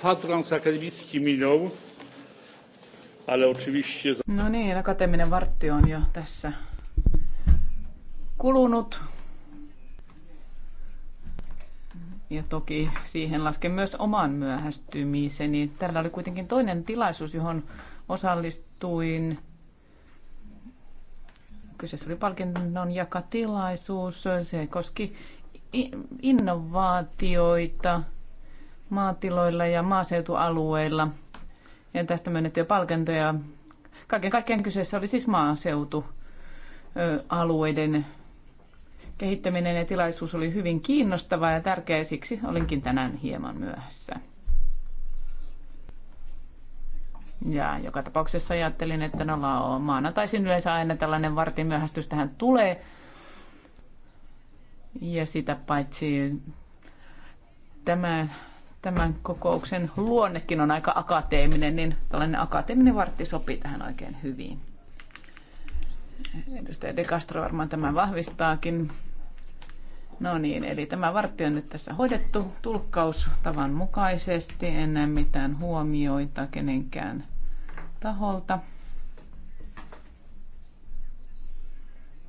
kwadrans akademicki minął, ale oczywiście... No niin, akateeminen vartti on jo tässä kulunut. Ja toki siihen lasken myös oman myöhästymiseni. Täällä oli kuitenkin toinen tilaisuus, johon osallistuin. Kyseessä oli palkinnon jakatilaisuus. Se koski innovaatioita maatiloilla ja maaseutualueilla ja tästä myönnettyjä palkintoja. Kaiken kaikkiaan kyseessä oli siis maaseutualueiden kehittäminen ja tilaisuus oli hyvin kiinnostava ja tärkeä ja siksi olinkin tänään hieman myöhässä. Ja joka tapauksessa ajattelin, että no maanantaisin yleensä aina tällainen vartin myöhästys tähän tulee, ja sitä paitsi tämä, tämän kokouksen luonnekin on aika akateeminen, niin tällainen akateeminen vartti sopii tähän oikein hyvin. Edustaja De Castro varmaan tämän vahvistaakin. No niin, eli tämä vartti on nyt tässä hoidettu tulkkaustavan mukaisesti. En näe mitään huomioita kenenkään taholta.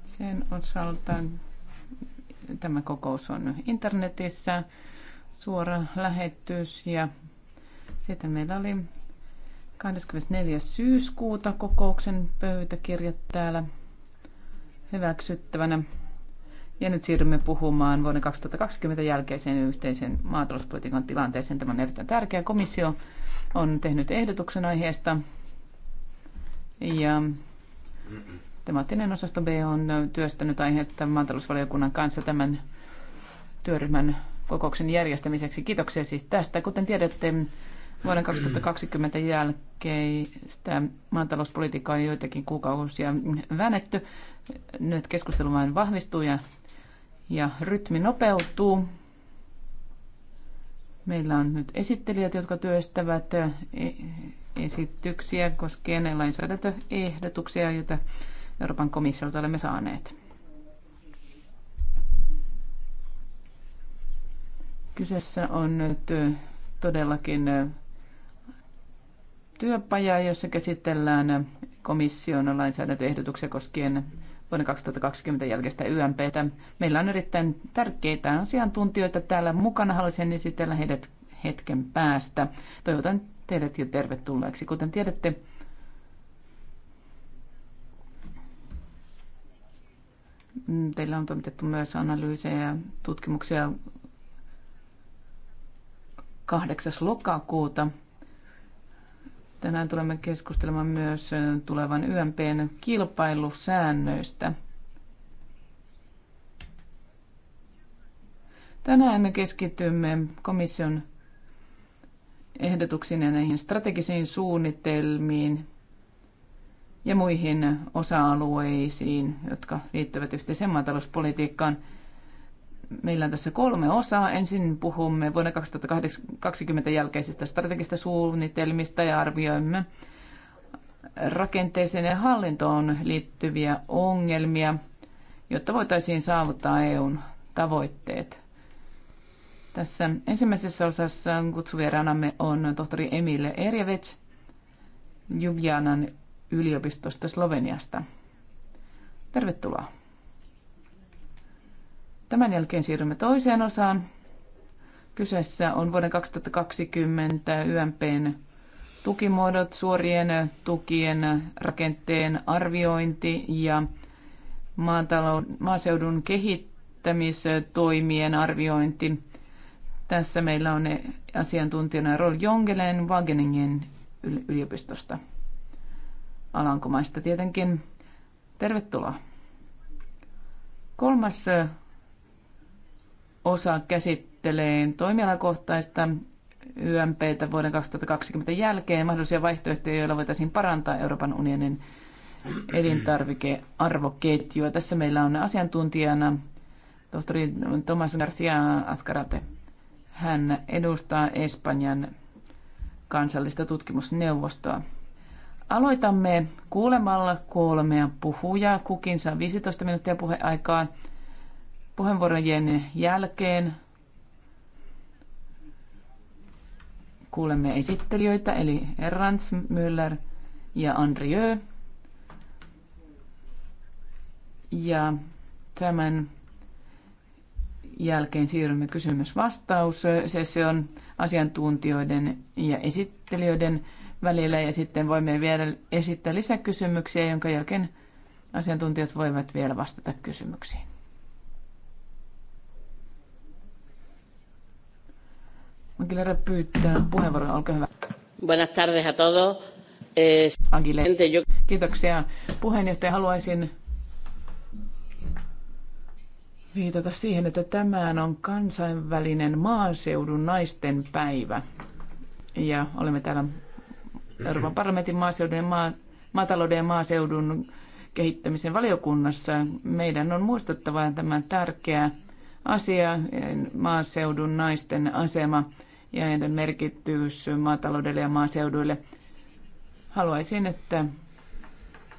Sen osalta Tämä kokous on internetissä, suora lähetys ja sitten meillä oli 24. syyskuuta kokouksen pöytäkirjat täällä hyväksyttävänä. Ja nyt siirrymme puhumaan vuoden 2020 jälkeiseen yhteisen maatalouspolitiikan tilanteeseen. Tämä on erittäin tärkeä. Komissio on tehnyt ehdotuksen aiheesta. Ja Temaattinen osasto B on työstänyt aihetta maatalousvaliokunnan kanssa tämän työryhmän kokouksen järjestämiseksi. Kiitoksia siis tästä. Kuten tiedätte, vuoden 2020 jälkeistä maatalouspolitiikkaa on joitakin kuukausia väännetty. Nyt keskustelu vain vahvistuu ja, ja rytmi nopeutuu. Meillä on nyt esittelijät, jotka työstävät e- esityksiä koskien lainsäädäntöehdotuksia, joita Euroopan komissiolta olemme saaneet. Kyseessä on nyt todellakin työpaja, jossa käsitellään komission lainsäädäntöehdotuksia koskien vuoden 2020 jälkeistä YMPtä. Meillä on erittäin tärkeitä asiantuntijoita täällä mukana. Haluaisin esitellä heidät hetken päästä. Toivotan teidät jo tervetulleeksi. Kuten tiedätte, Mm, teillä on toimitettu myös analyysejä ja tutkimuksia 8. lokakuuta. Tänään tulemme keskustelemaan myös tulevan YMPn kilpailusäännöistä. Tänään keskitymme komission ehdotuksiin ja näihin strategisiin suunnitelmiin ja muihin osa-alueisiin, jotka liittyvät yhteiseen maatalouspolitiikkaan. Meillä on tässä kolme osaa. Ensin puhumme vuonna 2020 jälkeisistä strategista suunnitelmista ja arvioimme rakenteeseen ja hallintoon liittyviä ongelmia, jotta voitaisiin saavuttaa EUn tavoitteet. Tässä ensimmäisessä osassa kutsuvieraanamme on tohtori Emile Erjevets Ljubljanan yliopistosta Sloveniasta. Tervetuloa. Tämän jälkeen siirrymme toiseen osaan. Kyseessä on vuoden 2020 YMPn tukimuodot, suorien tukien rakenteen arviointi ja maaseudun kehittämistoimien arviointi. Tässä meillä on asiantuntijana Rol Jongelen Wageningen yliopistosta. Alankomaista tietenkin. Tervetuloa. Kolmas osa käsittelee toimialakohtaista YMPtä vuoden 2020 jälkeen mahdollisia vaihtoehtoja, joilla voitaisiin parantaa Euroopan unionin elintarvikearvoketjua. Tässä meillä on asiantuntijana tohtori Tomas Garcia Azcarate. Hän edustaa Espanjan kansallista tutkimusneuvostoa. Aloitamme kuulemalla kolmea puhujaa. Kukin saa 15 minuuttia puheaikaa. Puheenvuorojen jälkeen kuulemme esittelijöitä, eli Rans Müller ja Andrieu. Ja tämän jälkeen siirrymme kysymys-vastaus. Se on asiantuntijoiden ja esittelijöiden välillä ja sitten voimme vielä esittää lisäkysymyksiä, jonka jälkeen asiantuntijat voivat vielä vastata kysymyksiin. Aguilera pyytää puheenvuoron, olkaa hyvä. Buenas tardes a todos. Eh, Aguilera. Kiitoksia. Puheenjohtaja, haluaisin viitata siihen, että tämä on kansainvälinen maaseudun naisten päivä. Ja olemme täällä Euroopan parlamentin maaseudun ja maa, maatalouden ja maaseudun kehittämisen valiokunnassa. Meidän on muistuttava tämä tärkeä asia, maaseudun naisten asema ja heidän merkitys maataloudelle ja maaseuduille. Haluaisin, että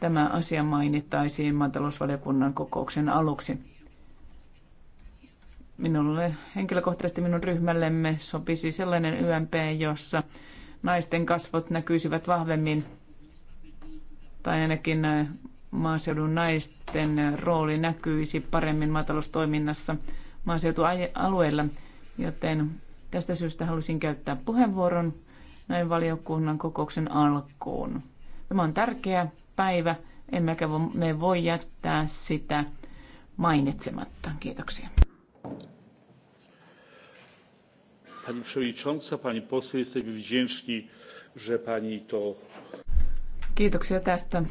tämä asia mainittaisiin maatalousvaliokunnan kokouksen aluksi. Minulle henkilökohtaisesti minun ryhmällemme sopisi sellainen YMP, jossa naisten kasvot näkyisivät vahvemmin, tai ainakin äh, maaseudun naisten äh, rooli näkyisi paremmin maataloustoiminnassa maaseutualueilla, joten tästä syystä halusin käyttää puheenvuoron näin valiokunnan kokouksen alkuun. Tämä on tärkeä päivä, emmekä me voi jättää sitä mainitsematta. Kiitoksia pani przewodnicząca, pani poseł, jesteśmy wdzięczni, że pani to... Kiitoksia tästä.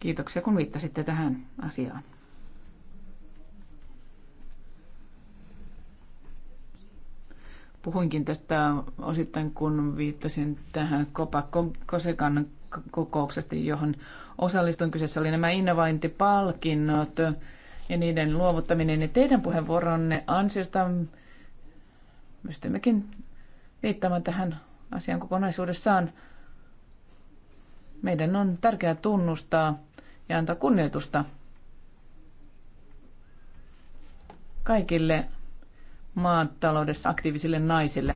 Kiitoksia, kun viittasitte tähän asiaan. Puhuinkin tästä osittain, kun viittasin tähän Kopa Kosekan kokouksesta, johon osallistun Kyseessä oli nämä innovointipalkinnot ja niiden luovuttaminen. Ja teidän puheenvuoronne ansiosta pystymmekin viittaamaan tähän asian kokonaisuudessaan. Meidän on tärkeää tunnustaa ja antaa kunnioitusta kaikille maataloudessa aktiivisille naisille.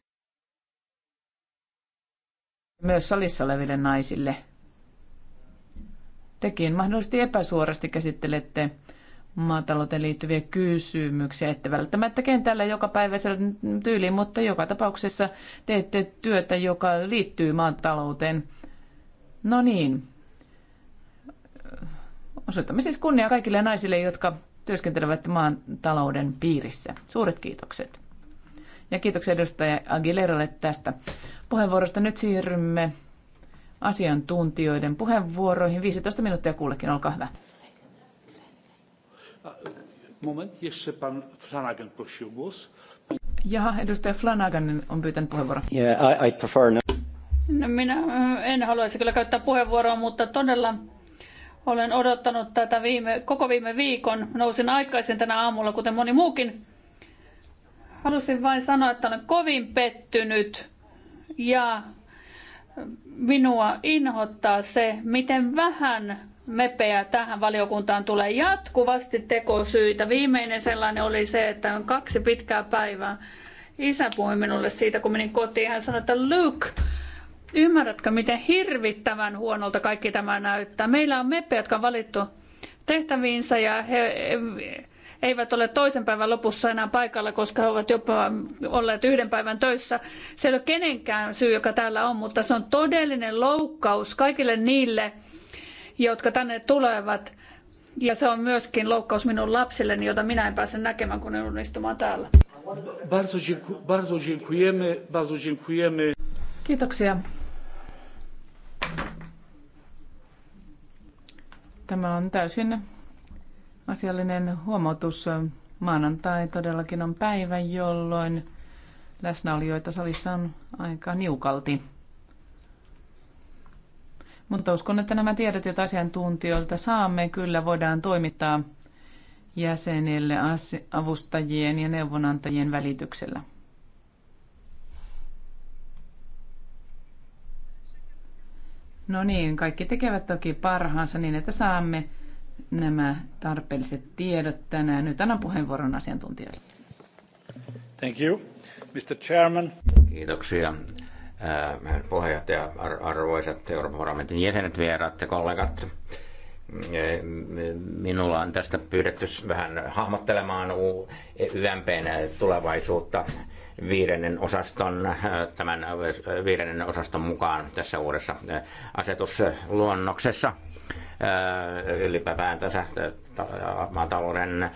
Myös salissa oleville naisille. Tekin mahdollisesti epäsuorasti käsittelette maatalouteen liittyviä kysymyksiä, että välttämättä kentällä joka päiväisellä tyyliin, mutta joka tapauksessa teette työtä, joka liittyy maatalouteen. No niin. Osoitamme siis kunnia kaikille naisille, jotka työskentelevät maan talouden piirissä. Suuret kiitokset. Ja kiitoksia edustaja Aguilerolle tästä puheenvuorosta. Nyt siirrymme asiantuntijoiden puheenvuoroihin. 15 minuuttia kullekin, olkaa hyvä. Moment, jeszcze pan Flanagan prosił o głos. Jaha, edustaja Flanagan on pyytänyt puheenvuoron. Yeah, I, I prefer no. no. minä eh, en haluaisi kyllä käyttää puheenvuoroa, mutta todella olen odottanut tätä viime, koko viime viikon. Nousin aikaisin tänä aamulla, kuten moni muukin. Halusin vain sanoa, että olen kovin pettynyt ja minua inhottaa se, miten vähän meppejä tähän valiokuntaan tulee jatkuvasti tekosyitä. Viimeinen sellainen oli se, että on kaksi pitkää päivää. Isä puhui minulle siitä, kun menin kotiin. Hän sanoi, että Luke, ymmärrätkö, miten hirvittävän huonolta kaikki tämä näyttää? Meillä on meppejä, jotka on valittu tehtäviinsä ja he eivät ole toisen päivän lopussa enää paikalla, koska he ovat jopa olleet yhden päivän töissä. Se ei ole kenenkään syy, joka täällä on, mutta se on todellinen loukkaus kaikille niille, jotka tänne tulevat. Ja se on myöskin loukkaus minun lapselleni, jota minä en pääse näkemään, kun joudun istumaan täällä. Kiitoksia. Tämä on täysin asiallinen huomautus. Maanantai todellakin on päivä, jolloin läsnäolijoita salissa on aika niukalti. Mutta uskon, että nämä tiedot, joita asiantuntijoilta saamme, kyllä voidaan toimittaa jäsenille avustajien ja neuvonantajien välityksellä. No niin, kaikki tekevät toki parhaansa niin, että saamme nämä tarpeelliset tiedot tänään. Nyt annan puheenvuoron asiantuntijoille. Thank you, Mr. Chairman. Kiitoksia puheenjohtaja, arvoisat Euroopan parlamentin jäsenet, vieraat ja kollegat. Minulla on tästä pyydetty vähän hahmottelemaan YMPn tulevaisuutta viidennen osaston, tämän viidennen osaston mukaan tässä uudessa asetusluonnoksessa ylipäätänsä maan talouden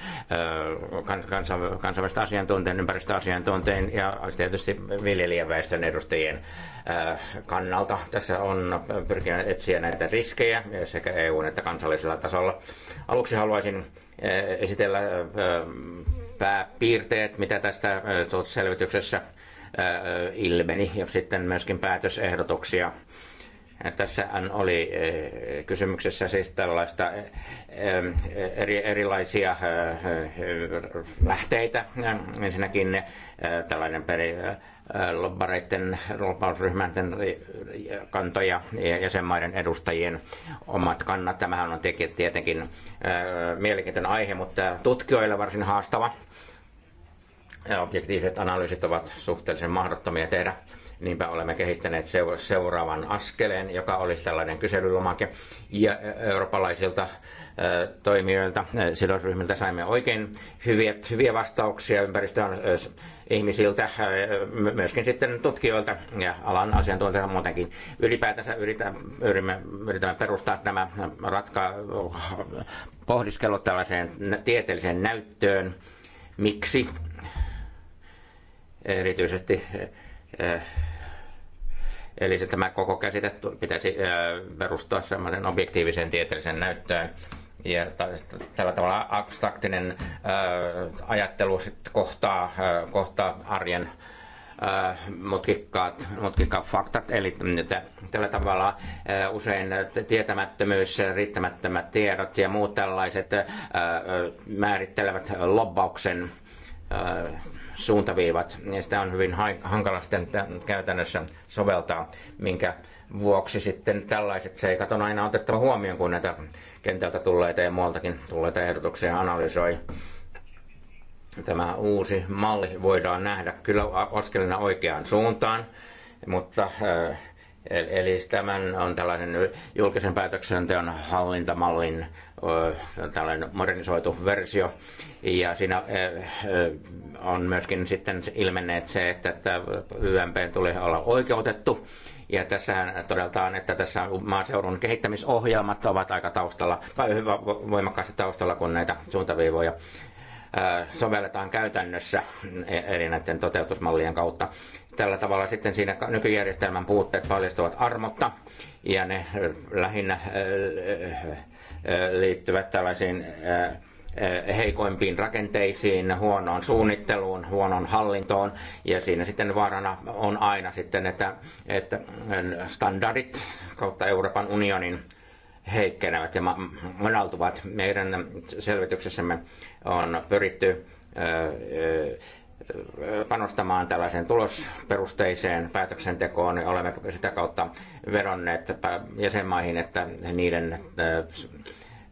kansainvälistä asiantuntijan, ympäristöasiantuntijan ja tietysti viljelijäväestön edustajien kannalta. Tässä on pyrkinyt etsiä näitä riskejä sekä EU- että kansallisella tasolla. Aluksi haluaisin esitellä pääpiirteet, mitä tästä selvityksessä ilmeni ja sitten myöskin päätösehdotuksia Tässähän oli eh, kysymyksessä siis tällaista eh, eh, eri, erilaisia lähteitä. Ensinnäkin tällainen peri lobbareiden, lobbausryhmän kantoja ja jäsenmaiden edustajien omat kannat. Tämähän on tietenkin mielenkiintoinen aihe, mutta tutkijoille varsin haastava. Objektiiviset analyysit ovat suhteellisen mahdottomia tehdä Niinpä olemme kehittäneet seuraavan askeleen, joka olisi tällainen kyselylomake. Ja eurooppalaisilta toimijoilta, sidosryhmiltä saimme oikein hyviä, hyviä vastauksia ympäristöön ihmisiltä, myöskin sitten tutkijoilta ja alan asiantuntijoilta muutenkin. Ylipäätänsä yritämme, yritämme perustaa nämä ratka- pohdiskelut tällaiseen tieteelliseen näyttöön. Miksi? Erityisesti Eh, eli se tämä koko käsite pitäisi eh, perustua semmoisen objektiiviseen tieteelliseen näyttöön. Ja tällä tavalla abstraktinen eh, ajattelu kohtaa, kohtaa arjen mutkikkaat, mutkikkaat faktat. Eli tällä tavalla usein tietämättömyys, riittämättömät tiedot ja muut tällaiset määrittelevät lobbauksen suuntaviivat. Ja sitä on hyvin hankala sitten käytännössä soveltaa, minkä vuoksi sitten tällaiset seikat on aina otettava huomioon, kun näitä kentältä tulleita ja muualtakin tulleita ehdotuksia analysoi. Tämä uusi malli voidaan nähdä kyllä askelina oikeaan suuntaan, mutta Eli siis tämän on tällainen julkisen päätöksenteon hallintamallin tällainen modernisoitu versio. Ja siinä on myöskin sitten ilmenneet se, että YMP tulee olla oikeutettu. Ja tässähän todetaan, että tässä maaseudun kehittämisohjelmat ovat aika taustalla, tai hyvä voimakkaasti taustalla, kun näitä suuntaviivoja sovelletaan käytännössä eri näiden toteutusmallien kautta tällä tavalla sitten siinä nykyjärjestelmän puutteet paljastuvat armotta ja ne äh, lähinnä äh, äh, liittyvät tällaisiin heikoimpiin rakenteisiin, huonoon suunnitteluun, huonoon hallintoon ja siinä sitten vaarana on aina sitten, että, että standardit kautta Euroopan unionin heikkenevät ja monaltuvat. Meidän selvityksessämme on pyritty panostamaan tällaiseen tulosperusteiseen päätöksentekoon. Olemme sitä kautta veronneet jäsenmaihin, että niiden äh,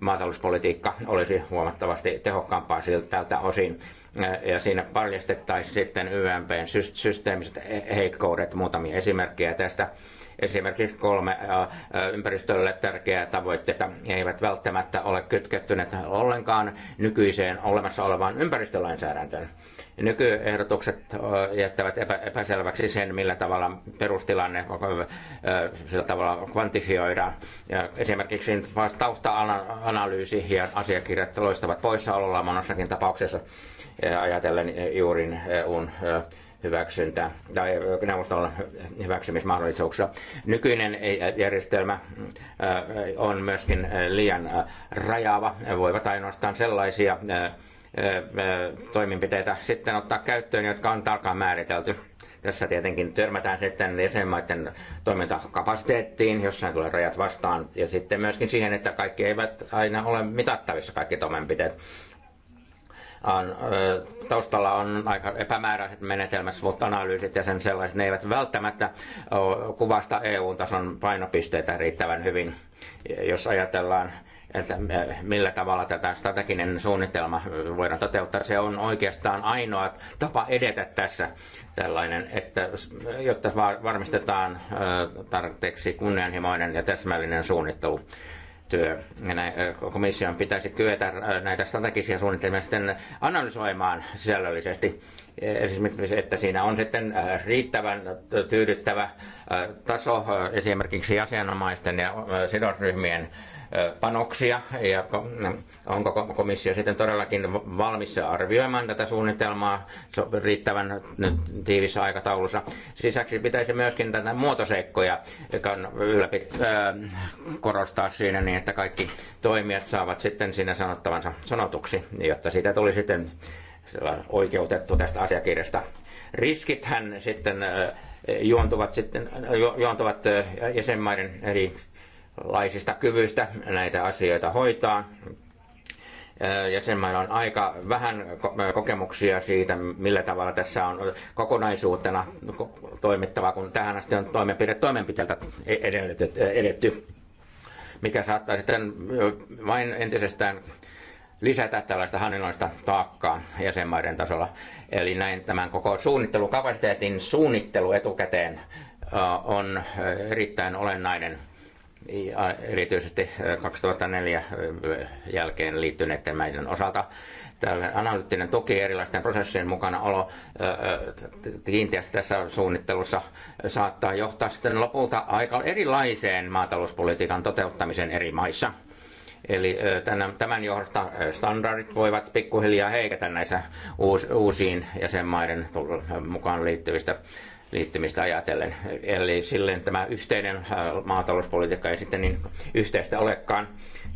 maatalouspolitiikka olisi huomattavasti tehokkaampaa tältä osin. Äh, ja siinä paljastettaisiin sitten YMPn systeemiset heikkoudet. Muutamia esimerkkejä tästä. Esimerkiksi kolme äh, ympäristölle tärkeää tavoitteita eivät välttämättä ole kytkettyneet ollenkaan nykyiseen olemassa olevaan ympäristölainsäädäntöön. Nykyehdotukset jättävät epä, epäselväksi sen, millä tavalla perustilanne sillä tavalla kvantifioidaan. Ja esimerkiksi tausta-analyysi ja asiakirjat loistavat poissaololla monessakin tapauksessa ajatellen juuri EUn hyväksyntä tai neuvostolla hyväksymismahdollisuuksia. Nykyinen järjestelmä on myöskin liian rajaava. Voivat ainoastaan sellaisia toimenpiteitä sitten ottaa käyttöön, jotka on tarkkaan määritelty. Tässä tietenkin törmätään sitten jäsenmaiden toimintakapasiteettiin, jossa tulee rajat vastaan, ja sitten myöskin siihen, että kaikki eivät aina ole mitattavissa kaikki toimenpiteet. On, taustalla on aika epämääräiset menetelmät, mutta analyysit ja sen sellaiset, ne eivät välttämättä kuvasta EU-tason painopisteitä riittävän hyvin, jos ajatellaan että millä tavalla tätä strateginen suunnitelma voidaan toteuttaa. Se on oikeastaan ainoa tapa edetä tässä tällainen, että jotta varmistetaan tarpeeksi kunnianhimoinen ja täsmällinen suunnittelu työ. Komission pitäisi kyetä näitä strategisia suunnitelmia sitten analysoimaan sisällöllisesti esimerkiksi, että siinä on sitten äh, riittävän tyydyttävä äh, taso äh, esimerkiksi asianomaisten ja sidosryhmien panoksia ja onko komissio sitten todellakin valmis arvioimaan tätä suunnitelmaa riittävän tiivissä aikataulussa. Sisäksi pitäisi myöskin tätä muotoseikkoja ylläpit, korostaa siinä niin, että kaikki toimijat saavat sitten siinä sanottavansa sanotuksi, jotta siitä tuli sitten oikeutettu tästä asiakirjasta. Riskithän sitten juontuvat, sitten, juontuvat jäsenmaiden eri laisista kyvyistä näitä asioita hoitaa. Jäsenmailla on aika vähän kokemuksia siitä, millä tavalla tässä on kokonaisuutena toimittava, kun tähän asti on toimenpide toimenpiteeltä e-, edetty, mikä saattaa sitten vain entisestään lisätä tällaista hallinnollista taakkaa jäsenmaiden tasolla. Eli näin tämän koko suunnittelukapasiteetin suunnittelu etukäteen äh, on äh, erittäin olennainen erityisesti 2004 äh, jälkeen liittyneiden maiden osalta. Tällainen analyyttinen tuki erilaisten prosessien mukana olo kiinteästi tässä suunnittelussa saattaa johtaa sitten lopulta aika erilaiseen maatalouspolitiikan toteuttamisen eri maissa – Eli tämän johdosta standardit voivat pikkuhiljaa heiketä näissä uusiin jäsenmaiden mukaan liittyvistä liittymistä ajatellen. Eli silleen tämä yhteinen maatalouspolitiikka ei sitten niin yhteistä olekaan.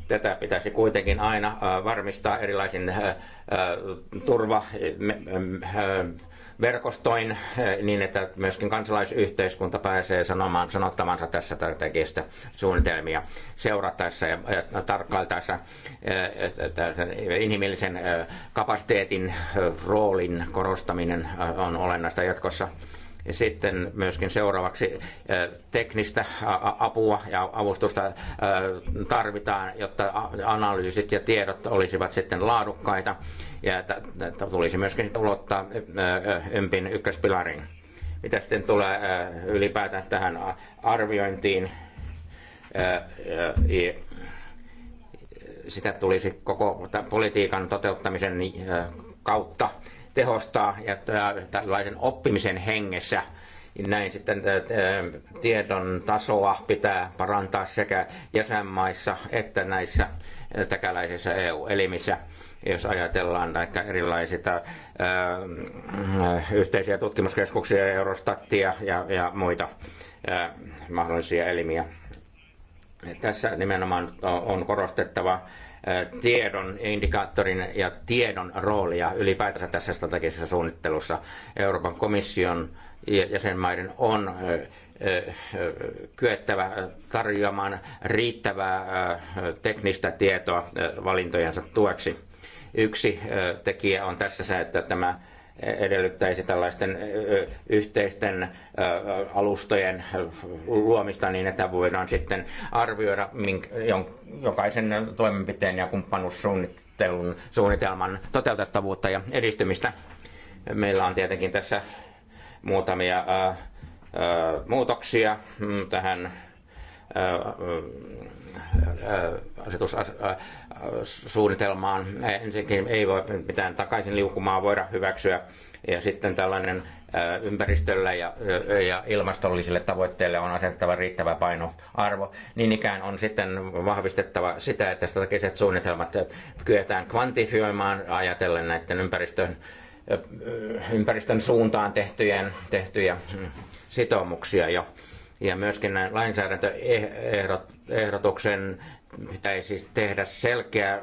Tätä pitäisi kuitenkin aina varmistaa erilaisin turva verkostoin eh, niin, että myöskin kansalaisyhteiskunta pääsee sanomaan, sanottamansa tässä strategista suunnitelmia seurattaessa ja, ja tarkkailtaessa eh, inhimillisen eh, kapasiteetin roolin korostaminen on olennaista jatkossa sitten myöskin seuraavaksi äh, teknistä apua ja avustusta äh, tarvitaan, jotta analyysit ja tiedot olisivat sitten laadukkaita. Ja tulisi myöskin ulottaa äh, ympin ykköspilariin. Mitä sitten tulee ylipäätään tähän arviointiin, sitä tulisi koko politiikan toteuttamisen kautta tehostaa ja tällaisen oppimisen hengessä niin näin sitten tiedon tasoa pitää parantaa sekä jäsenmaissa että näissä täkäläisissä EU-elimissä. Jos ajatellaan vaikka erilaisia mm, yhteisiä tutkimuskeskuksia, Eurostattia ja, ja muita ää, mahdollisia elimiä. Tässä nimenomaan on korostettava tiedon, indikaattorin ja tiedon roolia ylipäätänsä tässä strategisessa suunnittelussa. Euroopan komission jäsenmaiden on kyettävä tarjoamaan riittävää teknistä tietoa valintojensa tueksi. Yksi tekijä on tässä se, että tämä edellyttäisi tällaisten yhteisten alustojen luomista niin, että voidaan sitten arvioida jokaisen toimenpiteen ja kumppanuussuunnittelun suunnitelman toteutettavuutta ja edistymistä. Meillä on tietenkin tässä muutamia muutoksia mm, tähän asetussuunnitelmaan. Ensinnäkin ei voi mitään takaisin liukumaa voida hyväksyä. Ja sitten tällainen ympäristölle ja, ilmastollisille tavoitteille on asettava riittävä painoarvo. Niin ikään on sitten vahvistettava sitä, että strategiset suunnitelmat kyetään kvantifioimaan ajatellen näiden ympäristön, ympäristön suuntaan tehtyjen, tehtyjä mm, sitoumuksia jo ja myöskin näin lainsäädäntöehdotuksen pitäisi siis tehdä selkeä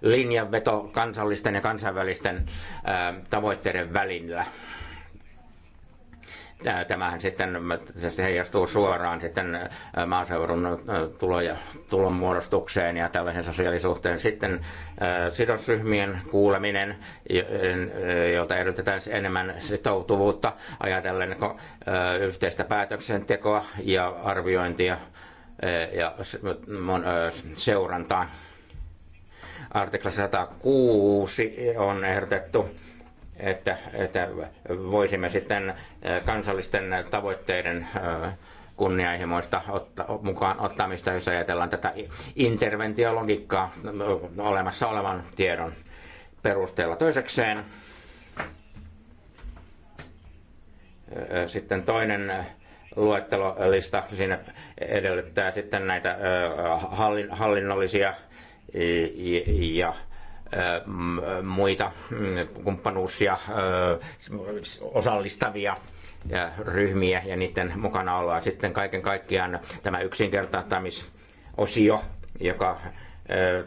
linjanveto kansallisten ja kansainvälisten tavoitteiden välillä Tämähän sitten heijastuu suoraan sitten maaseudun tuloja, tulonmuodostukseen ja tällaisen sosiaalisuhteen. Sitten sidosryhmien kuuleminen, jolta edellytetään enemmän sitoutuvuutta ajatellen yhteistä päätöksentekoa ja arviointia ja seurantaa. Artikla 106 on ehdotettu että, että voisimme sitten äh, kansallisten tavoitteiden äh, kunnianhimoista otta, mukaan ottamista, jos ajatellaan tätä interventiologiikkaa äh, olemassa olevan tiedon perusteella. Toisekseen sitten toinen luettelolista siinä edellyttää sitten näitä hallinnollisia ja Äh, muita mm, kumppanuus- ja äh, osallistavia äh, ryhmiä ja niiden oloa. Sitten kaiken kaikkiaan tämä yksinkertaistamisosio, joka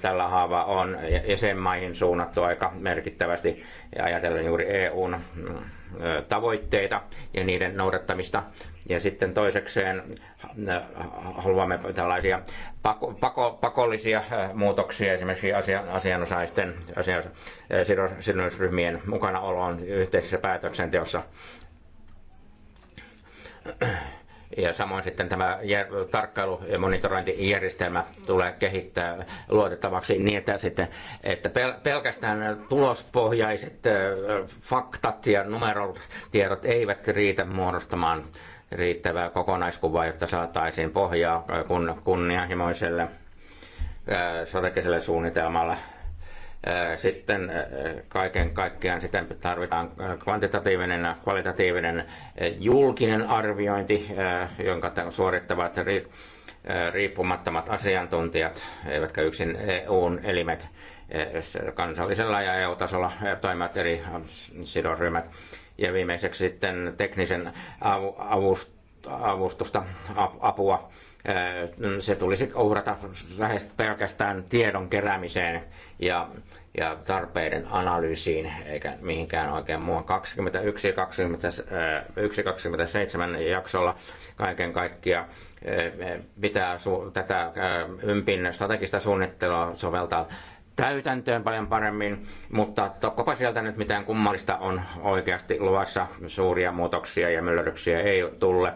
tällä haava on jäsenmaihin suunnattu aika merkittävästi ajatellen juuri EUn mm, tavoitteita ja niiden noudattamista. Ja sitten toisekseen haluamme tällaisia pako, pako, pakollisia muutoksia esimerkiksi asian, asianosaisten asian, sidosryhmien mukanaoloon yhteisessä päätöksenteossa ja samoin sitten tämä tarkkailu- ja monitorointijärjestelmä tulee kehittää luotettavaksi niin, että, sitten, että pelkästään tulospohjaiset faktat ja numerotiedot eivät riitä muodostamaan riittävää kokonaiskuvaa, jotta saataisiin pohjaa kun, kunnianhimoiselle strategiselle suunnitelmalle – sitten kaiken kaikkiaan sitä tarvitaan kvantitatiivinen ja kvalitatiivinen julkinen arviointi, jonka suorittavat riippumattomat asiantuntijat, eivätkä yksin EUn elimet kansallisella ja EU-tasolla toimivat eri sidosryhmät. Ja viimeiseksi sitten teknisen avustusta, apua. Se tulisi uhrata lähes pelkästään tiedon keräämiseen ja ja tarpeiden analyysiin eikä mihinkään oikein muuhun. 21 21 27 jaksolla kaiken kaikkiaan eh, eh, pitää tätä eh, ympin strategista suunnittelua soveltaa täytäntöön paljon paremmin, mutta tokkopa sieltä nyt mitään kummallista on oikeasti luvassa. Suuria muutoksia ja myllerryksiä ei tule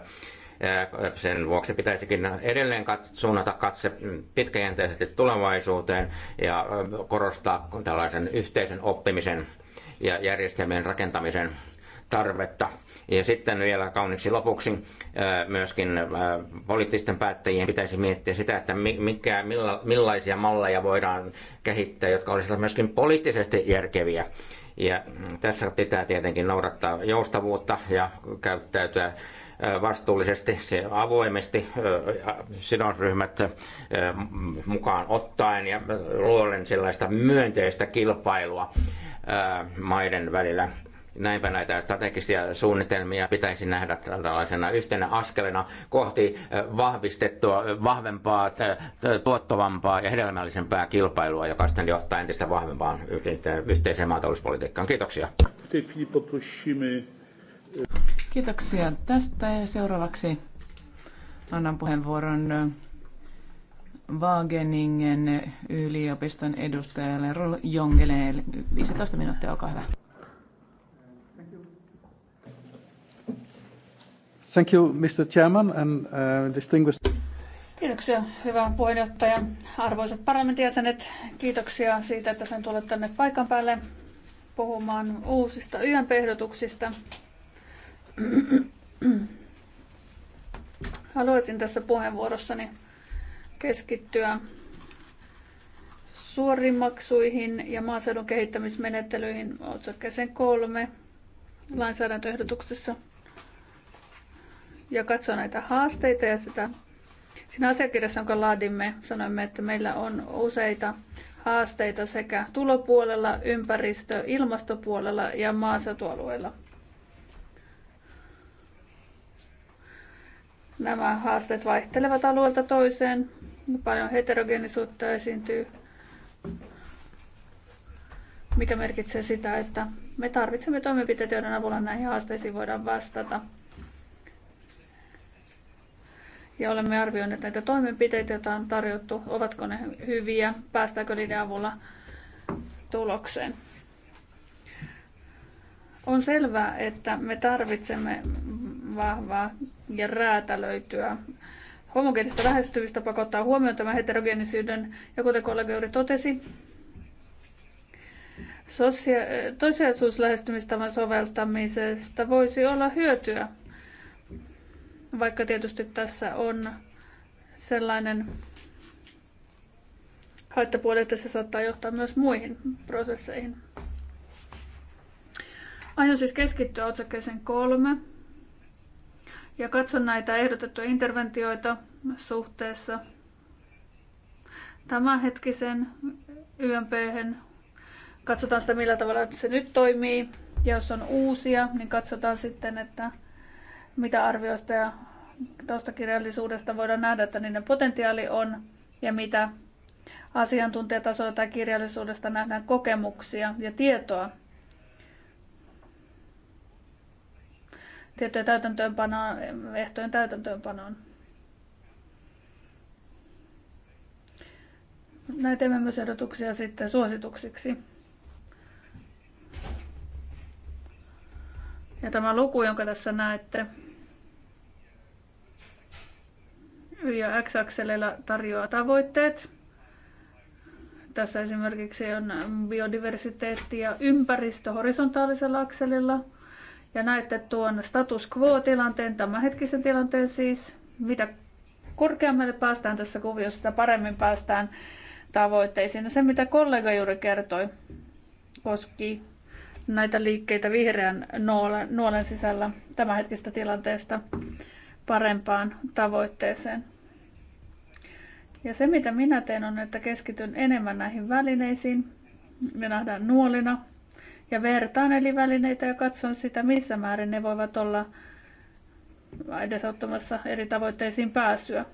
sen vuoksi pitäisikin edelleen suunnata katse pitkäjänteisesti tulevaisuuteen ja korostaa tällaisen yhteisen oppimisen ja järjestelmien rakentamisen tarvetta. Ja sitten vielä kauniksi lopuksi myöskin poliittisten päättäjien pitäisi miettiä sitä, että mikä, milla, millaisia malleja voidaan kehittää, jotka olisivat myöskin poliittisesti järkeviä. Ja mm, tässä pitää tietenkin noudattaa joustavuutta ja käyttäytyä vastuullisesti, se avoimesti sidosryhmät mukaan ottaen ja luoden sellaista myönteistä kilpailua maiden välillä. Näinpä näitä strategisia suunnitelmia pitäisi nähdä tällaisena yhtenä askelena kohti vahvistettua, vahvempaa, tuottavampaa ja hedelmällisempää kilpailua, joka sitten johtaa entistä vahvempaan yhteiseen maatalouspolitiikkaan. Kiitoksia. Kiitoksia tästä ja seuraavaksi annan puheenvuoron Wageningen yliopiston edustajalle Rol Jongeleen. 15 minuuttia, olkaa hyvä. Thank you, Mr. Chairman and uh, distinguished... Kiitoksia, hyvä puheenjohtaja. Arvoisat parlamentin jäsenet, kiitoksia siitä, että sen tulet tänne paikan päälle puhumaan uusista YMP-ehdotuksista Haluaisin tässä puheenvuorossani keskittyä suorimaksuihin ja maaseudun kehittämismenettelyihin otsakkeeseen kolme lainsäädäntöehdotuksessa ja katsoa näitä haasteita ja sitä. Siinä asiakirjassa, jonka laadimme, sanoimme, että meillä on useita haasteita sekä tulopuolella, ympäristö- ilmastopuolella ja maaseutualueilla – Nämä haasteet vaihtelevat alueelta toiseen. Paljon heterogeenisuutta esiintyy, mikä merkitsee sitä, että me tarvitsemme toimenpiteitä, joiden avulla näihin haasteisiin voidaan vastata. Ja olemme arvioineet näitä toimenpiteitä, joita on tarjottu, ovatko ne hyviä, päästäänkö niiden avulla tulokseen. On selvää, että me tarvitsemme vahvaa ja räätälöityä. Homogeenista lähestymistä pakottaa huomioon tämä heterogeenisyyden ja kuten kollega juuri totesi, sosia- toisiaisuuslähestymistavan soveltamisesta voisi olla hyötyä, vaikka tietysti tässä on sellainen haittapuoli, että se saattaa johtaa myös muihin prosesseihin. Aion siis keskittyä otsakkeeseen kolme, ja katson näitä ehdotettuja interventioita suhteessa tämänhetkisen ymp Katsotaan sitä, millä tavalla se nyt toimii. Ja jos on uusia, niin katsotaan sitten, että mitä arvioista ja taustakirjallisuudesta voidaan nähdä, että niiden potentiaali on ja mitä asiantuntijatasolla tai kirjallisuudesta nähdään kokemuksia ja tietoa tiettyjen täytäntöönpanoa, ehtojen täytäntöönpanoon. Näitä teemme myös ehdotuksia sitten suosituksiksi. Ja tämä luku, jonka tässä näette, Y ja X-akselilla tarjoaa tavoitteet. Tässä esimerkiksi on biodiversiteetti ja ympäristö horisontaalisella akselilla – ja näette tuon status quo-tilanteen, tämänhetkisen tilanteen siis, mitä korkeammalle päästään tässä kuviossa, sitä paremmin päästään tavoitteisiin. Ja se, mitä kollega juuri kertoi, koski näitä liikkeitä vihreän nuolen, sisällä tämänhetkistä tilanteesta parempaan tavoitteeseen. Ja se, mitä minä teen, on, että keskityn enemmän näihin välineisiin. Me nähdään nuolina, ja vertaan eli välineitä ja katson sitä, missä määrin ne voivat olla edesauttamassa eri tavoitteisiin pääsyä.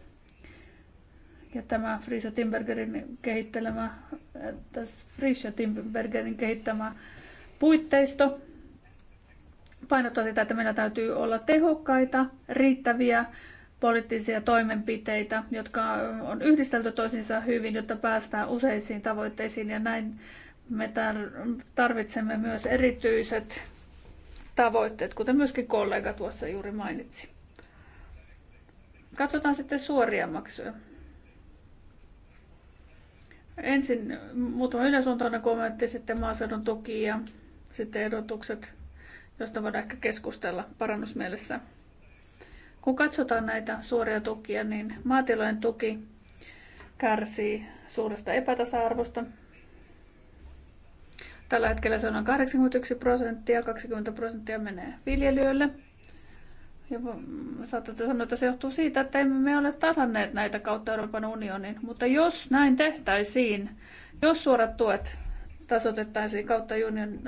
Ja tämä Frisa Timbergerin kehittelemä, Frisia Timbergerin kehittämä puitteisto painottaa sitä, että meillä täytyy olla tehokkaita, riittäviä poliittisia toimenpiteitä, jotka on yhdistelty toisiinsa hyvin, jotta päästään useisiin tavoitteisiin ja näin me tarvitsemme myös erityiset tavoitteet, kuten myöskin kollega tuossa juuri mainitsi. Katsotaan sitten suoria maksuja. Ensin muutama yleisuuntainen kommentti, sitten maaseudun tuki ja sitten edotukset, joista voidaan ehkä keskustella parannusmielessä. Kun katsotaan näitä suoria tukia, niin maatilojen tuki kärsii suuresta epätasa-arvosta. Tällä hetkellä se on noin 81 prosenttia, 20 prosenttia menee viljelijöille. Ja saatatte sanoa, että se johtuu siitä, että emme me ole tasanneet näitä kautta Euroopan unionin. Mutta jos näin tehtäisiin, jos suorat tuet tasotettaisiin kautta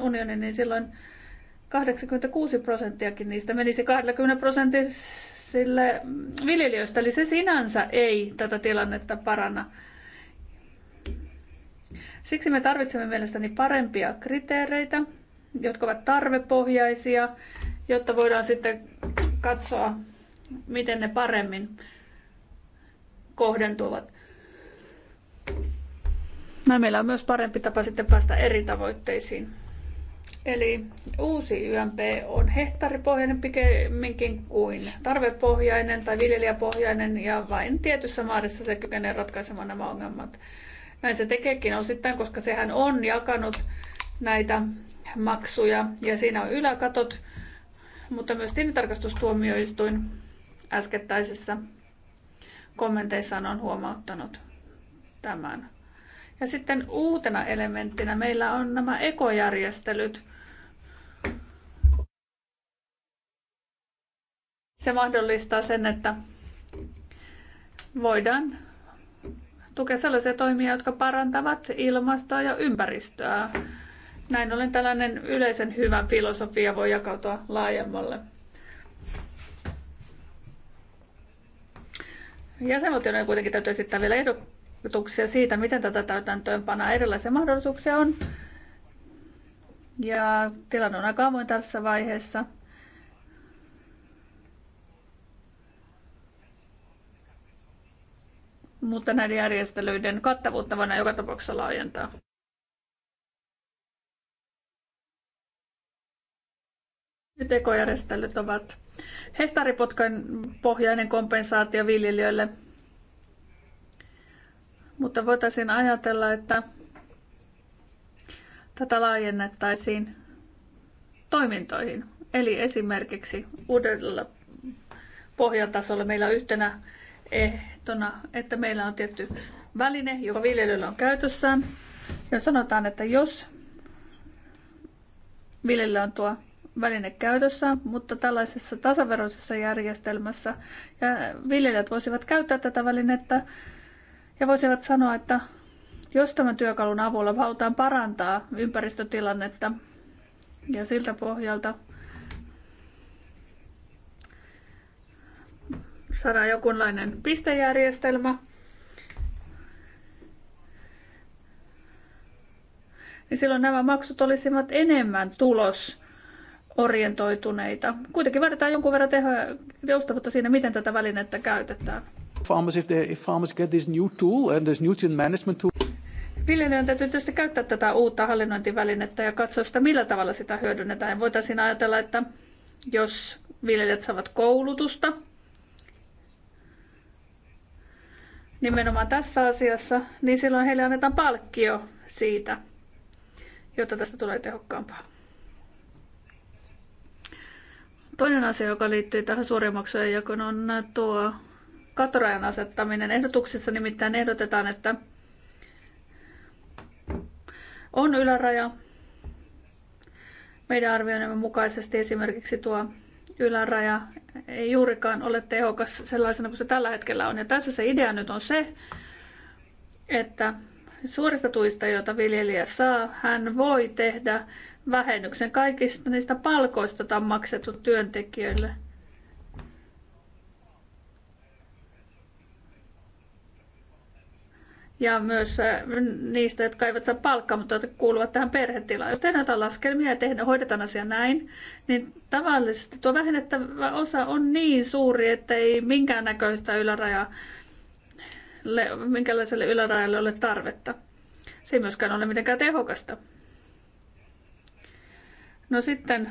unionin, niin silloin 86 prosenttiakin niistä menisi 20 prosentille viljelijöistä. Eli se sinänsä ei tätä tilannetta paranna. Siksi me tarvitsemme mielestäni parempia kriteereitä, jotka ovat tarvepohjaisia, jotta voidaan sitten katsoa, miten ne paremmin kohdentuvat. Näin meillä on myös parempi tapa sitten päästä eri tavoitteisiin. Eli uusi YMP on hehtaaripohjainen pikemminkin kuin tarvepohjainen tai viljelijäpohjainen ja vain tietyssä maassa se kykenee ratkaisemaan nämä ongelmat. Näin se tekeekin osittain, koska sehän on jakanut näitä maksuja ja siinä on yläkatot, mutta myös tilintarkastustuomioistuin äskettäisessä kommenteissaan on huomauttanut tämän. Ja sitten uutena elementtinä meillä on nämä ekojärjestelyt. Se mahdollistaa sen, että voidaan tukea sellaisia toimia, jotka parantavat ilmastoa ja ympäristöä. Näin ollen tällainen yleisen hyvän filosofia voi jakautua laajemmalle. Jäsenvaltioiden kuitenkin täytyy esittää vielä ehdotuksia siitä, miten tätä täytäntöönpanaa erilaisia mahdollisuuksia on. Ja tilanne on aika avoin tässä vaiheessa. mutta näiden järjestelyiden kattavuutta voidaan joka tapauksessa laajentaa. Nyt ekojärjestelyt ovat hehtaaripotkan pohjainen kompensaatio viljelijöille, mutta voitaisiin ajatella, että tätä laajennettaisiin toimintoihin. Eli esimerkiksi uudella pohjatasolla meillä yhtenä eh- ehtona, että meillä on tietty väline, joka viljelijöillä on käytössään. Ja sanotaan, että jos viljelijöillä on tuo väline käytössä, mutta tällaisessa tasaveroisessa järjestelmässä ja viljelijät voisivat käyttää tätä välinettä ja voisivat sanoa, että jos tämän työkalun avulla halutaan parantaa ympäristötilannetta ja siltä pohjalta saadaan jokinlainen pistejärjestelmä, niin silloin nämä maksut olisivat enemmän tulosorientoituneita. Kuitenkin vaaditaan jonkun verran teho joustavuutta siinä, miten tätä välinettä käytetään. Farmers, if, they, if farmers get this new tool and this nutrient management tool. Viljelijöiden täytyy tietysti käyttää tätä uutta hallinnointivälinettä ja katsoa sitä, millä tavalla sitä hyödynnetään. voitaisiin ajatella, että jos viljelijät saavat koulutusta nimenomaan tässä asiassa, niin silloin heille annetaan palkkio siitä, jotta tästä tulee tehokkaampaa. Toinen asia, joka liittyy tähän suorien maksujen jakoon, on tuo katorajan asettaminen. Ehdotuksessa nimittäin ehdotetaan, että on yläraja. Meidän arvioimme mukaisesti esimerkiksi tuo yläraja ei juurikaan ole tehokas sellaisena kuin se tällä hetkellä on. Ja tässä se idea nyt on se, että suorista tuista, joita viljelijä saa, hän voi tehdä vähennyksen kaikista niistä palkoista, joita on maksettu työntekijöille – ja myös äh, niistä, jotka eivät saa palkkaa, mutta kuuluvat tähän perhetilaan. Jos tehdään jotain laskelmia ja tehdään, hoidetaan asia näin, niin tavallisesti tuo vähennettävä osa on niin suuri, että ei minkäännäköistä ylärajaa, minkälaiselle ylärajalle ole tarvetta. Se ei myöskään ole mitenkään tehokasta. No sitten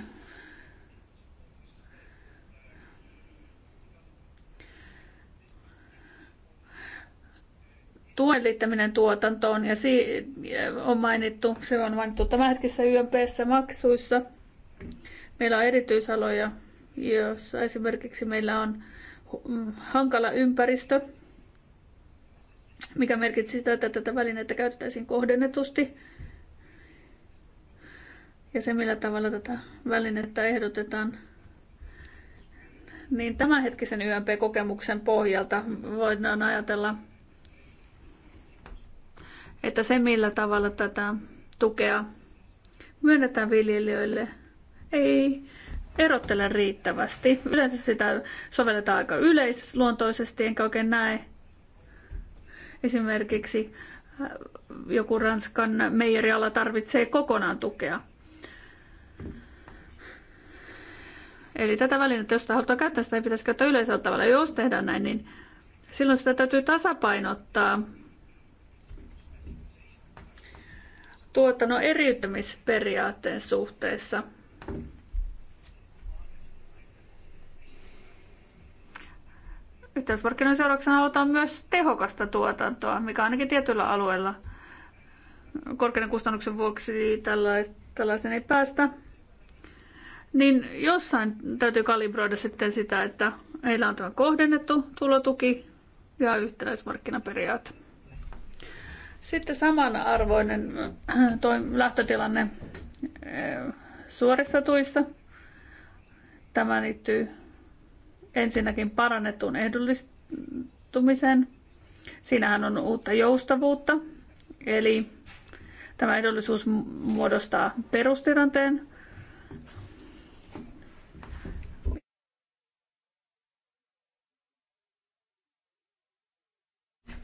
tuen liittäminen tuotantoon ja si- on mainittu, se on mainittu hetkessä YMPssä maksuissa. Meillä on erityisaloja, joissa esimerkiksi meillä on mm, hankala ympäristö, mikä merkitsi sitä, että tätä välinettä käytettäisiin kohdennetusti. Ja se, millä tavalla tätä välinettä ehdotetaan, niin tämänhetkisen YMP-kokemuksen pohjalta voidaan ajatella että se millä tavalla tätä tukea myönnetään viljelijöille ei erottele riittävästi. Yleensä sitä sovelletaan aika yleisluontoisesti, enkä oikein näe esimerkiksi äh, joku Ranskan meijeriala tarvitsee kokonaan tukea. Eli tätä välinettä, jos halutaan käyttää, sitä ei pitäisi käyttää yleisellä tavalla. Jos tehdään näin, niin silloin sitä täytyy tasapainottaa no eriyttämisperiaatteen suhteessa. Yhteismarkkinoiden seurauksena halutaan myös tehokasta tuotantoa, mikä ainakin tietyillä alueilla korkeiden kustannuksen vuoksi tällaisen ei päästä. Niin jossain täytyy kalibroida sitten sitä, että heillä on tämä kohdennettu tulotuki ja yhtäläismarkkinaperiaate. Sitten samanarvoinen äh, toi lähtötilanne äh, suorissa tuissa. Tämä liittyy ensinnäkin parannettuun ehdollistumiseen. Siinähän on uutta joustavuutta, eli tämä ehdollisuus muodostaa perustilanteen,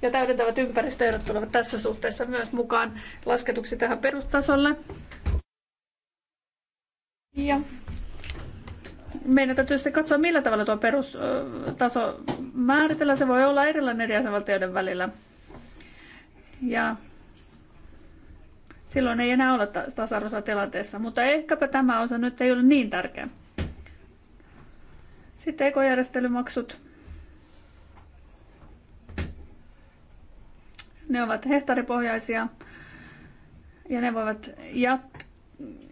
ja täydentävät ympäristöehdot tulevat tässä suhteessa myös mukaan lasketuksi tähän perustasolle. Ja meidän täytyy sitten katsoa, millä tavalla tuo perustaso määritellä. Se voi olla erilainen eri jäsenvaltioiden välillä. Ja silloin ei enää olla tasa-arvoisessa tilanteessa, mutta ehkäpä tämä osa nyt ei ole niin tärkeä. Sitten ekojärjestelymaksut. Ne ovat hehtaaripohjaisia ja ne voivat, jat-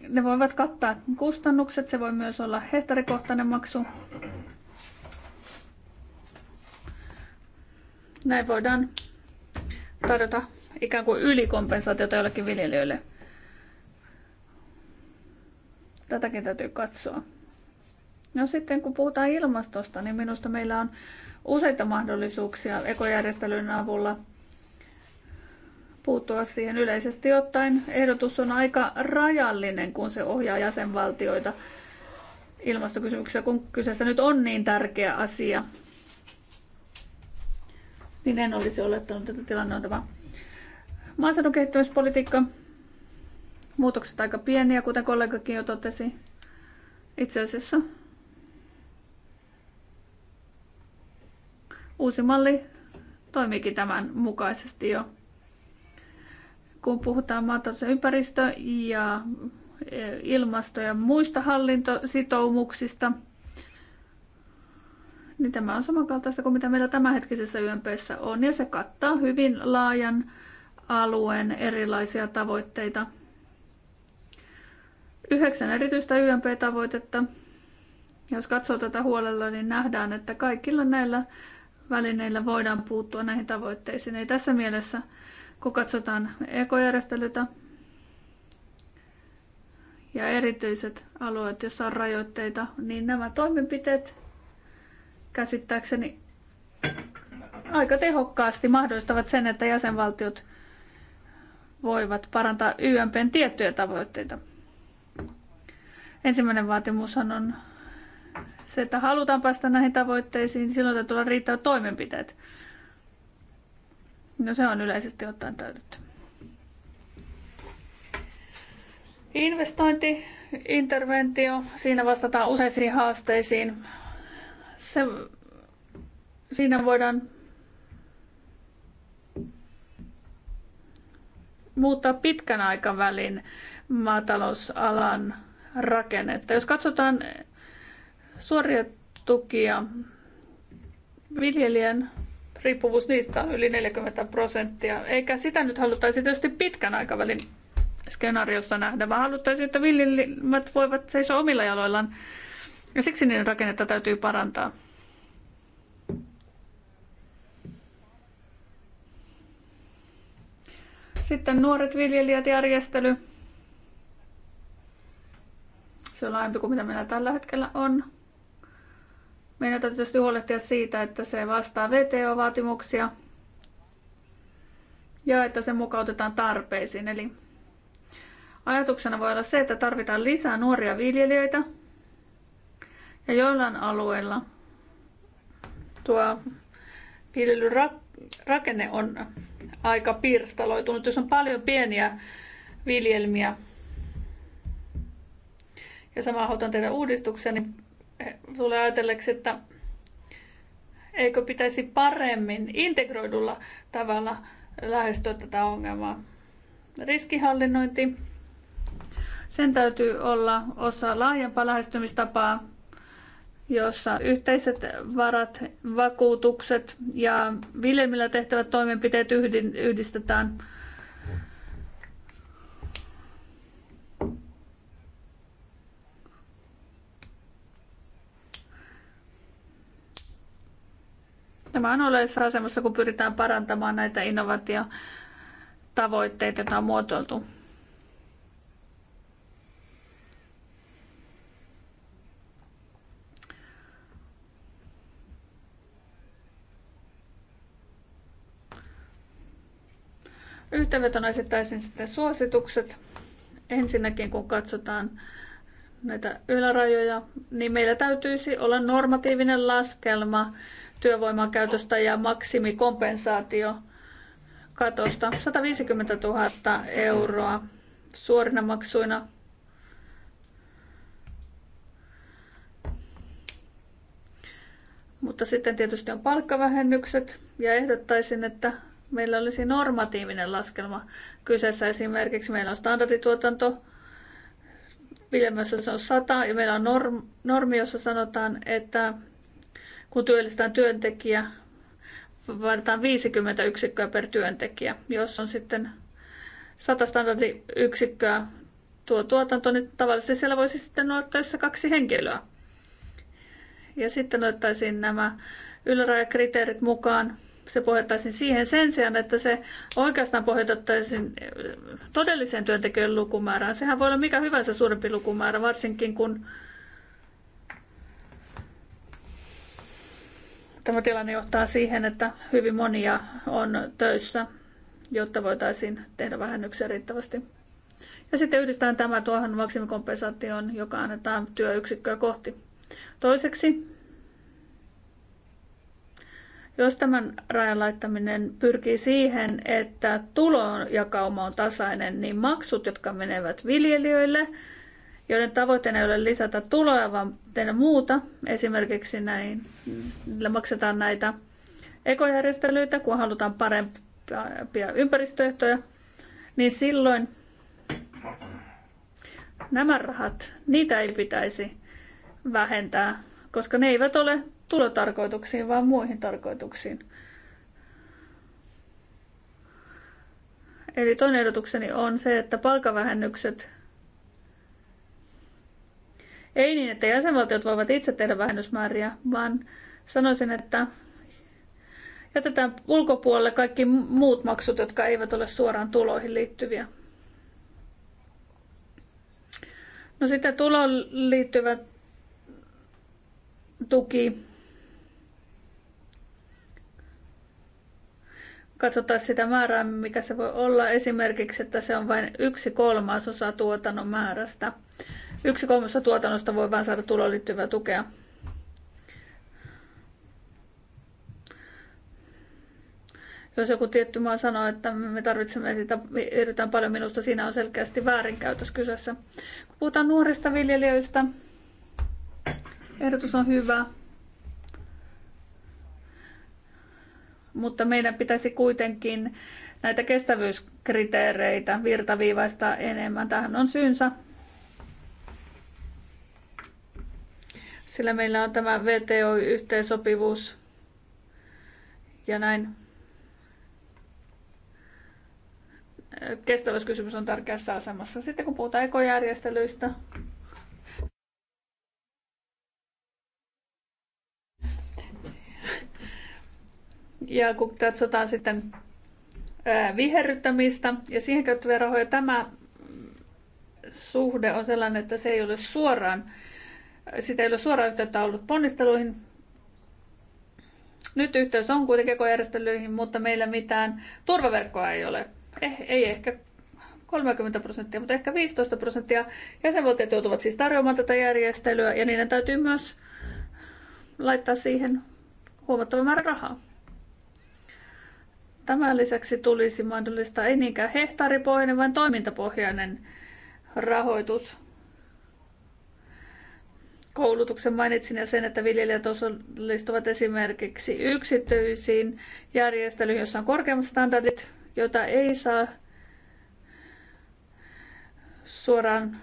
ne voivat kattaa kustannukset. Se voi myös olla hehtaarikohtainen maksu. Näin voidaan tarjota ikään kuin ylikompensaatiota jollekin viljelijöille. Tätäkin täytyy katsoa. No sitten kun puhutaan ilmastosta, niin minusta meillä on useita mahdollisuuksia ekojärjestelyn avulla – puuttua siihen yleisesti ottaen. Ehdotus on aika rajallinen, kun se ohjaa jäsenvaltioita ilmastokysymyksessä, kun kyseessä nyt on niin tärkeä asia. Niin en olisi olettanut, että tilanne on tämä. Maaseudun kehittämispolitiikka. Muutokset aika pieniä, kuten kollegakin jo totesi. Itse asiassa uusi malli toimiikin tämän mukaisesti jo kun puhutaan maatalous- ja ympäristö- ja e, ilmasto- ja muista hallintositoumuksista, niin tämä on samankaltaista kuin mitä meillä tämänhetkisessä YMPssä on, ja se kattaa hyvin laajan alueen erilaisia tavoitteita. Yhdeksän erityistä YMP-tavoitetta. Jos katsoo tätä huolella, niin nähdään, että kaikilla näillä välineillä voidaan puuttua näihin tavoitteisiin. Ei tässä mielessä kun katsotaan ekojärjestelytä ja erityiset alueet, joissa on rajoitteita, niin nämä toimenpiteet käsittääkseni aika tehokkaasti mahdollistavat sen, että jäsenvaltiot voivat parantaa YMPn tiettyjä tavoitteita. Ensimmäinen vaatimus on se, että halutaan päästä näihin tavoitteisiin, silloin täytyy olla riittävät toimenpiteet. No se on yleisesti ottaen täytetty. Investointi, interventio, siinä vastataan useisiin haasteisiin. Se, siinä voidaan muuttaa pitkän aikavälin maatalousalan rakennetta. Jos katsotaan suoria tukia viljelijän riippuvuus niistä on yli 40 prosenttia. Eikä sitä nyt haluttaisi tietysti pitkän aikavälin skenaariossa nähdä, vaan haluttaisiin, että viljelmät voivat seisoa omilla jaloillaan. Ja siksi niiden rakennetta täytyy parantaa. Sitten nuoret viljelijät järjestely. Se on laajempi kuin mitä meillä tällä hetkellä on. Meidän täytyy tietysti huolehtia siitä, että se vastaa VTO-vaatimuksia ja että se mukautetaan tarpeisiin. Eli ajatuksena voi olla se, että tarvitaan lisää nuoria viljelijöitä ja joillain alueilla tuo viljelyrakenne on aika pirstaloitunut, jos on paljon pieniä viljelmiä. Ja samaa halutaan tehdä uudistuksia, niin tulee ajatelleeksi, että eikö pitäisi paremmin integroidulla tavalla lähestyä tätä ongelmaa. Riskihallinnointi, sen täytyy olla osa laajempaa lähestymistapaa, jossa yhteiset varat, vakuutukset ja viljelmillä tehtävät toimenpiteet yhdistetään – Tämä on oleellisessa asemassa, kun pyritään parantamaan näitä innovaatiotavoitteita, joita on muotoiltu. Yhteenvetona esittäisin sitten suositukset. Ensinnäkin kun katsotaan näitä ylärajoja, niin meillä täytyisi olla normatiivinen laskelma työvoiman käytöstä ja maksimikompensaatio katosta 150 000 euroa suorina maksuina. Mutta sitten tietysti on palkkavähennykset ja ehdottaisin, että meillä olisi normatiivinen laskelma. Kyseessä esimerkiksi meillä on standardituotanto, viljelmässä se on 100 ja meillä on norm, normi, jossa sanotaan, että kun työllistään työntekijä, vaaditaan 50 yksikköä per työntekijä. Jos on sitten 100 standardiyksikköä tuo tuotanto, niin tavallisesti siellä voisi sitten olla töissä kaksi henkilöä. Ja sitten otettaisiin nämä ylärajakriteerit mukaan. Se pohjattaisiin siihen sen sijaan, että se oikeastaan pohjattaisiin eh, todelliseen työntekijöiden lukumäärään. Sehän voi olla mikä hyvänsä suurempi lukumäärä, varsinkin kun Tämä tilanne johtaa siihen, että hyvin monia on töissä, jotta voitaisiin tehdä vähennyksiä riittävästi. Ja sitten yhdistetään tämä tuohon maksimikompensaatioon, joka annetaan työyksikköä kohti. Toiseksi, jos tämän rajan laittaminen pyrkii siihen, että tulojakauma on tasainen, niin maksut, jotka menevät viljelijöille, joiden tavoitteena ei ole lisätä tuloja, vaan tehdä muuta. Esimerkiksi näin, niillä maksetaan näitä ekojärjestelyitä, kun halutaan parempia ympäristöehtoja, niin silloin nämä rahat, niitä ei pitäisi vähentää, koska ne eivät ole tulotarkoituksiin, vaan muihin tarkoituksiin. Eli toinen ehdotukseni on se, että palkavähennykset ei niin, että jäsenvaltiot voivat itse tehdä vähennysmääriä, vaan sanoisin, että jätetään ulkopuolelle kaikki muut maksut, jotka eivät ole suoraan tuloihin liittyviä. No sitten tuloon liittyvä tuki. Katsotaan sitä määrää, mikä se voi olla. Esimerkiksi, että se on vain yksi kolmasosa tuotannon määrästä – Yksi kolmessa tuotannosta voi vain saada tuloon liittyvää tukea. Jos joku tietty maa sanoo, että me tarvitsemme sitä, yritetään paljon minusta, siinä on selkeästi väärinkäytös kyseessä. Kun puhutaan nuorista viljelijöistä, ehdotus on hyvä. Mutta meidän pitäisi kuitenkin näitä kestävyyskriteereitä virtaviivaista enemmän. Tähän on syynsä. sillä meillä on tämä VTO-yhteensopivuus ja näin. Kestävyyskysymys on tärkeässä asemassa. Sitten kun puhutaan ekojärjestelyistä, ja kun katsotaan sitten viherryttämistä ja siihen käyttäviä rahoja, tämä suhde on sellainen, että se ei ole suoraan sitä ei ole suora yhteyttä ollut ponnisteluihin. Nyt yhteys on kuitenkin kekojärjestelyihin, mutta meillä mitään turvaverkkoa ei ole. Eh, ei ehkä 30 prosenttia, mutta ehkä 15 prosenttia jäsenvaltiot joutuvat siis tarjoamaan tätä järjestelyä ja niiden täytyy myös laittaa siihen huomattava määrä rahaa. Tämän lisäksi tulisi mahdollistaa ei niinkään hehtaaripohjainen, vaan toimintapohjainen rahoitus koulutuksen mainitsin ja sen, että viljelijät osallistuvat esimerkiksi yksityisiin järjestelyihin, joissa on korkeammat standardit, joita ei saa suoraan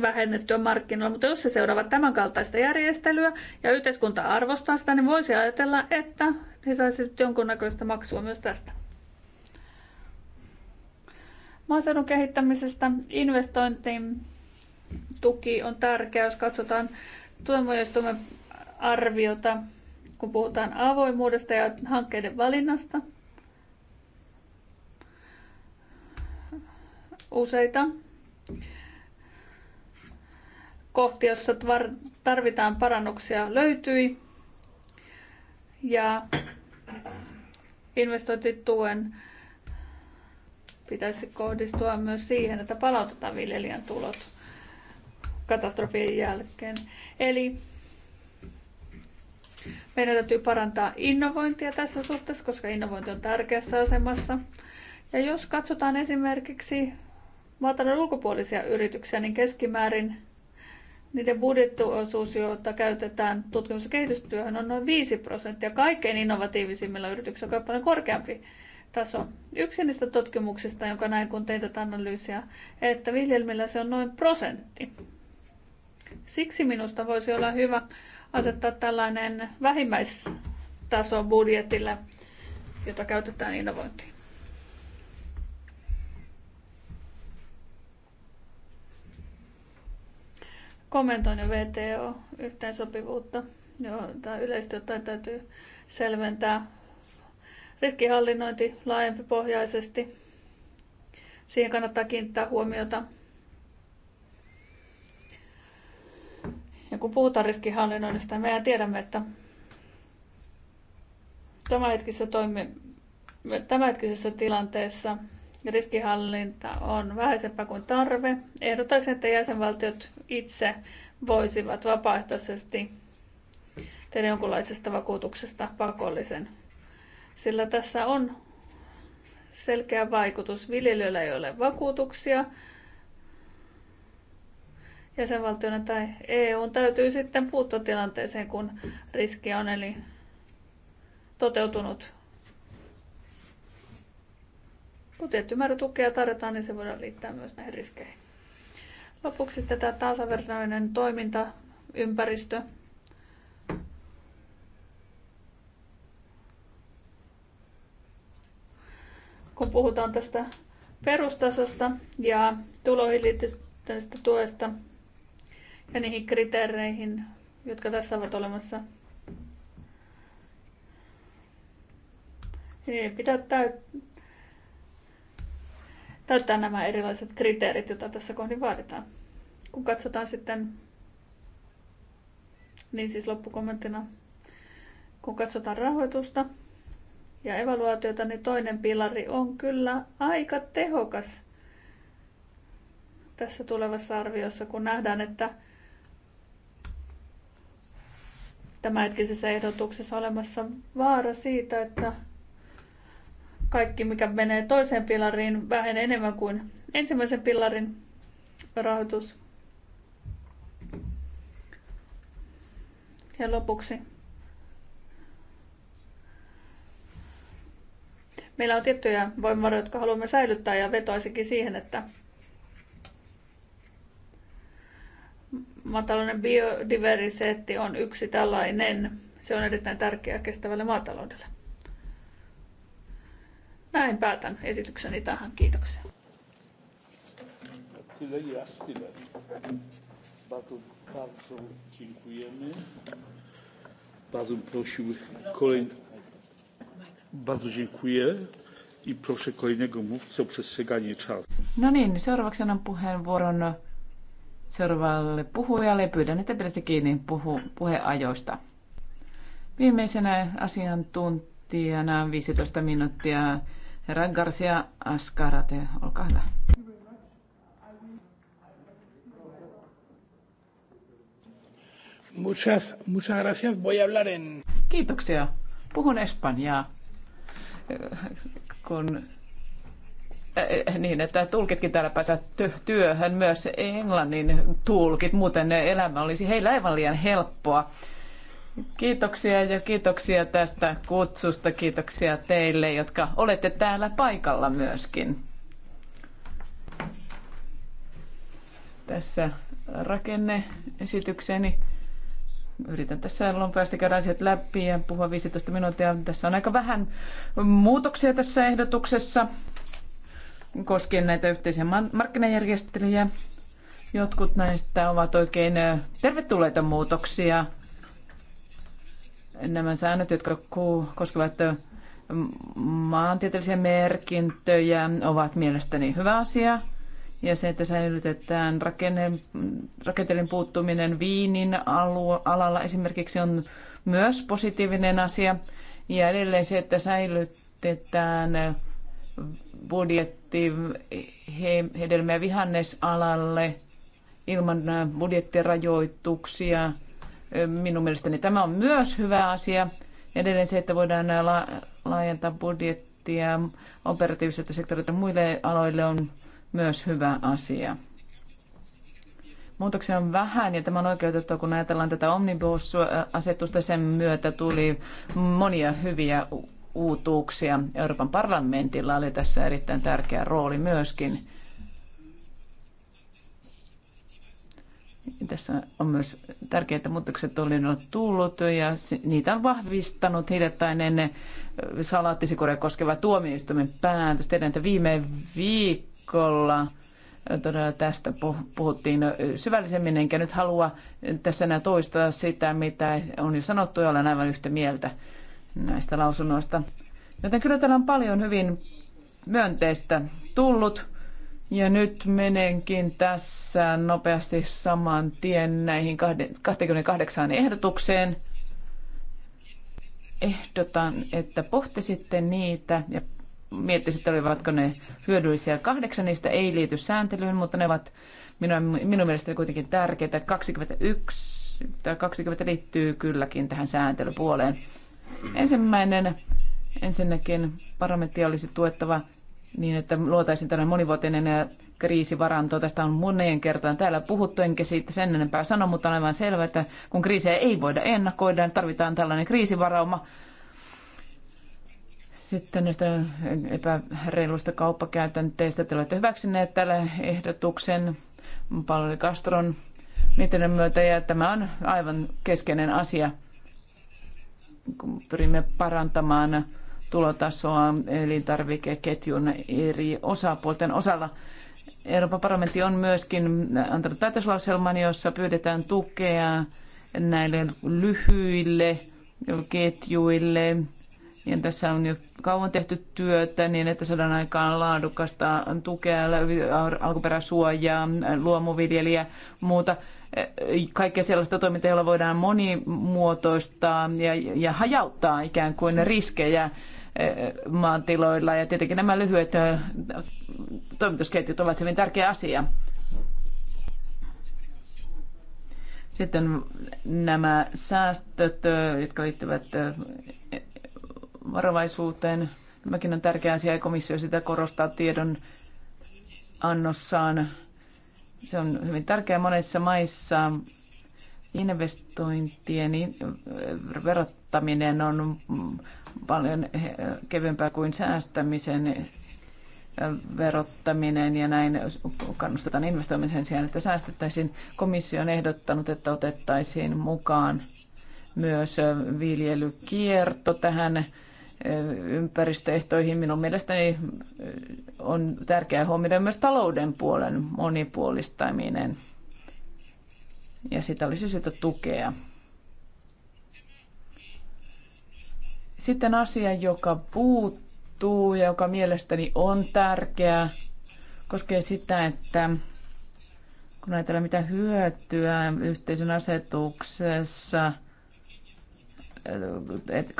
vähennettyä markkinoilla, mutta jos se seuraavat tämänkaltaista järjestelyä ja yhteiskunta arvostaa sitä, niin voisi ajatella, että he saisivat jonkunnäköistä maksua myös tästä. Maaseudun kehittämisestä investointiin tuki on tärkeä, jos katsotaan tuomioistuimen arviota, kun puhutaan avoimuudesta ja hankkeiden valinnasta. Useita kohtia, joissa tarvitaan parannuksia, löytyi. Ja investointituen pitäisi kohdistua myös siihen, että palautetaan viljelijän tulot katastrofien jälkeen. Eli meidän täytyy parantaa innovointia tässä suhteessa, koska innovointi on tärkeässä asemassa. Ja jos katsotaan esimerkiksi maatalouden ulkopuolisia yrityksiä, niin keskimäärin niiden budjettiosuus, jota käytetään tutkimus- ja kehitystyöhön, on noin 5 prosenttia. Kaikkein innovatiivisimmilla yrityksillä on paljon korkeampi taso. Yksi niistä tutkimuksista, jonka näin kun tein tätä analyysiä, että viljelmillä se on noin prosentti. Siksi minusta voisi olla hyvä asettaa tällainen vähimmäistaso budjetille, jota käytetään innovointiin. kommentoin jo VTO-yhteensopivuutta, jota yleisesti ottaen täytyy selventää. Riskihallinnointi laajempi pohjaisesti. Siihen kannattaa kiinnittää huomiota. Ja kun puhutaan riskihallinnoinnista, niin mehän tiedämme, että tämänhetkisessä, toimi, tämänhetkisessä tilanteessa riskihallinta on vähäisempää kuin tarve. Ehdotaisin, että jäsenvaltiot itse voisivat vapaaehtoisesti tehdä jonkunlaisesta vakuutuksesta pakollisen, sillä tässä on selkeä vaikutus. Viljelijöillä ei ole vakuutuksia, jäsenvaltioiden tai EUn täytyy sitten puuttua tilanteeseen, kun riski on eli toteutunut. Kun tietty määrä tukea tarjotaan, niin se voidaan liittää myös näihin riskeihin. Lopuksi tämä tasavertainen toimintaympäristö. Kun puhutaan tästä perustasosta ja tuloihin liittyvästä tuesta, ja niihin kriteereihin, jotka tässä ovat olemassa. Niin pitää täyttää nämä erilaiset kriteerit, joita tässä kohdin vaaditaan. Kun katsotaan sitten, niin siis loppukommenttina, kun katsotaan rahoitusta ja evaluaatiota, niin toinen pilari on kyllä aika tehokas tässä tulevassa arviossa, kun nähdään, että tämänhetkisessä ehdotuksessa olemassa vaara siitä, että kaikki mikä menee toiseen pilariin vähenee enemmän kuin ensimmäisen pilarin rahoitus. Ja lopuksi meillä on tiettyjä voimavaroja, jotka haluamme säilyttää ja vetoaisinkin siihen, että maatalouden biodiversiteetti on yksi tällainen. Se on erittäin tärkeää kestävälle maataloudelle. Näin päätän esitykseni tähän. Kiitoksia. Bardzo, prosił kolejny. Bardzo dziękuję i proszę kolejnego mówcę o przestrzeganie czasu. No niin, seuraavaksi annan puheenvuoron seuraavalle puhujalle ja pyydän, että pidätte kiinni puhu, puheajoista. Viimeisenä asiantuntijana 15 minuuttia herra Garcia Ascarate, olkaa hyvä. Muchas, muchas gracias. Voy a hablar en... Kiitoksia. Puhun espanjaa, kun Eh, eh, niin, että tulkitkin täällä pääsevät työhön, myös englannin tulkit, muuten elämä olisi heillä aivan liian helppoa. Kiitoksia ja kiitoksia tästä kutsusta, kiitoksia teille, jotka olette täällä paikalla myöskin. Tässä rakenneesitykseni. Yritän tässä lompeasti käydä asiat läpi ja puhua 15 minuuttia. Tässä on aika vähän muutoksia tässä ehdotuksessa koskien näitä yhteisiä markkinajärjestelyjä. Jotkut näistä ovat oikein tervetulleita muutoksia. Nämä säännöt, jotka koskevat maantieteellisiä merkintöjä, ovat mielestäni hyvä asia. Ja se, että säilytetään rakenne, rakenteellinen puuttuminen viinin alalla esimerkiksi on myös positiivinen asia. Ja edelleen se, että säilytetään budjetti hedelmä- ja vihannesalalle ilman äh, budjettirajoituksia. Minun mielestäni tämä on myös hyvä asia. Edelleen se, että voidaan äh, laajentaa budjettia operatiiviselta sektorilta muille aloille on myös hyvä asia. Muutoksia on vähän ja tämä on oikeutettu, kun ajatellaan tätä omnibus-asetusta. Sen myötä tuli monia hyviä uutuuksia. Euroopan parlamentilla oli tässä erittäin tärkeä rooli myöskin. Tässä on myös tärkeää, että muutokset oli tullut ja niitä on vahvistanut hiljattain salaattisikurja koskeva tuomioistuimen päätös. Tiedän, että viime viikolla todella tästä puhuttiin syvällisemmin, enkä nyt halua tässä enää toistaa sitä, mitä on jo sanottu ja olen aivan yhtä mieltä näistä lausunnoista. Joten kyllä täällä on paljon hyvin myönteistä tullut. Ja nyt menenkin tässä nopeasti saman tien näihin 28 ehdotukseen. Ehdotan, että pohtisitte niitä ja miettisitte, olivatko ne hyödyllisiä. Kahdeksan niistä ei liity sääntelyyn, mutta ne ovat minun, minun mielestäni kuitenkin tärkeitä. 21 tai 20 liittyy kylläkin tähän sääntelypuoleen. Ensimmäinen, ensinnäkin parametria olisi tuettava niin, että luotaisiin tällainen monivuotinen äh, kriisivaranto. Tästä on moneen kertaan täällä puhuttu, enkä siitä sen enempää sano, mutta on aivan selvä, että kun kriisejä ei voida ennakoida, niin tarvitaan tällainen kriisivarauma. Sitten näistä epäreiluista kauppakäytänteistä te olette hyväksyneet tällä ehdotuksen Pauli Castron mietinnön myötä, ja tämä on aivan keskeinen asia – kun pyrimme parantamaan tulotasoa elintarvikeketjun eri osapuolten osalla. Euroopan parlamentti on myöskin antanut päätöslauselman, jossa pyydetään tukea näille lyhyille ketjuille, ja tässä on jo kauan tehty työtä niin, että saadaan aikaan laadukasta tukea, alkuperäsuojaa, luomuviljelijä, muuta. Eh, kaikkea sellaista toimintaa, jolla voidaan monimuotoistaa ja, ja hajauttaa ikään kuin riskejä eh, maantiloilla. Ja tietenkin nämä lyhyet eh, toimitusketjut ovat hyvin tärkeä asia. Sitten nämä säästöt, jotka liittyvät varovaisuuteen. Tämäkin on tärkeä asia ja komissio sitä korostaa tiedon annossaan. Se on hyvin tärkeä, monissa maissa. Investointien verottaminen on paljon kevyempää kuin säästämisen verottaminen ja näin kannustetaan investoimiseen sijaan, että säästettäisiin. Komissio on ehdottanut, että otettaisiin mukaan myös viljelykierto tähän ympäristöehtoihin. Minun mielestäni on tärkeää huomioida myös talouden puolen monipuolistaminen ja sitä olisi syytä tukea. Sitten asia, joka puuttuu ja joka mielestäni on tärkeä, koskee sitä, että kun ajatellaan mitä hyötyä yhteisön asetuksessa –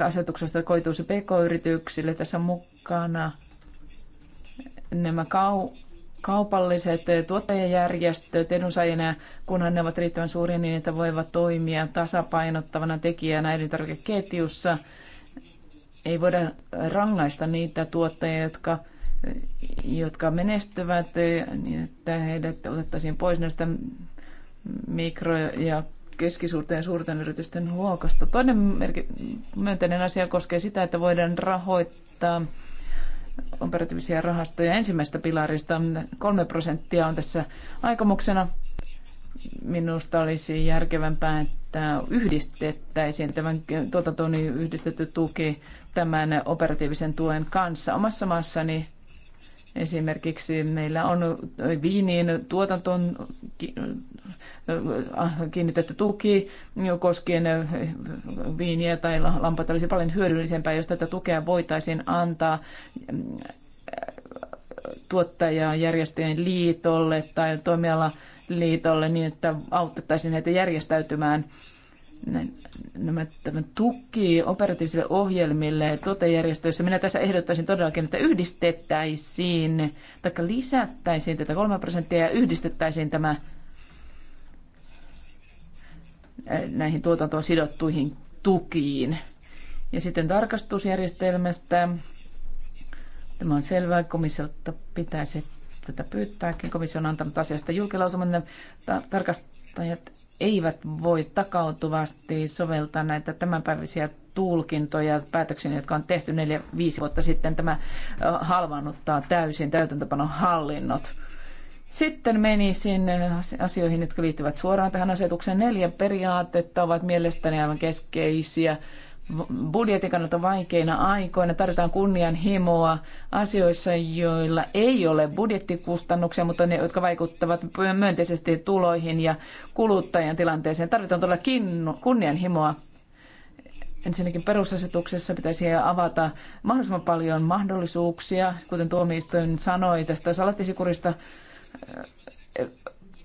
Äh, asetuksesta se pk-yrityksille tässä mukana nämä kau, kaupalliset tuottajajärjestöt edunsaajina, kunhan ne ovat riittävän suuria niin, että voivat toimia tasapainottavana tekijänä elintarvikeketjussa. Ei voida rangaista niitä tuottajia, jotka, jotka menestyvät, niin että heidät otettaisiin pois näistä mikro- ja keskisuurten ja suurten yritysten luokasta. Toinen myönteinen asia koskee sitä, että voidaan rahoittaa operatiivisia rahastoja ensimmäistä pilarista. kolme prosenttia on tässä aikomuksena. Minusta olisi järkevämpää, että yhdistettäisiin tämän tuotantoon yhdistetty tuki tämän operatiivisen tuen kanssa. Omassa maassani Esimerkiksi meillä on viiniin tuotanton äh, kiinnitetty tuki koskien viiniä tai lampaita olisi paljon hyödyllisempää, jos tätä tukea voitaisiin antaa mm, tuottajajärjestöjen liitolle tai toimialaliitolle niin, että autettaisiin heitä järjestäytymään – nämä, tämä tuki operatiivisille ohjelmille tuotejärjestöissä. Minä tässä ehdottaisin todellakin, että yhdistettäisiin, tai lisättäisiin tätä 3 prosenttia ja yhdistettäisiin tämä näihin tuotantoon sidottuihin tukiin. Ja sitten tarkastusjärjestelmästä. Tämä on selvää, komissiolta pitäisi tätä pyytääkin. Komissio on antanut asiasta julkilausuman. Tarkastajat eivät voi takautuvasti soveltaa näitä tämänpäiväisiä tulkintoja päätöksiin, jotka on tehty neljä, viisi vuotta sitten. Tämä halvannuttaa täysin täytäntöpanon hallinnot. Sitten menisin asioihin, jotka liittyvät suoraan tähän asetukseen. Neljä periaatetta ovat mielestäni aivan keskeisiä budjetin kannalta vaikeina aikoina. Tarvitaan kunnianhimoa asioissa, joilla ei ole budjettikustannuksia, mutta ne, jotka vaikuttavat myönteisesti tuloihin ja kuluttajan tilanteeseen. Tarvitaan todella kunnianhimoa. Ensinnäkin perusasetuksessa pitäisi avata mahdollisimman paljon mahdollisuuksia, kuten tuomioistuin sanoi tästä salattisikurista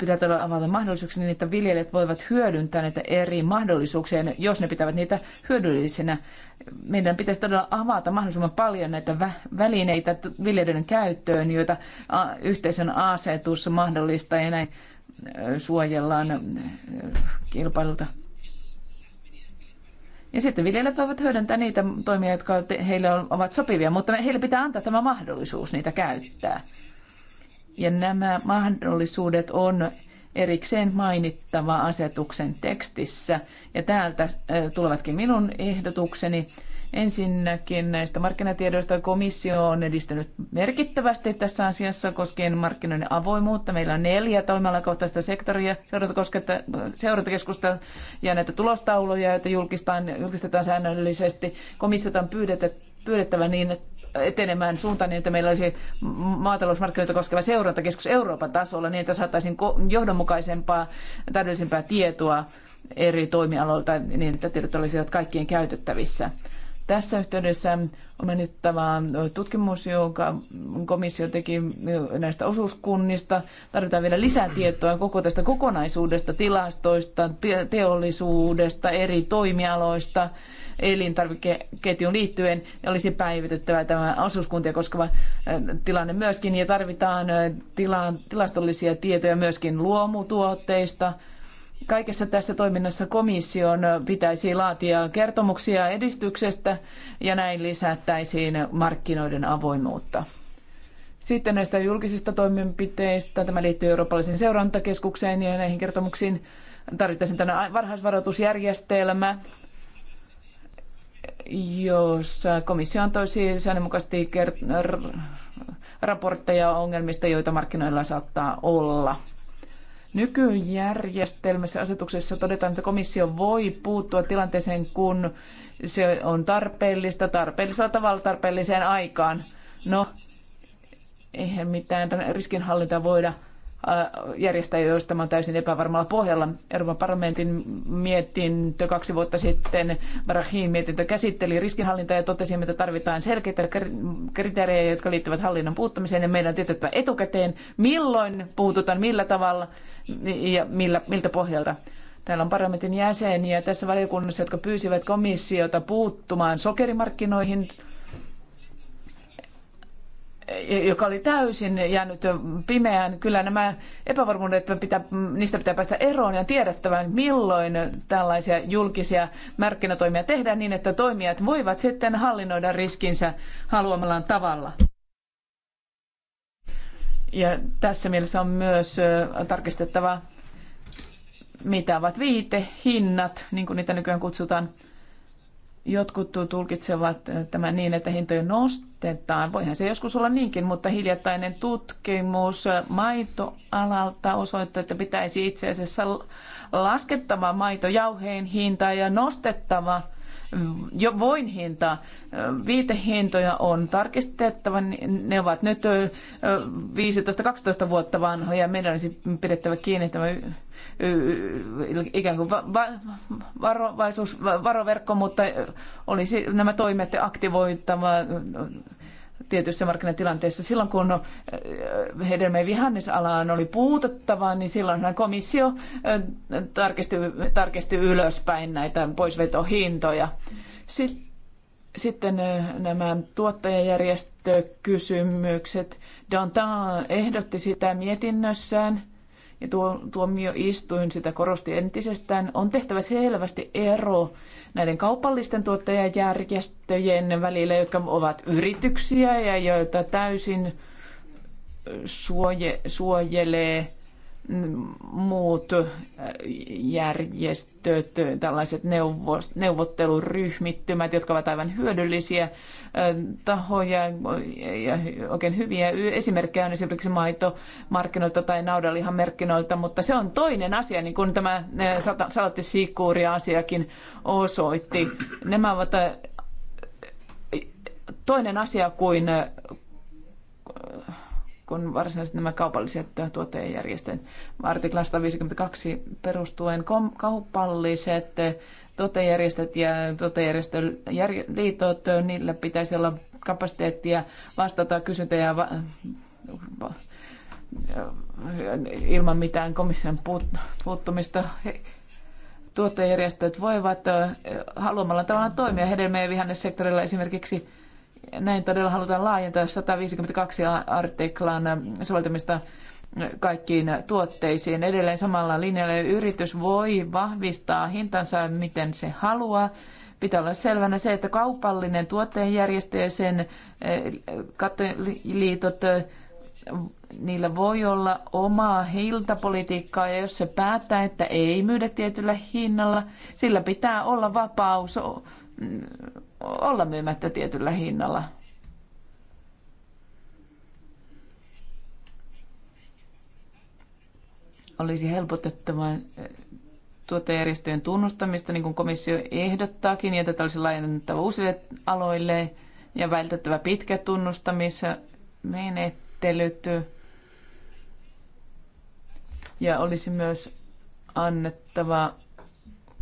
pitää todella avata mahdollisuuksia niin, että viljelijät voivat hyödyntää näitä eri mahdollisuuksia, jos ne pitävät niitä hyödyllisinä. Meidän pitäisi todella avata mahdollisimman paljon näitä välineitä viljelijöiden käyttöön, joita yhteisön asetus mahdollistaa ja näin suojellaan kilpailulta. Ja sitten viljelijät voivat hyödyntää niitä toimia, jotka heille ovat sopivia, mutta heille pitää antaa tämä mahdollisuus niitä käyttää. Ja nämä mahdollisuudet on erikseen mainittava asetuksen tekstissä. Ja täältä tulevatkin minun ehdotukseni. Ensinnäkin näistä markkinatiedoista komissio on edistänyt merkittävästi tässä asiassa koskien markkinoiden avoimuutta. Meillä on neljä toimialakohtaista sektoria seurantakeskusta ja näitä tulostauluja, joita julkistetaan säännöllisesti. Komissiota on pyydetty pyydettävä niin, että etenemään suuntaan niin, että meillä olisi maatalousmarkkinoita koskeva seurantakeskus Euroopan tasolla niin, että saataisiin johdonmukaisempaa, täydellisempää tietoa eri toimialoilta niin, että tiedot olisivat kaikkien käytettävissä. Tässä yhteydessä on mainittava tutkimus, jonka komissio teki näistä osuuskunnista. Tarvitaan vielä lisää tietoa koko tästä kokonaisuudesta, tilastoista, teollisuudesta, eri toimialoista, elintarvikeketjun liittyen. Olisi päivitettävä tämä osuuskuntia koskeva äh, tilanne myöskin, ja tarvitaan äh, tila- tilastollisia tietoja myöskin luomutuotteista, Kaikessa tässä toiminnassa komission pitäisi laatia kertomuksia edistyksestä ja näin lisättäisiin markkinoiden avoimuutta. Sitten näistä julkisista toimenpiteistä, tämä liittyy Eurooppalaisen seurantakeskukseen ja näihin kertomuksiin, tarvittaisiin tänä varhaisvaroitusjärjestelmä, jossa komissio antoi siis mukaisesti raportteja ongelmista, joita markkinoilla saattaa olla – Nykyjärjestelmässä asetuksessa todetaan, että komissio voi puuttua tilanteeseen, kun se on tarpeellista, tarpeellisella tavalla tarpeelliseen aikaan. No, eihän mitään riskinhallintaa voida äh, järjestää, jos tämä on täysin epävarmalla pohjalla. Euroopan parlamentin mietintö kaksi vuotta sitten, Barahin mietintö käsitteli riskinhallintaa ja totesimme, että tarvitaan selkeitä kriteerejä, jotka liittyvät hallinnon puuttumiseen ja meidän on tietettävä etukäteen, milloin puututaan, millä tavalla ja millä, miltä pohjalta. Täällä on parlamentin jäseniä tässä valiokunnassa, jotka pyysivät komissiota puuttumaan sokerimarkkinoihin, joka oli täysin jäänyt pimeään. Kyllä nämä epävarmuudet, pitää, niistä pitää päästä eroon ja tiedettävä, milloin tällaisia julkisia markkinatoimia tehdään niin, että toimijat voivat sitten hallinnoida riskinsä haluamallaan tavalla. Ja tässä mielessä on myös tarkistettava, mitä ovat viitehinnat, niin kuin niitä nykyään kutsutaan. Jotkut tulkitsevat tämän niin, että hintoja nostetaan. Voihan se joskus olla niinkin, mutta hiljattainen tutkimus maitoalalta osoittaa, että pitäisi itse asiassa laskettava maitojauheen hinta ja nostettava jo voin hinta. Viitehintoja on tarkistettava. Ne ovat nyt 15-12 vuotta vanhoja. Meidän olisi pidettävä kiinni tämä ikään kuin varovaisuus, varoverkko, mutta olisi nämä toimet aktivoittava tietyissä markkinatilanteessa. Silloin kun hedelmä- ja vihannesalaan oli puututtava, niin silloin komissio tarkisti, tarkisti ylöspäin näitä poisvetohintoja. Sitten nämä tuottajajärjestökysymykset. Dantan ehdotti sitä mietinnössään – ja tuo, tuomioistuin sitä korosti entisestään, on tehtävä selvästi ero näiden kaupallisten tuottajajärjestöjen välillä, jotka ovat yrityksiä ja joita täysin suoje, suojelee muut järjestöt, tällaiset neuvos, neuvotteluryhmittymät, jotka ovat aivan hyödyllisiä tahoja ja oikein hyviä esimerkkejä on esimerkiksi maitomarkkinoilta tai naudanlihan markkinoilta, mutta se on toinen asia, niin kuin tämä salattisiikkuuria asiakin osoitti. Nämä ovat toinen asia kuin kun varsinaisesti nämä kaupalliset tuottajajärjestöt. Artiklan 152 perustuen kaupalliset tuottajajärjestöt ja tuottajajärjestöliitot, niillä pitäisi olla kapasiteettia vastata kysyntää ja va- ilman mitään komission puuttumista. He, tuottajajärjestöt voivat haluamalla tavalla toimia hedelmä- ja vihannessektorilla esimerkiksi näin todella halutaan laajentaa 152 artiklan soveltamista kaikkiin tuotteisiin. Edelleen samalla linjalla yritys voi vahvistaa hintansa, miten se haluaa. Pitää olla selvänä se, että kaupallinen tuottajajärjestö ja sen liitot niillä voi olla omaa hiltapolitiikkaa ja jos se päättää, että ei myydä tietyllä hinnalla, sillä pitää olla vapaus mm, olla myymättä tietyllä hinnalla. Olisi helpotettava eh, tuottajärjestöjen tunnustamista, niin kuin komissio ehdottaakin, ja tätä olisi laajennettava uusille aloille ja vältettävä pitkät tunnustamismenettelyt. Ja olisi myös annettava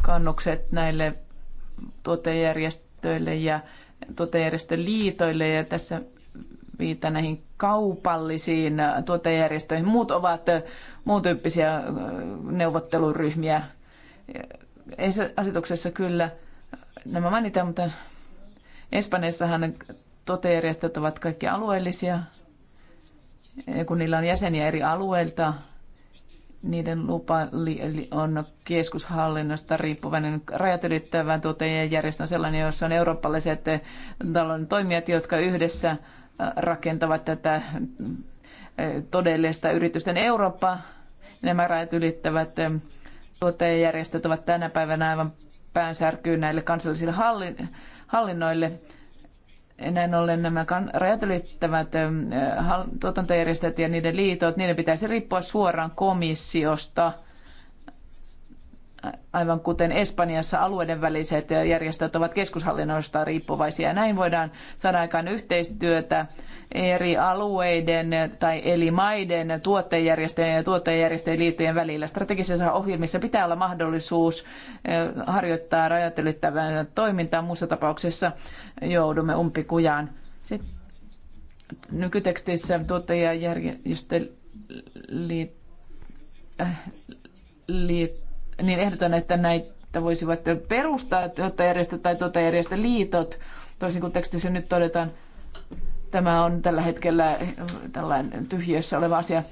kannukset näille tuottajärjestöille järjestöille ja tuotejärjestöliitoille ja tässä viita näihin kaupallisiin tuotejärjestöihin. Muut ovat muun tyyppisiä neuvotteluryhmiä. Asetuksessa kyllä nämä mainitaan, mutta Espanjassahan tuotejärjestöt ovat kaikki alueellisia, kun niillä on jäseniä eri alueilta – niiden lupa on keskushallinnosta riippuvainen rajat ylittävä tuottajien järjestö on sellainen, jossa on eurooppalaiset eh, talouden toimijat, jotka yhdessä eh, rakentavat tätä eh, todellista yritysten Eurooppaa. Nämä rajat ylittävät tuottajajärjestöt ovat tänä päivänä aivan päänsärkyyn näille kansallisille hallinnoille näin ollen nämä rajat ylittävät tuotantojärjestöt ja niiden liitot, niiden pitäisi riippua suoraan komissiosta – aivan kuten Espanjassa alueiden väliset järjestöt ovat keskushallinnosta riippuvaisia. Näin voidaan saada aikaan yhteistyötä eri alueiden tai eli maiden tuottajajärjestöjen ja tuottajajärjestöjen liittojen välillä. Strategisissa ohjelmissa pitää olla mahdollisuus eh, harjoittaa rajat ylittävää toimintaa. Muussa tapauksessa joudumme umpikujaan. Sitten nykytekstissä tuottajajärjestöjen liitto eh, niin ehdotan, että näitä voisivat perustaa tuottajärjestöt tai tuottajärjestöliitot, toisin kuin tekstissä nyt todetaan, tämä on tällä hetkellä eh, tällainen tyhjössä oleva asia.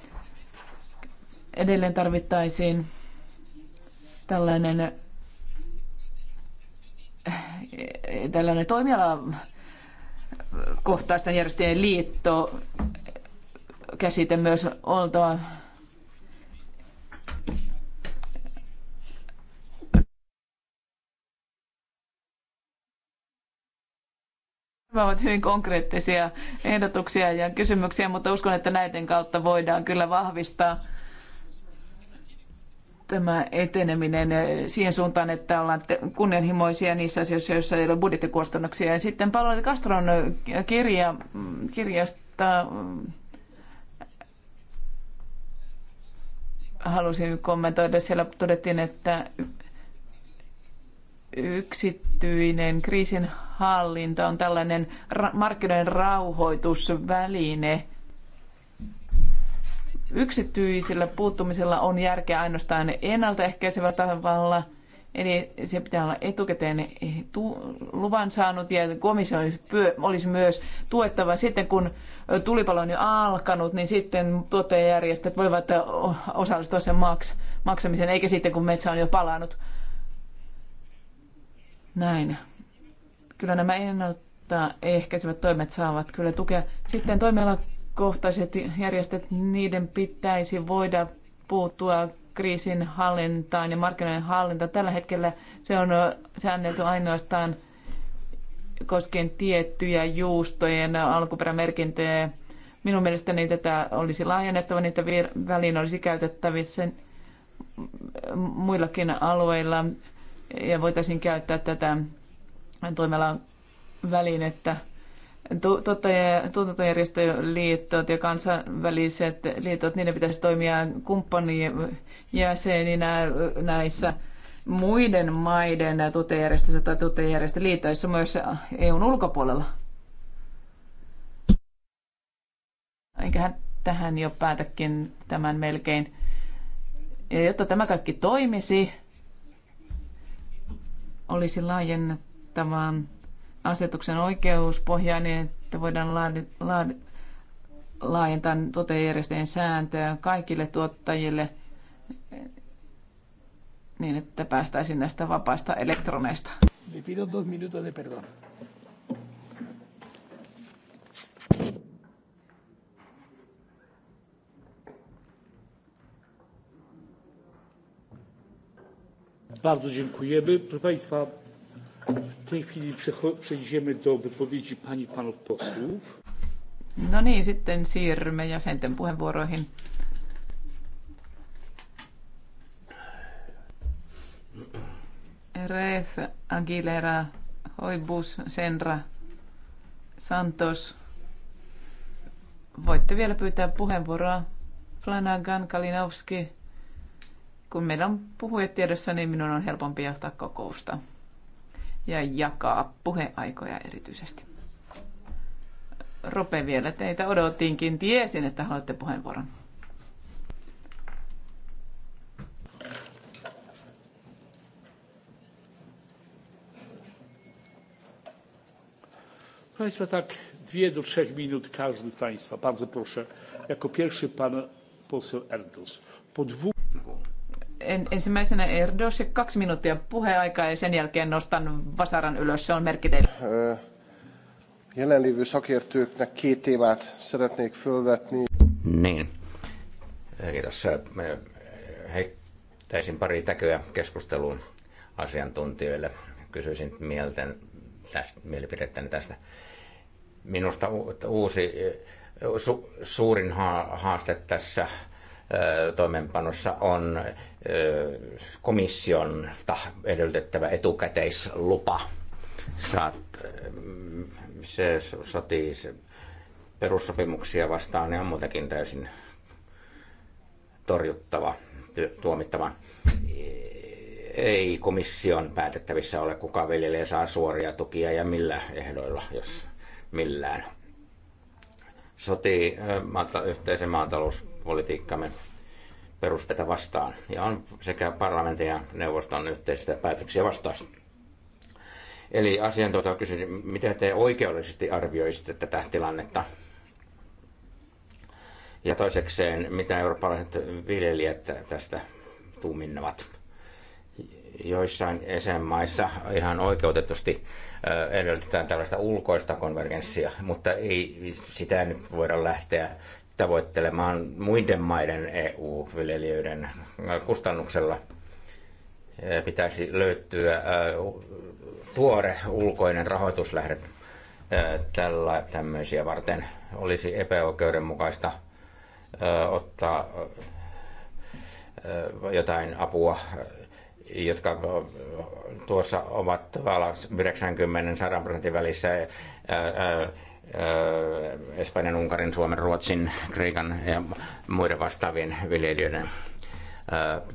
Edelleen tarvittaisiin tällainen, eh, tällainen toimiala eh, kohtaisten järjestöjen liitto, käsite myös oltava Nämä ovat hyvin konkreettisia ehdotuksia ja kysymyksiä, mutta uskon, että näiden kautta voidaan kyllä vahvistaa tämä eteneminen siihen suuntaan, että ollaan kunnianhimoisia niissä asioissa, joissa ei ole budjettikustannuksia. Ja sitten Paolo Castron kirja, kirjasta mm, halusin kommentoida. Siellä todettiin, että yksityinen kriisinhallinta on tällainen ra- markkinoiden rauhoitusväline. Yksityisellä puuttumisella on järkeä ainoastaan ennaltaehkäisevällä tavalla, eli se pitää olla etukäteen luvan saanut ja komissio olisi, olisi myös tuettava sitten, kun tulipalo on jo alkanut, niin sitten tuottajajärjestöt voivat osallistua sen maks- maksamiseen, eikä sitten kun metsä on jo palanut näin. Kyllä nämä ennalta ehkäisevät toimet saavat kyllä tukea. Sitten toimialakohtaiset järjestöt, niiden pitäisi voida puuttua kriisin hallintaan ja markkinoiden hallinta. Tällä hetkellä se on säännelty ainoastaan koskien tiettyjä juustojen alkuperämerkintöjä. Minun mielestäni tätä olisi laajennettava, niitä väliin olisi käytettävissä muillakin alueilla ja voitaisiin käyttää tätä toimialan välinettä. Tuotantojärjestöliitot ja kansainväliset liitot, niiden pitäisi toimia jäseninä näissä muiden maiden tuottajajärjestöissä tai tuottajajärjestöliitoissa myös EUn ulkopuolella. Eiköhän tähän jo päätäkin tämän melkein. Ja jotta tämä kaikki toimisi, olisi laajennettava asetuksen oikeuspohjaa niin, että voidaan laadi, laadi, laajentaa tuottajajärjestöjen sääntöä kaikille tuottajille niin, että päästäisiin näistä vapaista elektroneista. Le pido dos minutos de perdón. Bardzo dziękujemy. Proszę Państwa, w tej chwili przejdziemy do wypowiedzi pani i panów posłów. No niin, sitten siirrymme jäsenten puheenvuoroihin. Reyes, Aguilera, Hoibus, Senra, Santos. Voitte vielä pyytää puheenvuoroa. Flanagan, Kalinowski, kun meillä on puhujat tiedossa, niin minun on helpompi johtaa kokousta ja jakaa puheaikoja erityisesti. Rope vielä teitä odottiinkin. Tiesin, että haluatte puheenvuoron. Państwa tak dwie do trzech minut każdy z Państwa. Bardzo proszę. Jako pierwszy pan poseł Erdos. Po dwóch ensimmäisenä Erdos ja kaksi minuuttia puheaikaa ja sen jälkeen nostan vasaran ylös. Se on merkki teille. Jelenlivy szakértőknek kiitivät, témát szeretnék fölvetni. Niin. Kiitos. Heittäisin pari täköä keskusteluun asiantuntijoille. Kysyisin mielten, tästä, mielipidettäni tästä. Minusta uusi, su, suurin haaste tässä toimeenpanossa on komission edellytettävä etukäteislupa. Saat, se sotii se perussopimuksia vastaan ja muutenkin täysin torjuttava, tuomittava. Ei komission päätettävissä ole, kuka viljelee saa suoria tukia ja millä ehdoilla, jos millään. Sotii yhteisen maatalouspolitiikkamme perusteita vastaan ja on sekä parlamentin ja neuvoston yhteistä päätöksiä vastaan. Eli asiantuntija kysyi, miten te oikeudellisesti arvioisitte tätä tilannetta? Ja toisekseen, mitä eurooppalaiset viljelijät tästä tuuminnavat? Joissain jäsenmaissa ihan oikeutetusti edellytetään tällaista ulkoista konvergenssia, mutta ei sitä nyt voida lähteä tavoittelemaan muiden maiden EU-viljelijöiden kustannuksella. Pitäisi löytyä tuore ulkoinen rahoituslähde tällä tämmöisiä varten. Olisi epäoikeudenmukaista ottaa jotain apua, jotka tuossa ovat 90-100 prosentin välissä Espanjan, Unkarin, Suomen, Ruotsin, Kreikan ja muiden vastaavien viljelijöiden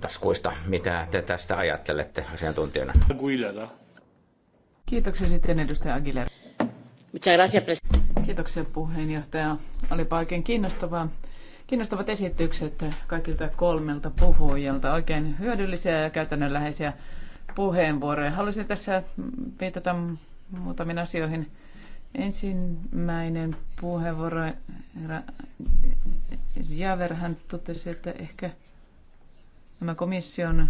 taskuista. Mitä te tästä ajattelette asiantuntijana? Aguilera. Kiitoksia sitten edustaja Aguilera. Kiitoksia puheenjohtaja. Olipa oikein kiinnostavaa. Kiinnostavat esitykset kaikilta kolmelta puhujalta. Oikein hyödyllisiä ja käytännönläheisiä puheenvuoroja. Haluaisin tässä viitata muutamiin asioihin Ensimmäinen puheenvuoro, herra Javer, hän totesi, että ehkä nämä komission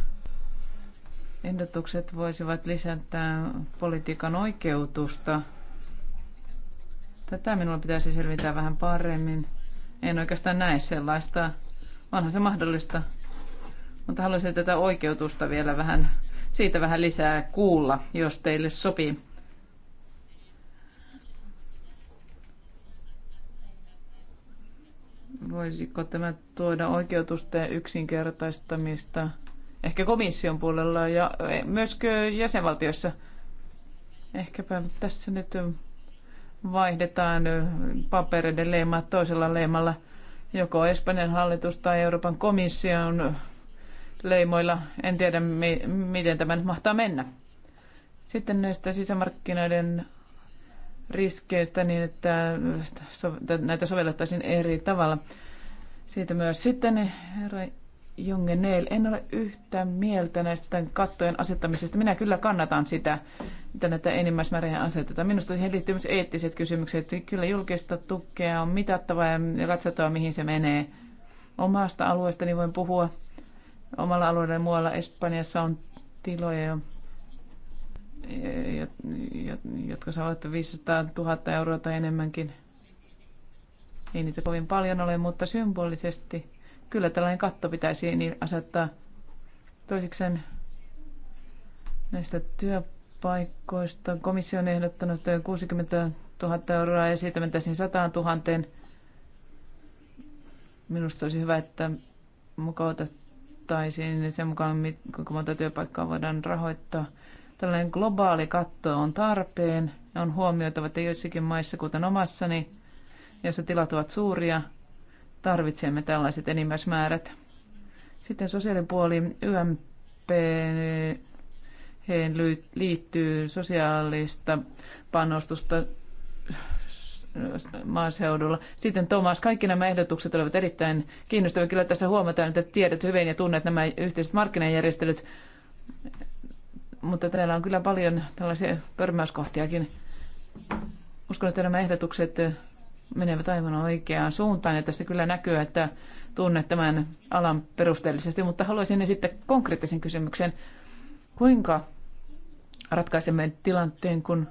ehdotukset voisivat lisätä politiikan oikeutusta. Tätä minulla pitäisi selvittää vähän paremmin. En oikeastaan näe sellaista. Onhan se mahdollista. Mutta haluaisin tätä oikeutusta vielä vähän, siitä vähän lisää kuulla, jos teille sopii. Voisiko tämä tuoda oikeutusta yksinkertaistamista ehkä komission puolella ja eh, myöskö jäsenvaltiossa? Ehkäpä tässä nyt vaihdetaan eh, papereiden leimaa toisella leimalla, joko Espanjan hallitus tai Euroopan komission leimoilla. En tiedä, miten tämä nyt mahtaa mennä. Sitten näistä sisämarkkinoiden riskeistä niin, että näitä sovellettaisiin eri tavalla. Siitä myös sitten herra neil en ole yhtä mieltä näistä kattojen asettamisesta. Minä kyllä kannatan sitä, että näitä enimmäismääriä asetetaan. Minusta siihen liittyy myös eettiset kysymykset. Kyllä julkista tukea on mitattava ja katsotaan, mihin se menee. Omasta alueestani voin puhua. Omalla alueella ja muualla Espanjassa on tiloja, jotka saavat 500 000 euroa tai enemmänkin. Ei niitä kovin paljon ole, mutta symbolisesti kyllä tällainen katto pitäisi niin asettaa. Toisiksen näistä työpaikoista komissio on ehdottanut 60 000 euroa ja siitä mentäisiin 100 000. Minusta olisi hyvä, että mukautettaisiin sen mukaan, kuinka monta työpaikkaa voidaan rahoittaa – Tällainen globaali katto on tarpeen ja on huomioitava, että joissakin maissa, kuten omassani, jossa tilat ovat suuria, tarvitsemme tällaiset enimmäismäärät. Sitten sosiaalipuoli YMP liittyy sosiaalista panostusta maaseudulla. Sitten Tomas, kaikki nämä ehdotukset olivat erittäin kiinnostavia. Kyllä tässä huomataan, että tiedät hyvin ja tunnet nämä yhteiset markkinajärjestelyt mutta täällä on kyllä paljon tällaisia törmäyskohtiakin. Uskon, että nämä ehdotukset menevät aivan oikeaan suuntaan ja tässä kyllä näkyy, että tunnet tämän alan perusteellisesti, mutta haluaisin esittää konkreettisen kysymyksen. Kuinka ratkaisemme tilanteen, kun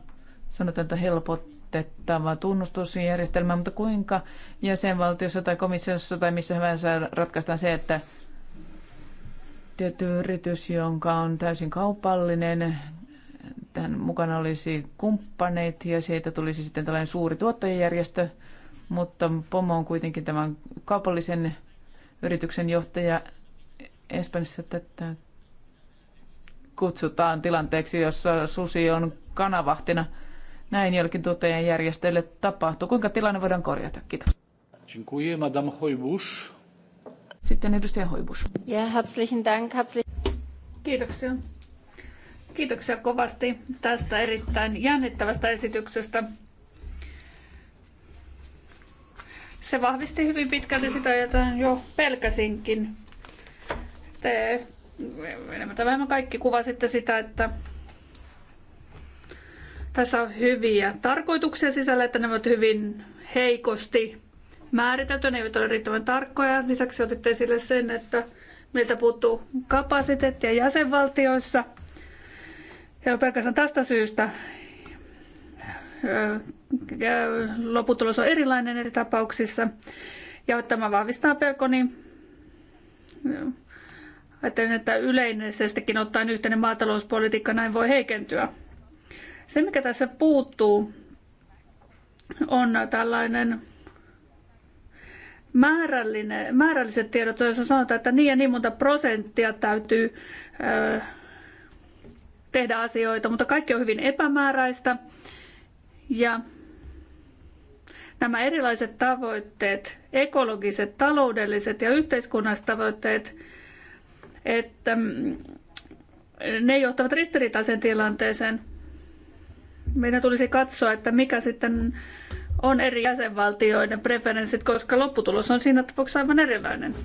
sanotaan, että helpotettava tunnustusjärjestelmä, mutta kuinka jäsenvaltiossa tai komissiossa tai missä hyvänsä ratkaistaan se, että tietty yritys, jonka on täysin kaupallinen. Tähän mukana olisi kumppaneit ja siitä tulisi sitten tällainen suuri tuottajajärjestö, mutta Pomo on kuitenkin tämän kaupallisen yrityksen johtaja Espanjassa tätä kutsutaan tilanteeksi, jossa susi on kanavahtina. Näin jollekin tuottajajärjestöille tapahtuu. Kuinka tilanne voidaan korjata? Kiitos. Dziękuję, Madame Hojbusz. Sitten edustaja Hoibus. Ja herzlichen Dank. Herzlich... Kiitoksia. Kiitoksia kovasti tästä erittäin jännittävästä esityksestä. Se vahvisti hyvin pitkälti sitä, jota jo pelkäsinkin. Te enemmän tai vähemmän kaikki kuvasitte sitä, että tässä on hyviä tarkoituksia sisällä, että ne ovat hyvin heikosti määritelty, ne eivät ole riittävän tarkkoja. Lisäksi otitte esille sen, että meiltä puuttuu kapasiteettia jäsenvaltioissa. Ja pelkästään tästä syystä lopputulos on erilainen eri tapauksissa. Ja tämä vahvistaa pelkoni. Ajattelen, että yleisestikin ottaen yhteinen maatalouspolitiikka näin voi heikentyä. Se, mikä tässä puuttuu, on tällainen määrällinen, määrälliset tiedot, joissa sanotaan, että niin ja niin monta prosenttia täytyy ö, tehdä asioita, mutta kaikki on hyvin epämääräistä. Ja nämä erilaiset tavoitteet, ekologiset, taloudelliset ja yhteiskunnalliset tavoitteet, että mm, ne johtavat ristiriitaiseen tilanteeseen. Meidän tulisi katsoa, että mikä sitten on eri jäsenvaltioiden preferenssit, koska lopputulos on siinä tapauksessa aivan erilainen.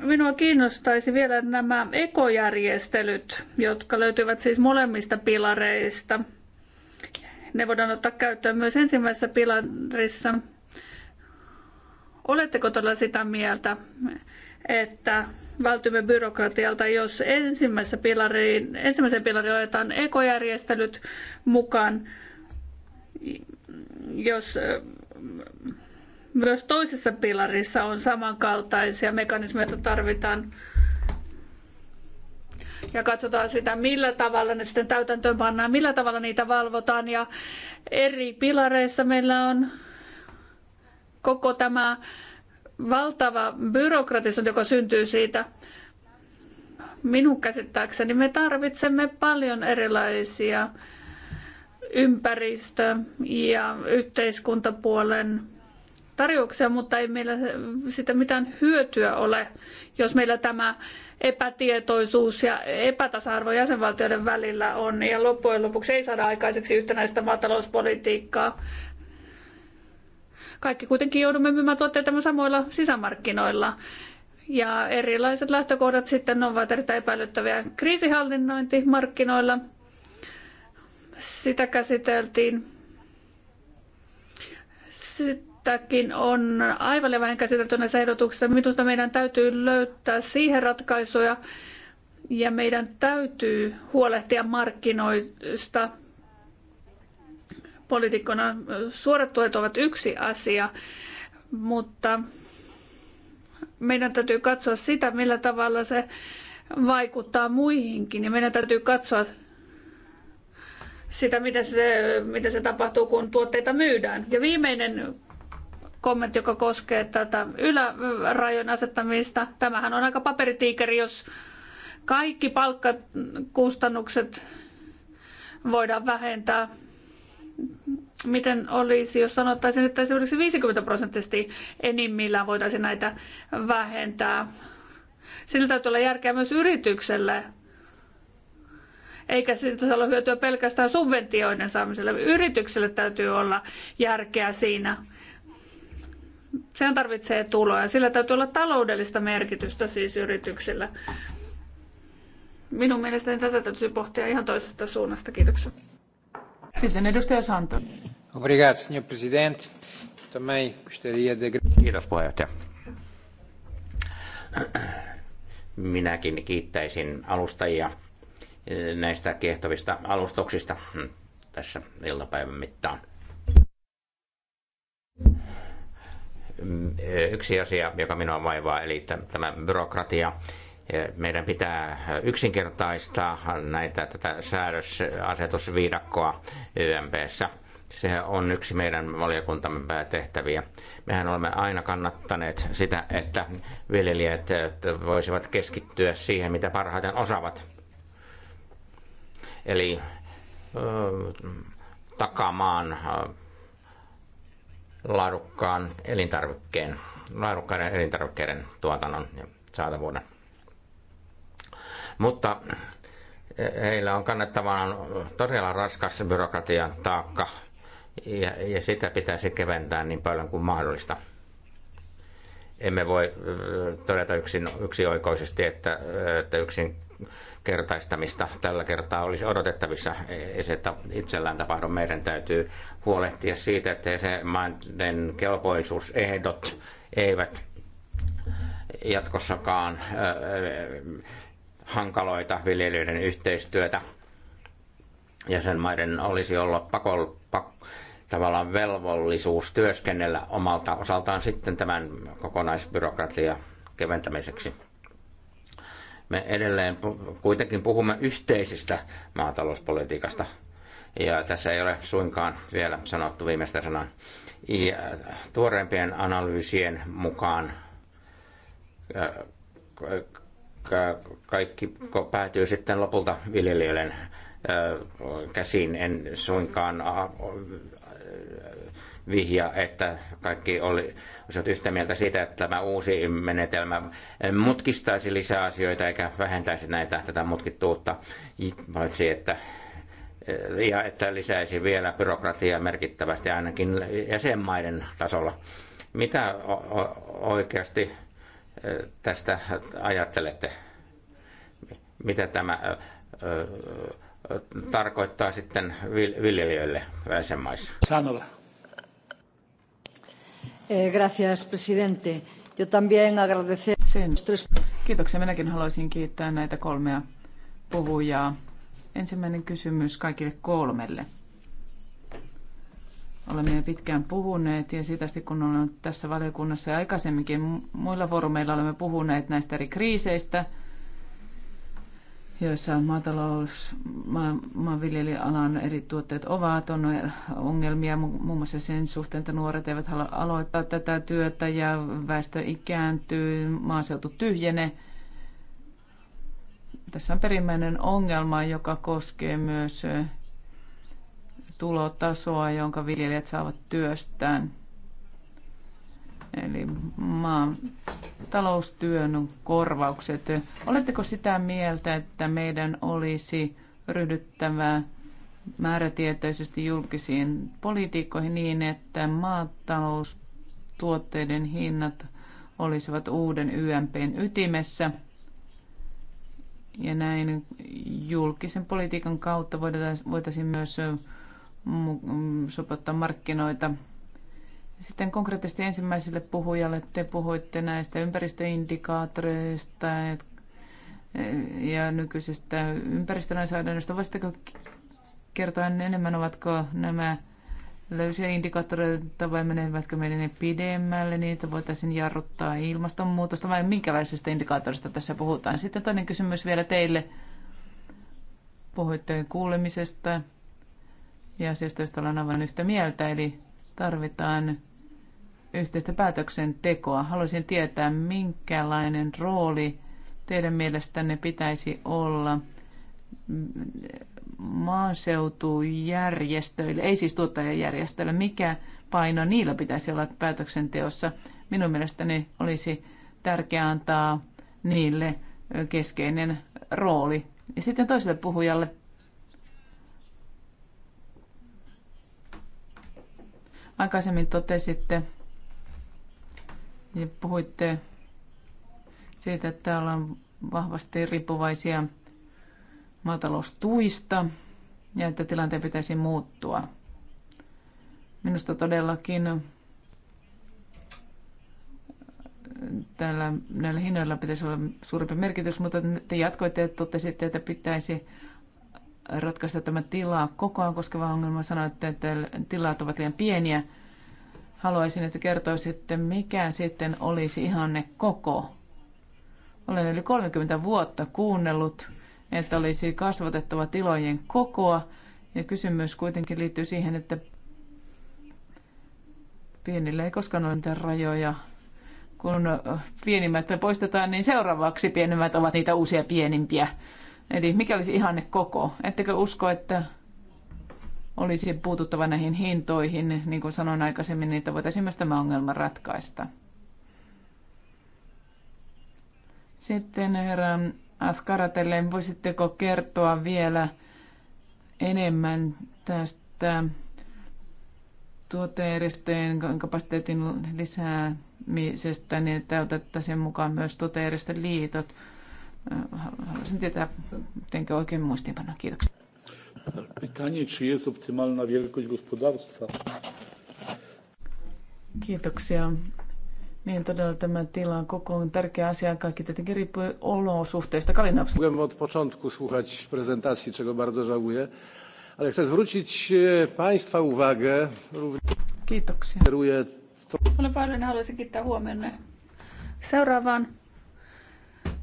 Minua kiinnostaisi vielä nämä ekojärjestelyt, jotka löytyvät siis molemmista pilareista. Ne voidaan ottaa käyttöön myös ensimmäisessä pilarissa. Oletteko todella sitä mieltä, että vältymme byrokratialta, jos ensimmäisessä pilariin, ensimmäisen pilariin otetaan ekojärjestelyt mukaan, jos myös toisessa pilarissa on samankaltaisia mekanismeja, joita tarvitaan. Ja katsotaan sitä, millä tavalla ne sitten täytäntöön pannaan, millä tavalla niitä valvotaan. Ja eri pilareissa meillä on koko tämä valtava byrokratisointi, joka syntyy siitä. Minun käsittääkseni me tarvitsemme paljon erilaisia ympäristö- ja yhteiskuntapuolen tarjouksia, mutta ei meillä sitä mitään hyötyä ole, jos meillä tämä epätietoisuus ja epätasa-arvo jäsenvaltioiden välillä on ja loppujen lopuksi ei saada aikaiseksi yhtenäistä maatalouspolitiikkaa. Kaikki kuitenkin joudumme myymään tuotteita samoilla sisämarkkinoilla. Ja erilaiset lähtökohdat sitten ovat erittäin epäilyttäviä. Kriisihallinnointi markkinoilla, sitä käsiteltiin. Sitäkin on aivan liian vähän käsitelty näissä ehdotuksissa. Minusta meidän täytyy löytää siihen ratkaisuja ja meidän täytyy huolehtia markkinoista – poliitikkona suorat tuet ovat yksi asia, mutta meidän täytyy katsoa sitä, millä tavalla se vaikuttaa muihinkin. Ja meidän täytyy katsoa sitä, mitä se, mitä se tapahtuu, kun tuotteita myydään. Ja viimeinen kommentti, joka koskee tätä ylärajojen asettamista. Tämähän on aika paperitiikeri, jos kaikki palkkakustannukset voidaan vähentää miten olisi, jos sanottaisiin, että esimerkiksi 50 prosenttisesti enimmillään voitaisiin näitä vähentää. Sillä täytyy olla järkeä myös yritykselle, eikä siitä saa olla hyötyä pelkästään subventioiden saamiselle. Yritykselle täytyy olla järkeä siinä. Sehän tarvitsee tuloja. Sillä täytyy olla taloudellista merkitystä siis yrityksillä. Minun mielestäni tätä täytyy pohtia ihan toisesta suunnasta. Kiitoksia. Sitten edustaja Santo. Obrigado, signor Presidente. Também gostaria de... Kiitos puheenjohtaja. Minäkin kiittäisin alustajia eh, näistä kehtovista alustuksista tässä iltapäivän mittaan. Mm, eh, yksi asia, joka minua vaivaa, eli tämä byrokratia meidän pitää yksinkertaistaa näitä tätä säädösasetusviidakkoa YMPssä. Se on yksi meidän valiokuntamme päätehtäviä. Mehän olemme aina kannattaneet sitä, että viljelijät voisivat keskittyä siihen, mitä parhaiten osaavat. Eli takamaan laadukkaan elintarvikkeen, laadukkaiden elintarvikkeiden tuotannon ja saatavuuden. Mutta eh, heillä on kannettavana todella raskas byrokratian taakka ja, ja sitä pitäisi keventää niin paljon kuin mahdollista. Emme voi eh, todeta yksin, yksioikoisesti, että, eh, että yksin kertaistamista tällä kertaa olisi odotettavissa. Ei se itsellään tapahdu. Meidän täytyy huolehtia siitä, että se maiden kelpoisuusehdot eivät jatkossakaan hankaloita viljelijöiden yhteistyötä. Jäsenmaiden olisi olla pakol, pak, tavallaan velvollisuus työskennellä omalta osaltaan sitten tämän kokonaisbyrokratian keventämiseksi. Me edelleen kuitenkin puhumme yhteisistä maatalouspolitiikasta. Ja tässä ei ole suinkaan vielä sanottu viimeistä sanaa. Ja tuoreimpien analyysien mukaan kaikki päätyy sitten lopulta viljelijöiden käsiin. En suinkaan vihja, että kaikki oli, olivat yhtä mieltä siitä, että tämä uusi menetelmä mutkistaisi lisää asioita eikä vähentäisi näitä, tätä mutkittuutta, paitsi että ja että lisäisi vielä byrokratiaa merkittävästi ainakin jäsenmaiden tasolla. Mitä oikeasti tästä ajattelette? Mitä tämä tarkoittaa sitten viljelijöille jäsenmaissa? Sanola. Eh, gracias, presidente. Yo también agradecer... Kiitoksia. Minäkin haluaisin kiittää näitä kolmea puhujaa. Ensimmäinen kysymys kaikille kolmelle olemme jo pitkään puhuneet ja siitä asti kun olen tässä valiokunnassa ja aikaisemminkin muilla foorumeilla olemme puhuneet näistä eri kriiseistä, joissa maatalous, ma- maanviljelijäalan eri tuotteet ovat, on ongelmia muun muassa sen suhteen, että nuoret eivät halua aloittaa tätä työtä ja väestö ikääntyy, maaseutu tyhjenee. Tässä on perimmäinen ongelma, joka koskee myös tulotasoa, jonka viljelijät saavat työstään. Eli maan taloustyön korvaukset. Oletteko sitä mieltä, että meidän olisi ryhdyttävä määrätietoisesti julkisiin politiikkoihin niin, että maataloustuotteiden hinnat olisivat uuden YMPn ytimessä? Ja näin julkisen politiikan kautta voitaisiin myös Mm, sopottaa markkinoita. Sitten konkreettisesti ensimmäiselle puhujalle te puhuitte näistä ympäristöindikaattoreista ja nykyisestä ympäristölainsäädännöstä. Voisitteko kertoa enemmän, ovatko nämä löysiä indikaattoreita vai menevätkö meidän ne pidemmälle, niitä voitaisiin jarruttaa ilmastonmuutosta vai minkälaisesta indikaattorista tässä puhutaan. Sitten toinen kysymys vielä teille. Puhuitte kuulemisesta ja asiasta, josta ollaan aivan yhtä mieltä, eli tarvitaan yhteistä päätöksentekoa. Haluaisin tietää, minkälainen rooli teidän mielestänne pitäisi olla maaseutujärjestöille, ei siis tuottajajärjestöille, mikä paino niillä pitäisi olla päätöksenteossa. Minun mielestäni olisi tärkeää antaa niille keskeinen rooli. Ja sitten toiselle puhujalle Aikaisemmin totesitte ja puhuitte siitä, että ollaan vahvasti riippuvaisia maataloustuista ja että tilanteen pitäisi muuttua. Minusta todellakin tällä, näillä hinnoilla pitäisi olla suurempi merkitys, mutta te jatkoitte ja totesitte, että pitäisi ratkaista tämä tilaa kokoaan koskeva ongelma. Sanoitte, että tilat ovat liian pieniä. Haluaisin, että kertoisitte, mikä sitten olisi ihanne koko. Olen yli 30 vuotta kuunnellut, että olisi kasvatettava tilojen kokoa. Ja kysymys kuitenkin liittyy siihen, että pienillä ei koskaan ole mitään rajoja. Kun pienimmät poistetaan, niin seuraavaksi pienemmät ovat niitä uusia pienimpiä. Eli mikä olisi ihanne koko? Ettekö usko, että olisi puututtava näihin hintoihin, niin kuin sanoin aikaisemmin, niin että voitaisiin myös tämä ongelma ratkaista. Sitten herra Askaratelle, voisitteko kertoa vielä enemmän tästä tuottajärjestöjen kapasiteetin lisäämisestä, niin että otettaisiin mukaan myös tuottajärjestöliitot. liitot Äh, haluaisin tietää, teenkö oikein muistiinpanoa. Kiitoksia. Pytanie, czy jest optymalna wielkość gospodarstwa? Kiitoksia. Niin todella tämä on koko on tärkeä asia. Kaikki tietenkin riippuu olosuhteista. Kalinowski. Byłem od początku słuchać prezentacji, czego bardzo żałuję, ale chcę zwrócić e, Państwa uwagę. Kiitoksia. Kieruję Olen paljon haluaisin kiittää huomionne seuraavaan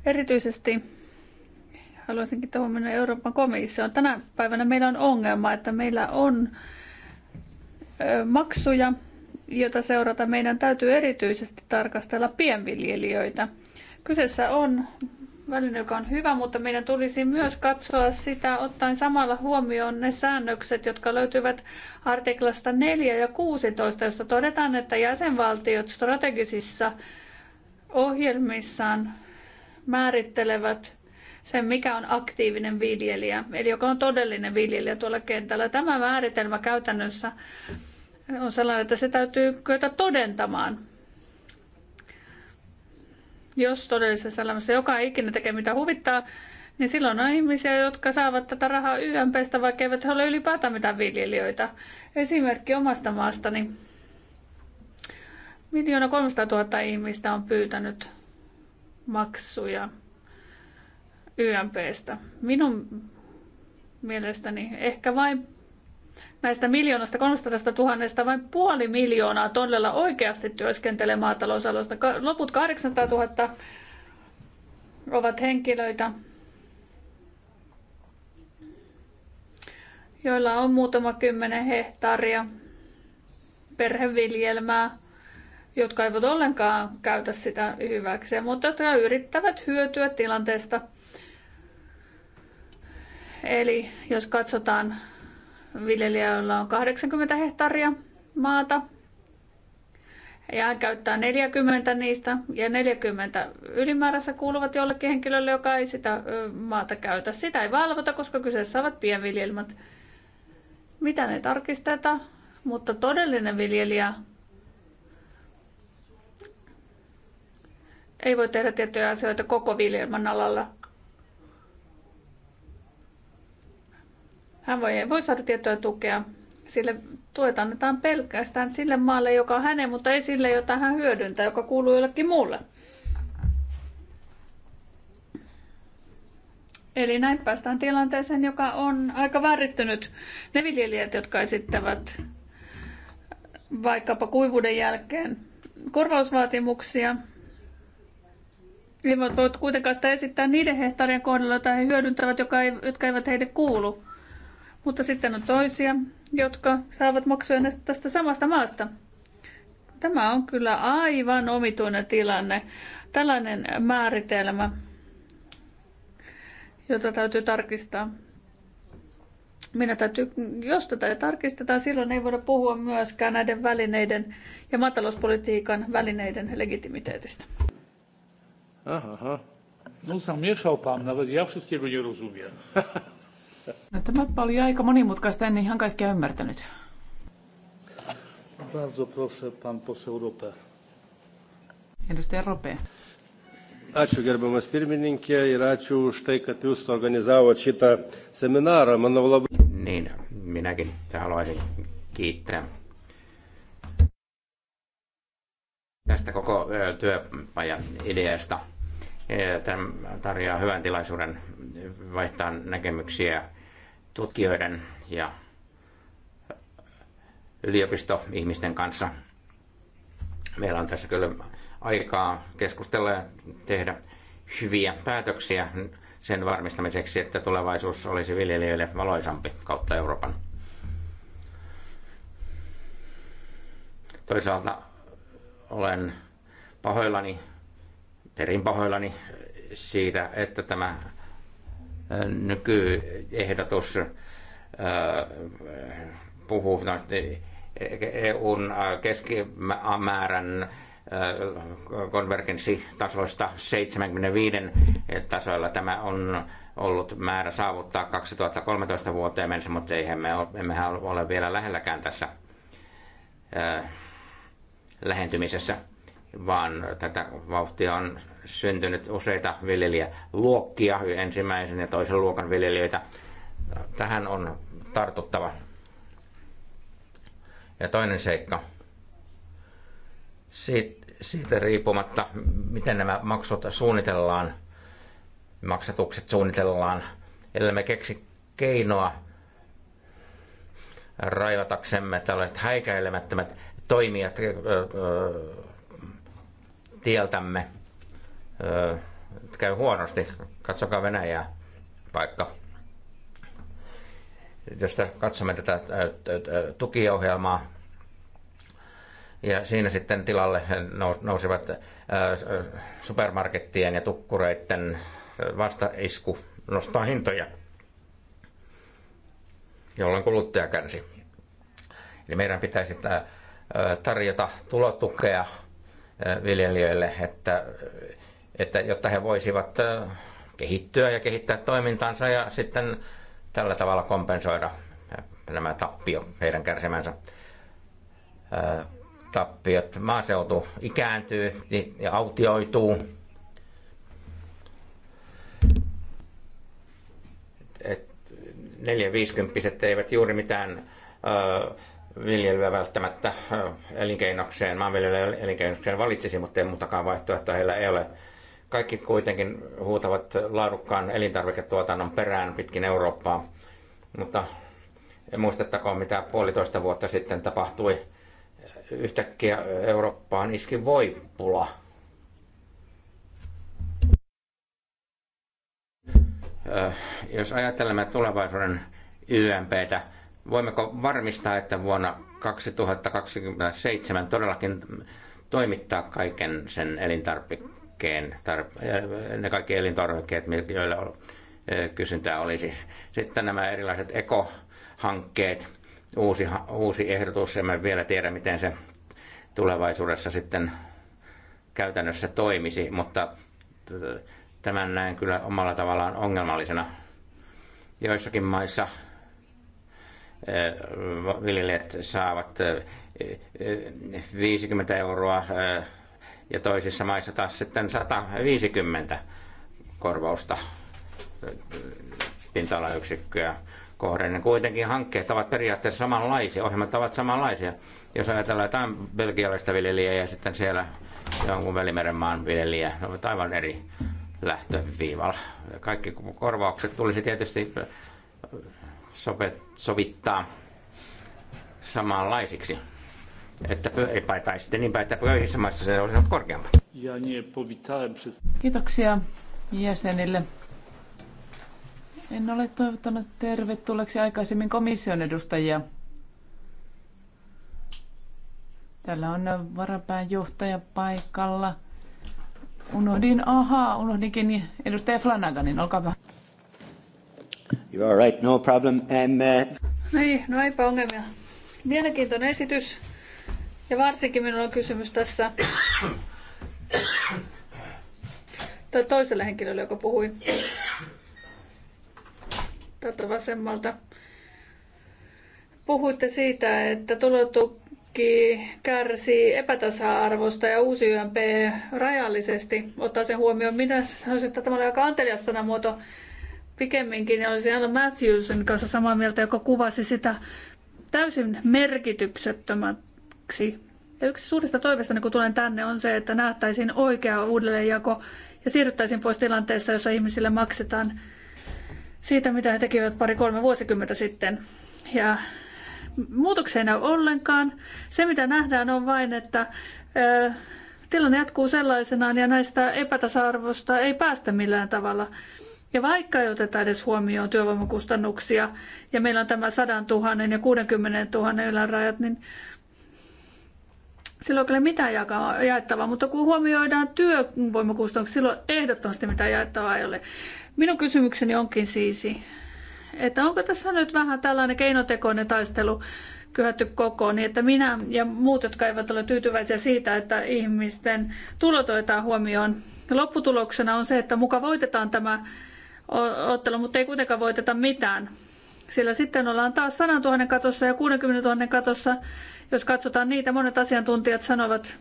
Erityisesti haluaisinkin tuohon mennä Euroopan komissioon. Tänä päivänä meillä on ongelma, että meillä on maksuja, joita seurata meidän täytyy erityisesti tarkastella pienviljelijöitä. Kyseessä on väline, joka on hyvä, mutta meidän tulisi myös katsoa sitä ottaen samalla huomioon ne säännökset, jotka löytyvät artiklasta 4 ja 16, josta todetaan, että jäsenvaltiot strategisissa ohjelmissaan määrittelevät sen, mikä on aktiivinen viljelijä, eli joka on todellinen viljelijä tuolla kentällä. Tämä määritelmä käytännössä on sellainen, että se täytyy kyetä todentamaan. Jos todellisessa elämässä joka ikinä tekee mitä huvittaa, niin silloin on ihmisiä, jotka saavat tätä rahaa YMPstä, vaikka eivät he ole ylipäätään mitään viljelijöitä. Esimerkki omasta maastani. Miljoona 300 000 ihmistä on pyytänyt maksuja YMPstä. Minun mielestäni ehkä vain näistä miljoonasta 300 tuhannesta vain puoli miljoonaa todella oikeasti työskentelee maatalousaloista. Loput 800 000 ovat henkilöitä, joilla on muutama kymmenen hehtaaria perheviljelmää – jotka eivät ollenkaan käytä sitä hyväksi, mutta jotka yrittävät hyötyä tilanteesta. Eli jos katsotaan viljelijä, jolla on 80 hehtaaria maata, ja hän käyttää 40 niistä, ja 40 ylimäärässä kuuluvat jollekin henkilölle, joka ei sitä maata käytä. Sitä ei valvota, koska kyseessä ovat pienviljelmät. Mitä ne tarkistetaan? Mutta todellinen viljelijä Ei voi tehdä tiettyjä asioita koko viljelmän alalla. Hän voi, voi saada tiettyä tukea. Sille tuet annetaan pelkästään sille maalle, joka on hänen, mutta ei sille, jota hän hyödyntää, joka kuuluu jollekin muulle. Eli näin päästään tilanteeseen, joka on aika vääristynyt. Ne viljelijät, jotka esittävät vaikkapa kuivuuden jälkeen korvausvaatimuksia, voit, voit kuitenkaan sitä esittää niiden hehtaarien kohdalla, joita he hyödyntävät, jotka, ei, jotka eivät heille kuulu. Mutta sitten on toisia, jotka saavat maksuja tästä samasta maasta. Tämä on kyllä aivan omituinen tilanne. Tällainen määritelmä, jota täytyy tarkistaa. Minä täytyy, jos tätä tarkistetaan, silloin ei voida puhua myöskään näiden välineiden ja maatalouspolitiikan välineiden legitimiteetistä. Aha. No zamieszał pan, nawet ja wszystkiego nie rozumiem. No tämä oli aika monimutkaista, en ihan kaikkea ymmärtänyt. Bardzo proszę, pan poseł Rope. Edustaja Rope. Ačiū gerbiamas pirmininkė ir ačiū už tai, kad jūs organizavot šitą seminarą. Manau labai. Niin, minäkin haluaisin kiittää tästä koko työpajan ideasta Tämä tarjoaa hyvän tilaisuuden vaihtaa näkemyksiä tutkijoiden ja yliopistoihmisten kanssa. Meillä on tässä kyllä aikaa keskustella ja tehdä hyviä päätöksiä sen varmistamiseksi, että tulevaisuus olisi viljelijöille valoisampi kautta Euroopan. Toisaalta olen pahoillani Perin pahoillani siitä, että tämä äh, nykyehdotus äh, puhuu no, EUn äh, keskimäärän konvergenssitasoista 75 tasoilla. Tämä on ollut määrä saavuttaa 2013 vuoteen mennessä, mutta eihän me, emmehän ole vielä lähelläkään tässä lähentymisessä vaan tätä vauhtia on syntynyt useita viljelijäluokkia, ensimmäisen ja toisen luokan viljelijöitä. Tähän on tartuttava. Ja toinen seikka. Siit, siitä riippumatta, miten nämä maksut suunnitellaan, maksatukset suunnitellaan, ellei me keksi keinoa raivataksemme tällaiset häikäilemättömät toimijat tieltämme käy huonosti. Katsokaa Venäjää vaikka. Jos katsomme tätä tukiohjelmaa, ja siinä sitten tilalle nousivat supermarkettien ja tukkureiden vastaisku nostaa hintoja, jolloin kuluttaja kärsi. Eli meidän pitäisi tarjota tulotukea viljelijöille, että, että jotta he voisivat kehittyä ja kehittää toimintansa ja sitten tällä tavalla kompensoida nämä tappio, heidän kärsimänsä tappiot. Maaseutu ikääntyy ja autioituu. Neljä viisikymppiset eivät juuri mitään viljelyä välttämättä elinkeinokseen, maanviljelyä elinkeinokseen valitsisi, mutta ei muutakaan vaihtoehtoa heillä ei ole. Kaikki kuitenkin huutavat laadukkaan elintarviketuotannon perään pitkin Eurooppaa, mutta muistettakoon mitä puolitoista vuotta sitten tapahtui. Yhtäkkiä Eurooppaan iski voipula. Jos ajattelemme tulevaisuuden YMPtä, voimmeko varmistaa, että vuonna 2027 todellakin toimittaa kaiken sen elintarvikkeen, ne kaikki elintarvikkeet, joille kysyntää olisi. Sitten nämä erilaiset ekohankkeet, uusi, uusi ehdotus, emme vielä tiedä, miten se tulevaisuudessa sitten käytännössä toimisi, mutta tämän näen kyllä omalla tavallaan ongelmallisena. Joissakin maissa Äh, viljelijät saavat 50 äh, äh, euroa ja toisissa maissa taas sitten 150 korvausta pinta-alayksikköä kohden. Kuitenkin hankkeet ovat periaatteessa samanlaisia, ohjelmat ovat samanlaisia. Jos ajatellaan jotain belgialaista viljelijää ja sitten siellä jonkun Välimeren maan viljelijää, ne ovat aivan eri lähtöviivalla. Kaikki korvaukset tulisi tietysti sopet, sovittaa samanlaisiksi. Että ei tai sitten niin päin, että pöyhissä maissa se olisi ollut korkeampi. Kiitoksia jäsenille. En ole toivottanut tervetulleeksi aikaisemmin komission edustajia. Täällä on varapääjohtaja paikalla. Unohdin, ahaa, unohdinkin edustaja Flanaganin, olkaa hyvä. You are right, no problem. Um, uh... Ei, niin, no eipä ongelmia. Mielenkiintoinen esitys. Ja varsinkin minulla on kysymys tässä tai toiselle henkilölle, joka puhui tätä vasemmalta. Puhuitte siitä, että tulotukki kärsii epätasa-arvosta ja uusi YMP rajallisesti ottaa sen huomioon. Minä sanoisin, että tämä oli aika antelias sanamuoto. Pikemminkin olisin siellä Matthewsin kanssa samaa mieltä, joka kuvasi sitä täysin merkityksettömäksi. Ja yksi suurista toiveista, niin kun tulen tänne, on se, että nähtäisiin oikea uudelleenjako ja siirryttäisiin pois tilanteessa, jossa ihmisille maksetaan siitä, mitä he tekivät pari-kolme vuosikymmentä sitten. Ja muutoksia ei näy ollenkaan. Se, mitä nähdään, on vain, että ö, tilanne jatkuu sellaisenaan ja näistä epätasa-arvoista ei päästä millään tavalla. Ja vaikka ei oteta edes huomioon työvoimakustannuksia, ja meillä on tämä 100 000 ja 60 000 ylärajat, niin silloin ei kyllä mitään jaettavaa, mutta kun huomioidaan työvoimakustannukset, silloin ehdottomasti mitään jaettavaa ei ole. Minun kysymykseni onkin siis, että onko tässä nyt vähän tällainen keinotekoinen taistelu kyhätty kokoon, niin että minä ja muut, jotka eivät ole tyytyväisiä siitä, että ihmisten tulot otetaan huomioon. Niin lopputuloksena on se, että muka voitetaan tämä ottelu, mutta ei kuitenkaan voiteta mitään. Sillä sitten ollaan taas 100 000 katossa ja 60 000 katossa. Jos katsotaan niitä, monet asiantuntijat sanovat,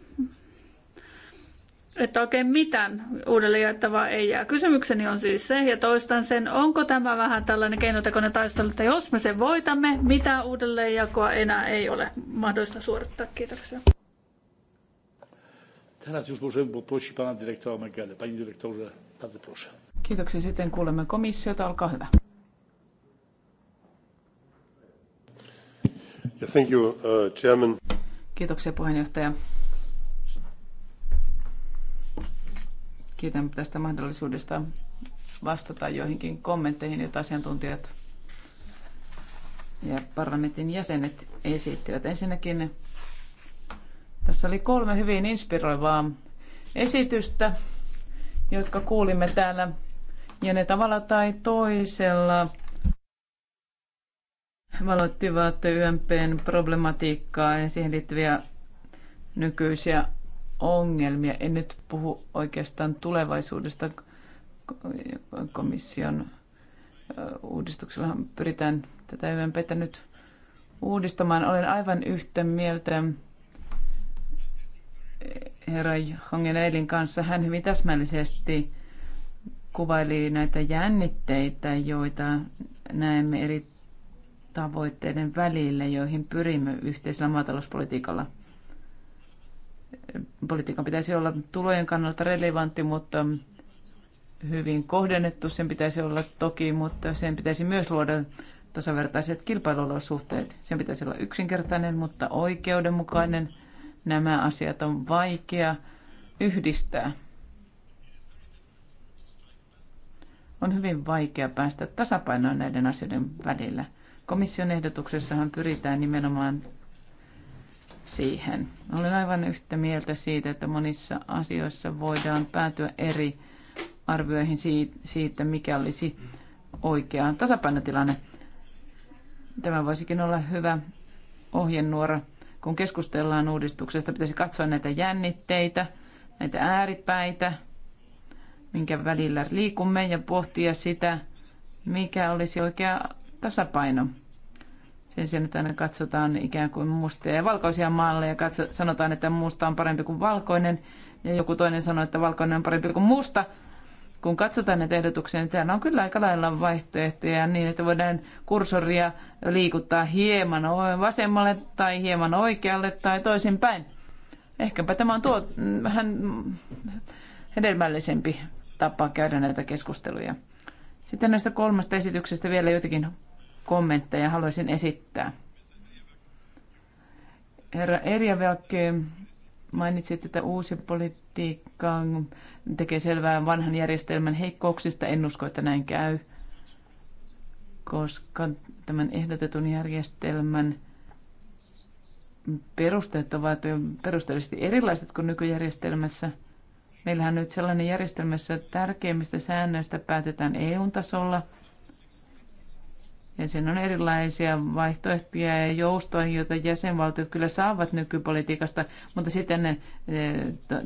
että oikein mitään uudelleen jaettavaa ei jää. Kysymykseni on siis se, ja toistan sen, onko tämä vähän tällainen keinotekoinen taistelu, että jos me sen voitamme, mitä uudelleenjakoa enää ei ole mahdollista suorittaa. Kiitoksia. Teraz już możemy poprosić pana dyrektora Megale. Panie dyrektorze, bardzo proszę. Kiitoksia. Sitten kuulemme komissiota. Olkaa hyvä. Thank you, uh, chairman. Kiitoksia puheenjohtaja. Kiitän tästä mahdollisuudesta vastata joihinkin kommentteihin, joita asiantuntijat ja parlamentin jäsenet esittivät. Ensinnäkin tässä oli kolme hyvin inspiroivaa esitystä, jotka kuulimme täällä ja ne tavalla tai toisella valottivat YMPn problematiikkaa ja siihen liittyviä nykyisiä ongelmia. En nyt puhu oikeastaan tulevaisuudesta. Komission uudistuksella. pyritään tätä YMPtä nyt uudistamaan. Olen aivan yhtä mieltä herra Eilin kanssa. Hän hyvin täsmällisesti kuvaili näitä jännitteitä, joita näemme eri tavoitteiden välillä, joihin pyrimme yhteisellä maatalouspolitiikalla. Politiikan pitäisi olla tulojen kannalta relevantti, mutta hyvin kohdennettu sen pitäisi olla toki, mutta sen pitäisi myös luoda tasavertaiset kilpailuolosuhteet. Sen pitäisi olla yksinkertainen, mutta oikeudenmukainen. Nämä asiat on vaikea yhdistää. on hyvin vaikea päästä tasapainoon näiden asioiden välillä. Komission ehdotuksessahan pyritään nimenomaan siihen. Olen aivan yhtä mieltä siitä, että monissa asioissa voidaan päätyä eri arvioihin siitä, mikä olisi oikea tasapainotilanne. Tämä voisikin olla hyvä ohjenuora, kun keskustellaan uudistuksesta. Pitäisi katsoa näitä jännitteitä, näitä ääripäitä – minkä välillä liikumme, ja pohtia sitä, mikä olisi oikea tasapaino. Sen sijaan, että aina katsotaan ikään kuin mustia ja valkoisia malleja, katso, sanotaan, että musta on parempi kuin valkoinen, ja joku toinen sanoo, että valkoinen on parempi kuin musta. Kun katsotaan näitä ehdotuksia, niin täällä on kyllä aika lailla vaihtoehtoja niin, että voidaan kursoria liikuttaa hieman vasemmalle tai hieman oikealle tai toisinpäin. Ehkäpä tämä on tuo mm, vähän hedelmällisempi tapa käydä näitä keskusteluja. Sitten näistä kolmesta esityksestä vielä jotakin kommentteja haluaisin esittää. Herra Erjavelke, mainitsit, että uusi politiikka tekee selvää vanhan järjestelmän heikkouksista. En usko, että näin käy, koska tämän ehdotetun järjestelmän perusteet ovat perusteellisesti erilaiset kuin nykyjärjestelmässä – Meillähän on nyt sellainen järjestelmässä tärkeimmistä säännöistä päätetään EU-tasolla. Ja sen on erilaisia vaihtoehtoja ja joustoja, joita jäsenvaltiot kyllä saavat nykypolitiikasta, mutta sitten ne eh,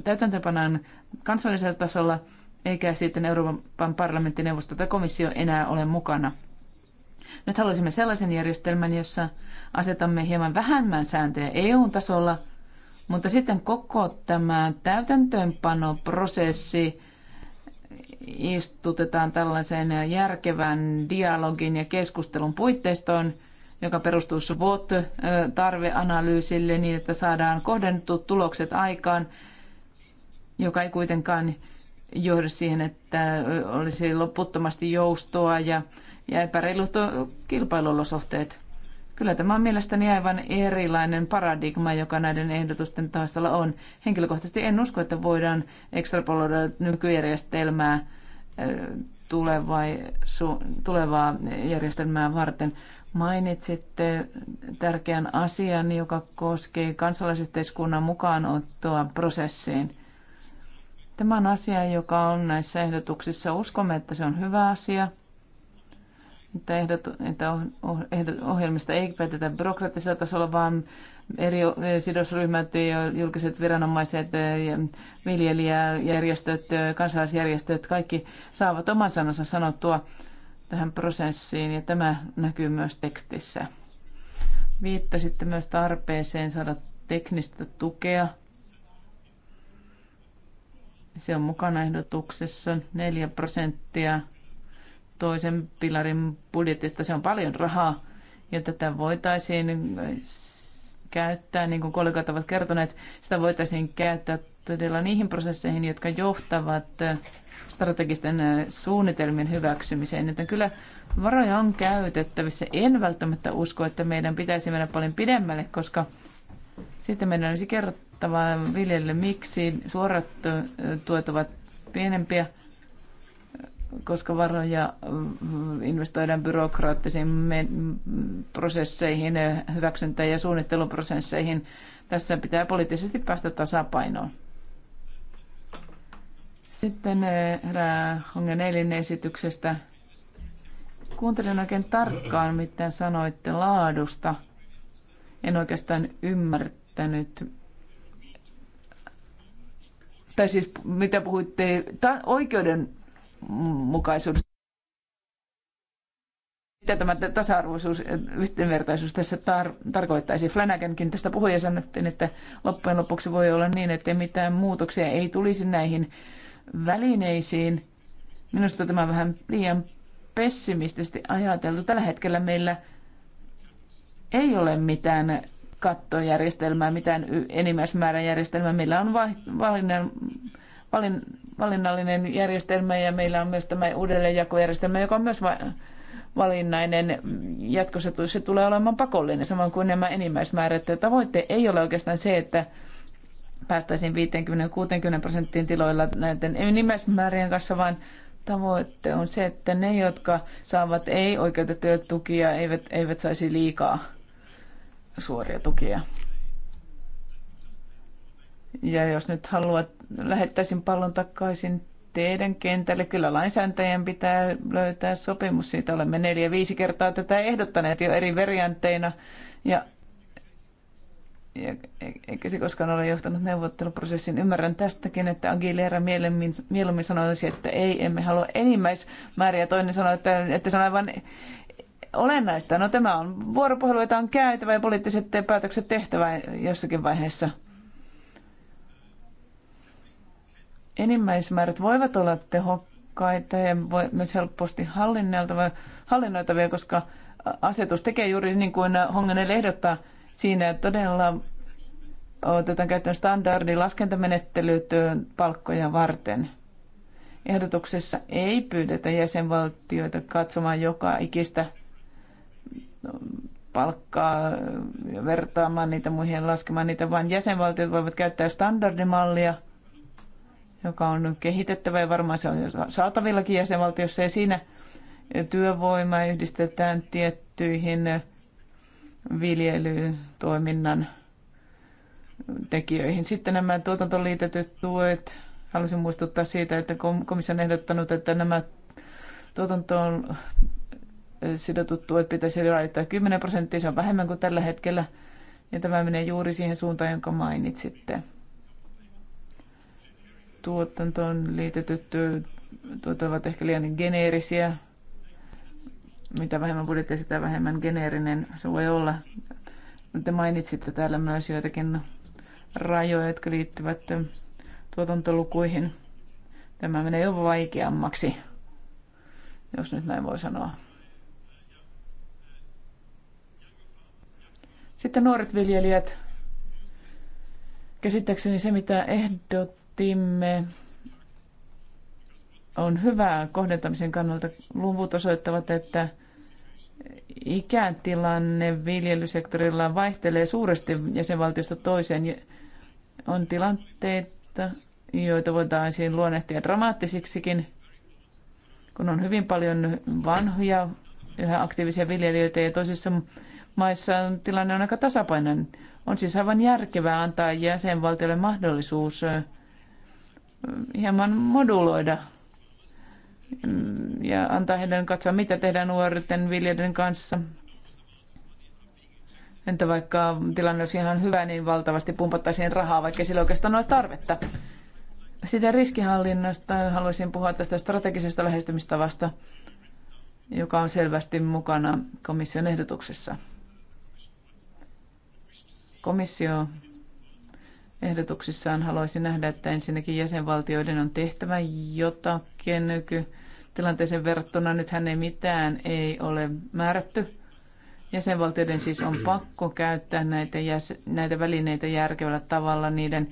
täytäntöpanaan kansallisella tasolla, eikä sitten Euroopan parlamenttineuvosto tai komissio enää ole mukana. Nyt haluaisimme sellaisen järjestelmän, jossa asetamme hieman vähemmän sääntöjä EU-tasolla – mutta sitten koko tämä täytäntöönpanoprosessi istutetaan tällaiseen järkevän dialogin ja keskustelun puitteistoon, joka perustuu SWOT-tarveanalyysille niin, että saadaan kohdennetut tulokset aikaan, joka ei kuitenkaan johda siihen, että olisi loputtomasti joustoa ja, ja epäreilut kilpailuolosuhteet. Kyllä tämä on mielestäni aivan erilainen paradigma, joka näiden ehdotusten taustalla on. Henkilökohtaisesti en usko, että voidaan ekstrapoloida nykyjärjestelmää tulevaa järjestelmää varten. Mainitsitte tärkeän asian, joka koskee kansalaisyhteiskunnan mukaanottoa prosessiin. Tämä on asia, joka on näissä ehdotuksissa. Uskomme, että se on hyvä asia – että, ehdot, että ohjelmista ei päätetä byrokraattisella tasolla, vaan eri sidosryhmät, ja julkiset viranomaiset, viljelijäjärjestöt, kansalaisjärjestöt, kaikki saavat oman sanansa sanottua tähän prosessiin ja tämä näkyy myös tekstissä. Viittasitte myös tarpeeseen saada teknistä tukea. Se on mukana ehdotuksessa 4 prosenttia toisen pilarin budjetista. Se on paljon rahaa, ja tätä voitaisiin käyttää, niin kuin kollegat ovat kertoneet, sitä voitaisiin käyttää todella niihin prosesseihin, jotka johtavat strategisten suunnitelmien hyväksymiseen. Että kyllä varoja on käytettävissä. En välttämättä usko, että meidän pitäisi mennä paljon pidemmälle, koska sitten meidän olisi kerrottava viljelijöille, miksi suorat tuet ovat pienempiä – koska varoja mm, investoidaan byrokraattisiin prosesseihin, hyväksyntä- ja suunnitteluprosesseihin. Tässä pitää poliittisesti päästä tasapainoon. Sitten eh, herää Hongen eilin esityksestä. Kuuntelin oikein tarkkaan, mitä sanoitte laadusta. En oikeastaan ymmärtänyt, tai siis mitä puhuitte ta- oikeuden mukaisuudesta. Mitä tämä tasa-arvoisuus ja yhdenvertaisuus tässä tar- tarkoittaisi? Flanagankin tästä puhuja sanottiin, että loppujen lopuksi voi olla niin, että mitään muutoksia ei tulisi näihin välineisiin. Minusta tämä on vähän liian pessimistisesti ajateltu. Tällä hetkellä meillä ei ole mitään kattojärjestelmää, mitään enimmäismäärän järjestelmää. Meillä on valinnan, valin, valinnallinen järjestelmä ja meillä on myös tämä uudelleenjakojärjestelmä, joka on myös valinnainen. Jatkossa se tulee olemaan pakollinen, samoin kuin nämä enimmäismäärät. Tavoitte ei ole oikeastaan se, että päästäisiin 50-60 prosenttiin tiloilla näiden enimmäismäärien kanssa, vaan tavoitte on se, että ne, jotka saavat ei-oikeutettuja tukia, eivät, eivät saisi liikaa suoria tukia. Ja jos nyt haluat, lähettäisin pallon takaisin teidän kentälle. Kyllä lainsäätäjän pitää löytää sopimus siitä. Olemme neljä, viisi kertaa tätä ehdottaneet jo eri verianteina. Ja, ja eikä se koskaan ole johtanut neuvotteluprosessin. Ymmärrän tästäkin, että Aguilera mieluummin, mieluummin sanoisi, että ei, emme halua enimmäismääriä. Toinen sanoi, että, että se on aivan olennaista. No tämä on vuoropuhelu, jota on käytävä ja poliittiset päätökset tehtävä jossakin vaiheessa. enimmäismäärät voivat olla tehokkaita ja voi myös helposti hallinnoitavia, koska asetus tekee juuri niin kuin Honganen ehdottaa siinä, että todella otetaan käyttöön standardi laskentamenettelyt palkkoja varten. Ehdotuksessa ei pyydetä jäsenvaltioita katsomaan joka ikistä palkkaa, vertaamaan niitä muihin laskemaan niitä, vaan jäsenvaltiot voivat käyttää standardimallia – joka on kehitettävä ja varmaan se on saatavillakin jäsenvaltiossa ja siinä työvoima yhdistetään tiettyihin viljelytoiminnan tekijöihin. Sitten nämä tuotantoliitetyt tuet. Haluaisin muistuttaa siitä, että komissio on ehdottanut, että nämä tuotantoon sidotut tuet pitäisi rajoittaa 10 prosenttia. Se on vähemmän kuin tällä hetkellä. Ja tämä menee juuri siihen suuntaan, jonka mainitsitte tuotantoon liitetyt tuot ovat ehkä liian geneerisiä. Mitä vähemmän budjettia, sitä vähemmän geneerinen se voi olla. Te mainitsitte täällä myös joitakin rajoja, jotka liittyvät tuotantolukuihin. Tämä menee jo vaikeammaksi, jos nyt näin voi sanoa. Sitten nuoret viljelijät. Käsittääkseni se, mitä ehdot budjettimme on hyvä kohdentamisen kannalta. Luvut osoittavat, että ikätilanne viljelysektorilla vaihtelee suuresti jäsenvaltiosta toiseen. On tilanteita, joita voitaisiin luonnehtia dramaattisiksikin, kun on hyvin paljon vanhoja, yhä aktiivisia viljelijöitä ja toisissa maissa tilanne on aika tasapainoinen. On siis aivan järkevää antaa jäsenvaltiolle mahdollisuus hieman moduloida ja antaa heidän katsoa, mitä tehdään nuorten viljelijöiden kanssa. Entä vaikka tilanne olisi ihan hyvä, niin valtavasti pumpattaisiin rahaa, vaikka sillä oikeastaan ole tarvetta. Sitten riskihallinnasta haluaisin puhua tästä strategisesta lähestymistavasta, joka on selvästi mukana komission ehdotuksessa. Komissio ehdotuksissaan haluaisin nähdä, että ensinnäkin jäsenvaltioiden on tehtävä jotakin nykytilanteeseen verrattuna. Nythän ei mitään ei ole määrätty. Jäsenvaltioiden siis on pakko käyttää näitä, jäsen, näitä välineitä järkevällä tavalla niiden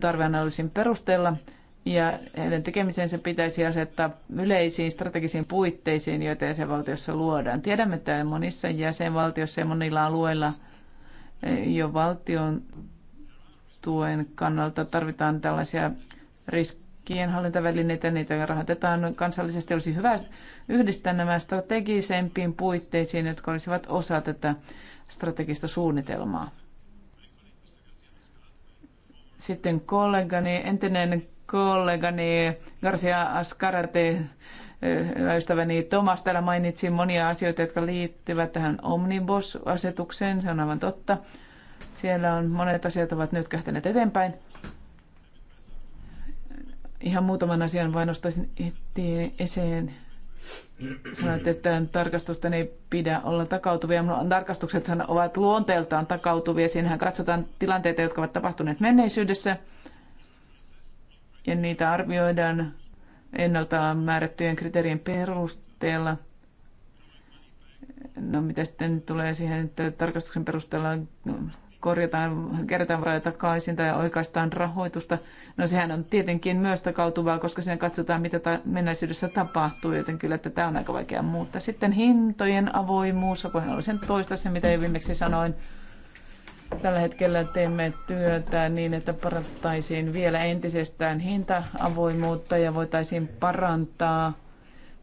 tarveanalyysin perusteella. Ja heidän tekemisensä pitäisi asettaa yleisiin strategisiin puitteisiin, joita jäsenvaltiossa luodaan. Tiedämme, että monissa jäsenvaltioissa ja monilla alueilla jo valtion tuen kannalta tarvitaan tällaisia riskien hallintavälineitä, niitä rahoitetaan kansallisesti. Olisi hyvä yhdistää nämä strategisempiin puitteisiin, jotka olisivat osa tätä strategista suunnitelmaa. Sitten kollegani, entinen kollegani Garcia Ascarate, äh, ystäväni Tomas täällä mainitsi monia asioita, jotka liittyvät tähän Omnibus-asetukseen, se on aivan totta. Siellä on monet asiat ovat nyt kähtäneet eteenpäin. Ihan muutaman asian vain nostaisin esiin. Sanoit, että tarkastusten ei pidä olla takautuvia. Tarkastuksethan ovat luonteeltaan takautuvia. Siinähän katsotaan tilanteita, jotka ovat tapahtuneet menneisyydessä. Ja niitä arvioidaan ennalta määrättyjen kriteerien perusteella. No mitä sitten tulee siihen, että tarkastuksen perusteella no, korjataan, kerätään varoja takaisin tai oikaistaan rahoitusta. No sehän on tietenkin myös takautuvaa, koska siinä katsotaan, mitä ta- menneisyydessä tapahtuu, joten kyllä tätä on aika vaikea muuttaa. Sitten hintojen avoimuus, kun haluan sen toista sen, mitä jo viimeksi sanoin. Tällä hetkellä teemme työtä niin, että parantaisiin vielä entisestään hinta-avoimuutta ja voitaisiin parantaa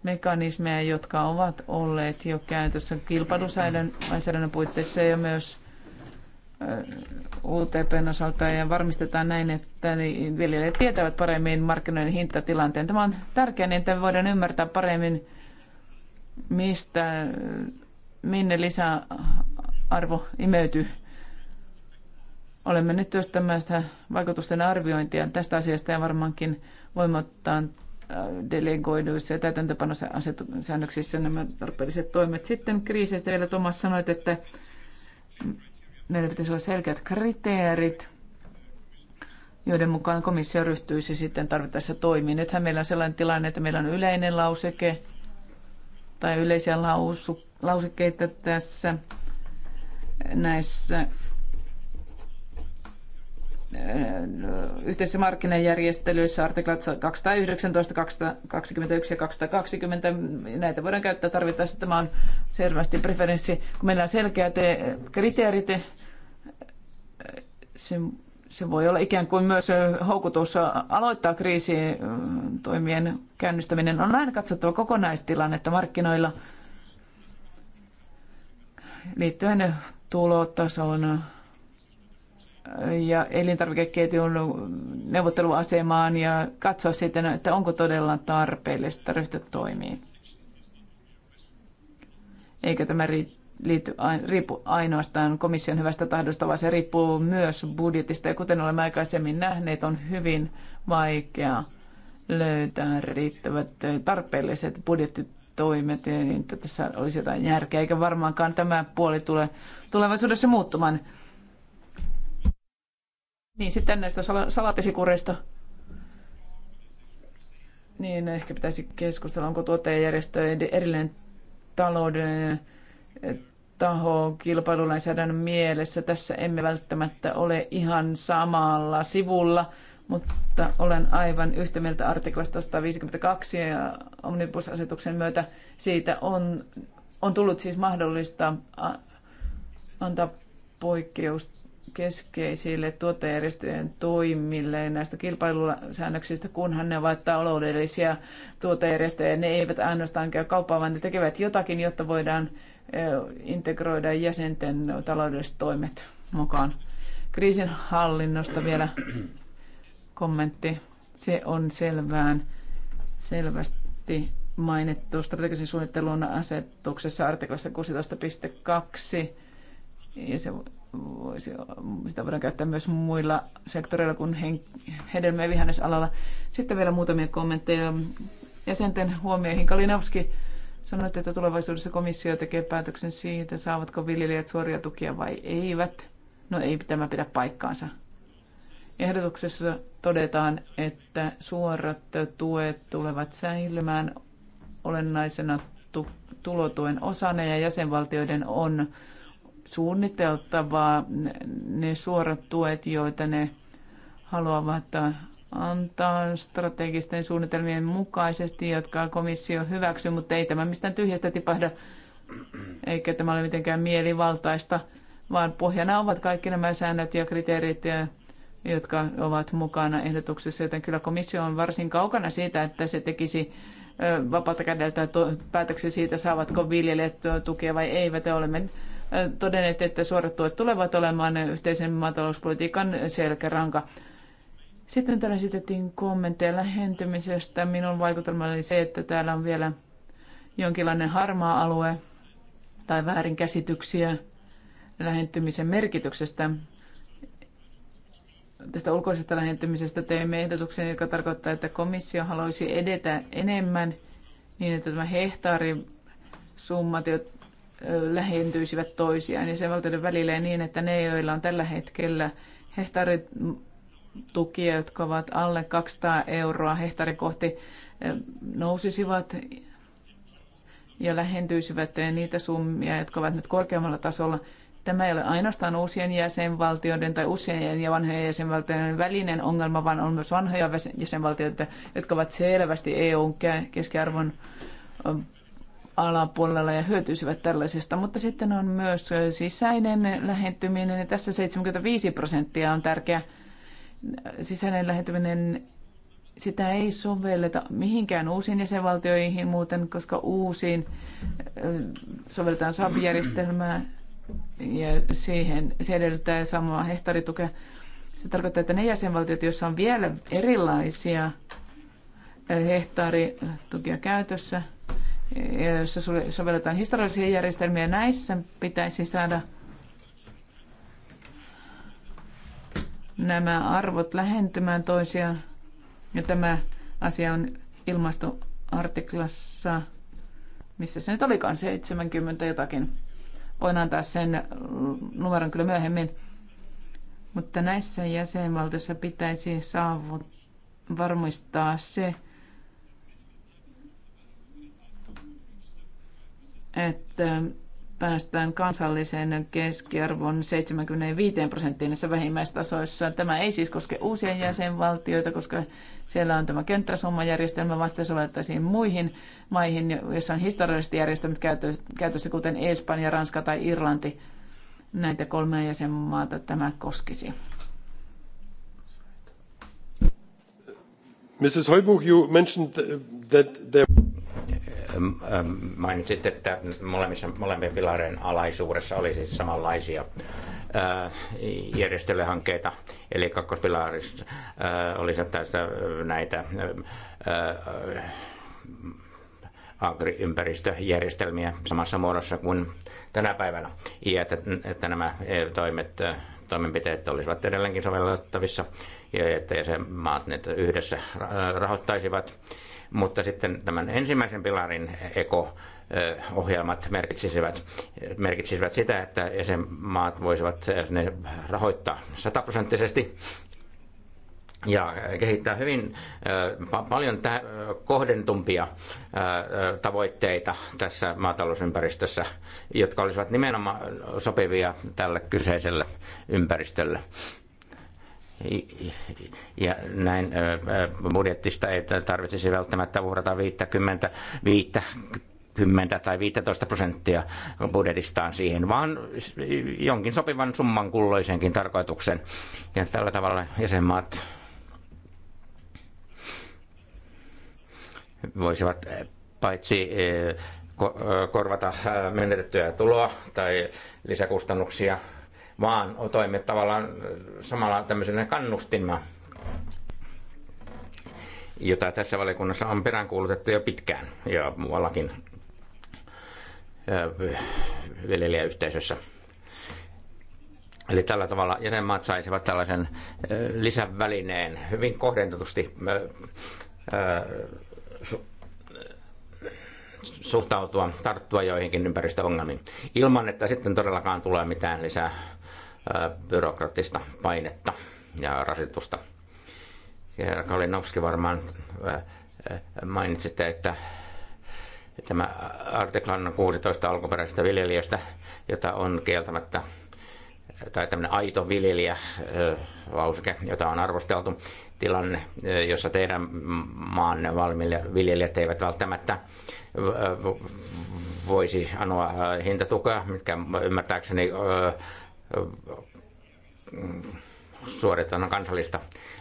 mekanismeja, jotka ovat olleet jo käytössä kilpailulainsäädännön puitteissa ja myös UTPn osalta ja varmistetaan näin, että viljelijät tietävät paremmin markkinoiden hintatilanteen. Tämä on tärkeää, niin että voidaan ymmärtää paremmin, mistä, minne lisäarvo imeytyy. Olemme nyt työstämässä vaikutusten arviointia tästä asiasta ja varmaankin voimattaan äh, delegoiduissa ja täytäntöpanosäännöksissä nämä tarpeelliset toimet. Sitten kriiseistä vielä Tomas sanoit, että meillä pitäisi olla selkeät kriteerit, joiden mukaan komissio ryhtyisi sitten tarvittaessa toimiin. Nythän meillä on sellainen tilanne, että meillä on yleinen lauseke tai yleisiä lausu, lausekkeita tässä näissä yhteisissä markkinajärjestelyissä artiklat 219, 221 ja 220. Näitä voidaan käyttää tarvittaessa. Tämä on selvästi preferenssi. Kun meillä on selkeät eh, kriteerit, eh, se, se voi olla ikään kuin myös eh, houkutus aloittaa kriisitoimien käynnistäminen. On aina katsottava kokonaistilannetta markkinoilla liittyen tulotasoon, ja elintarvikeketjun neuvotteluasemaan ja katsoa sitten, että onko todella tarpeellista ryhtyä toimiin. Eikä tämä liity, riippu ainoastaan komission hyvästä tahdosta, vaan se riippuu myös budjetista. Ja kuten olemme aikaisemmin nähneet, on hyvin vaikea löytää riittävät tarpeelliset budjettitoimet, niin että tässä olisi jotain järkeä. Eikä varmaankaan tämä puoli tule tulevaisuudessa muuttumaan. Niin sitten näistä sal- salaattisikureista. Niin ehkä pitäisi keskustella, onko tuottajajärjestö erillinen talouden eh, taho kilpailulainsäädännön mielessä. Tässä emme välttämättä ole ihan samalla sivulla, mutta olen aivan yhtä mieltä artiklasta 152 ja omnibusasetuksen myötä siitä on, on tullut siis mahdollista antaa poikkeusta keskeisille tuottajärjestöjen toimille näistä kilpailusäännöksistä, kunhan ne ovat taloudellisia tuottajärjestöjä. Ne eivät ainoastaan käy kauppaa, vaan ne tekevät jotakin, jotta voidaan integroida jäsenten taloudelliset toimet mukaan. hallinnosta vielä kommentti. Se on selvään, selvästi mainittu strategisen suunnittelun asetuksessa artiklassa 16.2. Ja se voisi olla, sitä voidaan käyttää myös muilla sektoreilla kuin hen, hedelmä- ja vihannesalalla. Sitten vielä muutamia kommentteja jäsenten huomioihin. Kalinowski sanoi, että tulevaisuudessa komissio tekee päätöksen siitä, saavatko viljelijät suoria tukia vai eivät. No ei tämä pidä paikkaansa. Ehdotuksessa todetaan, että suorat tuet tulevat säilymään olennaisena tulotuen osana ja jäsenvaltioiden on suunniteltavaa ne suorat tuet, joita ne haluavat antaa strategisten suunnitelmien mukaisesti, jotka komissio hyväksyy, mutta ei tämä mistään tyhjästä tipahda, eikä tämä ole mitenkään mielivaltaista, vaan pohjana ovat kaikki nämä säännöt ja kriteerit, jotka ovat mukana ehdotuksessa, joten kyllä komissio on varsin kaukana siitä, että se tekisi vapaata kädeltä päätöksiä siitä, saavatko viljelijät tukea vai eivät. Olemme todenneet, että suorat tuet tulevat olemaan yhteisen maatalouspolitiikan selkäranka. Sitten täällä esitettiin kommentteja lähentymisestä. Minun vaikutelmani oli se, että täällä on vielä jonkinlainen harmaa alue tai väärinkäsityksiä lähentymisen merkityksestä. Tästä ulkoisesta lähentymisestä teimme ehdotuksen, joka tarkoittaa, että komissio haluaisi edetä enemmän niin, että tämä hehtaari lähentyisivät toisiaan ja sen valtioiden välillä niin, että ne, joilla on tällä hetkellä hehtaaritukia, jotka ovat alle 200 euroa hehtaari kohti, nousisivat ja lähentyisivät niitä summia, jotka ovat nyt korkeammalla tasolla. Tämä ei ole ainoastaan uusien jäsenvaltioiden tai uusien ja vanhojen jäsenvaltioiden välinen ongelma, vaan on myös vanhoja jäsenvaltioita, jotka ovat selvästi EUn keskiarvon alapuolella ja hyötyisivät tällaisesta, mutta sitten on myös sisäinen lähentyminen ja tässä 75 prosenttia on tärkeä. Sisäinen lähentyminen, sitä ei sovelleta mihinkään uusiin jäsenvaltioihin muuten, koska uusiin sovelletaan SAB-järjestelmää ja siihen se edellyttää samaa hehtaaritukea. Se tarkoittaa, että ne jäsenvaltiot, joissa on vielä erilaisia hehtaaritukia käytössä, joissa sovelletaan historiallisia järjestelmiä. Näissä pitäisi saada nämä arvot lähentymään toisiaan. Ja tämä asia on ilmastoartiklassa, missä se nyt olikaan, 70 jotakin. Voin antaa sen numeron kyllä myöhemmin. Mutta näissä jäsenvaltioissa pitäisi saavut, varmistaa se, että päästään kansallisen keskiarvon 75 prosenttiin näissä vähimmäistasoissa. Tämä ei siis koske uusia jäsenvaltioita, koska siellä on tämä vaan sitä sovellettaisiin muihin maihin, joissa on historialliset järjestelmät käytössä, kuten Espanja, Ranska tai Irlanti. Näitä kolmea jäsenmaata tämä koskisi. Mrs. Hoibuch, you mentioned that there... Mainitsit, että molemmissa, molempien pilarien alaisuudessa oli siis samanlaisia järjestelyhankkeita, eli kakkospilarissa oli tästä näitä agriympäristöjärjestelmiä samassa muodossa kuin tänä päivänä, ja että, että nämä e, toimet, toimenpiteet olisivat edelleenkin sovellettavissa, ja että jäsenmaat ne yhdessä rahoittaisivat mutta sitten tämän ensimmäisen pilarin eko ohjelmat merkitsisivät, merkitsisivät sitä, että jäsenmaat voisivat ne rahoittaa sataprosenttisesti ja kehittää hyvin paljon kohdentumpia tavoitteita tässä maatalousympäristössä, jotka olisivat nimenomaan sopivia tälle kyseiselle ympäristölle ja näin budjettista ei tarvitsisi välttämättä uhrata 50, 50 tai 15 prosenttia budjetistaan siihen, vaan jonkin sopivan summan kulloisenkin tarkoituksen. Ja tällä tavalla jäsenmaat voisivat paitsi korvata menetettyä tuloa tai lisäkustannuksia vaan toimme tavallaan samalla tämmöisenä kannustimena, jota tässä valiokunnassa on peräänkuulutettu jo pitkään ja muuallakin äh, viljelijäyhteisössä. Eli tällä tavalla jäsenmaat saisivat tällaisen äh, lisävälineen hyvin kohdentetusti äh, suhtautua, tarttua joihinkin ympäristöongelmiin, ilman että sitten todellakaan tulee mitään lisää byrokratista painetta ja rasitusta. Herra Kalinowski varmaan mainitsitte, että tämä artiklan 16 alkuperäisestä viljelijöstä, jota on kieltämättä, tai tämmöinen aito viljelijä lauseke, jota on arvosteltu, tilanne, jossa teidän maanne viljelijät eivät välttämättä voisi anoa hintatukea, mitkä ymmärtääkseni suoritetaan kansallista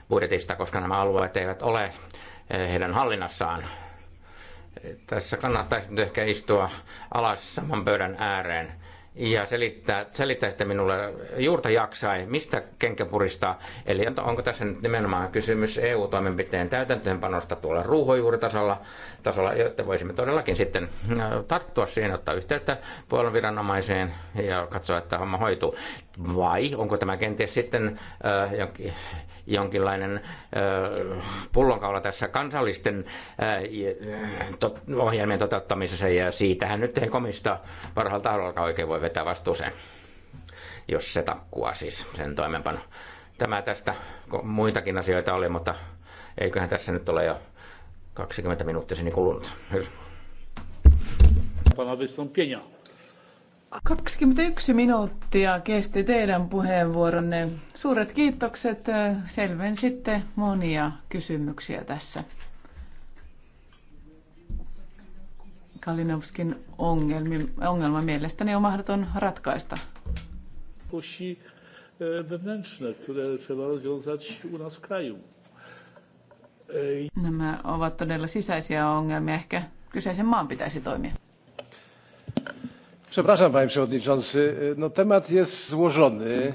budjetista, koska nämä alueet eivät ole eh, heidän hallinnassaan. Tässä kannattaisi nyt ehkä istua alas saman pöydän ääreen ja selittää, selittäisitte minulle juurta jaksain, mistä kenkä puristaa. Eli onko tässä nyt nimenomaan kysymys EU-toimenpiteen täytäntöönpanosta tuolla ruohonjuuritasolla, tasolla, jotta voisimme todellakin sitten äh, tarttua siihen, ottaa yhteyttä puolen viranomaiseen ja katsoa, että homma hoituu. Vai onko tämä kenties sitten äh, jonkin jonkinlainen pullonkaula tässä kansallisten ohjelmien toteuttamisessa ja siitähän nyt ei komista parhaalla tahollaan oikein voi vetää vastuuseen, jos se takkua siis sen toimenpano. Tämä tästä, muitakin asioita oli, mutta eiköhän tässä nyt ole jo 20 minuuttia sinne niin kulunut. Pana wystąpienia. 21 minuuttia kesti teidän puheenvuoronne. Suuret kiitokset. Selvensitte monia kysymyksiä tässä. Kalinovskin ongelmi, ongelma mielestäni on mahdoton ratkaista. Kosi e, wewnętrzne, które trzeba rozwiązać u nas w kraju. E, Nämä ovat todella sisäisiä ongelmia. Ehkä kyseisen maan pitäisi toimia. Przepraszam, panie przewodniczący. No, temat jest złożony.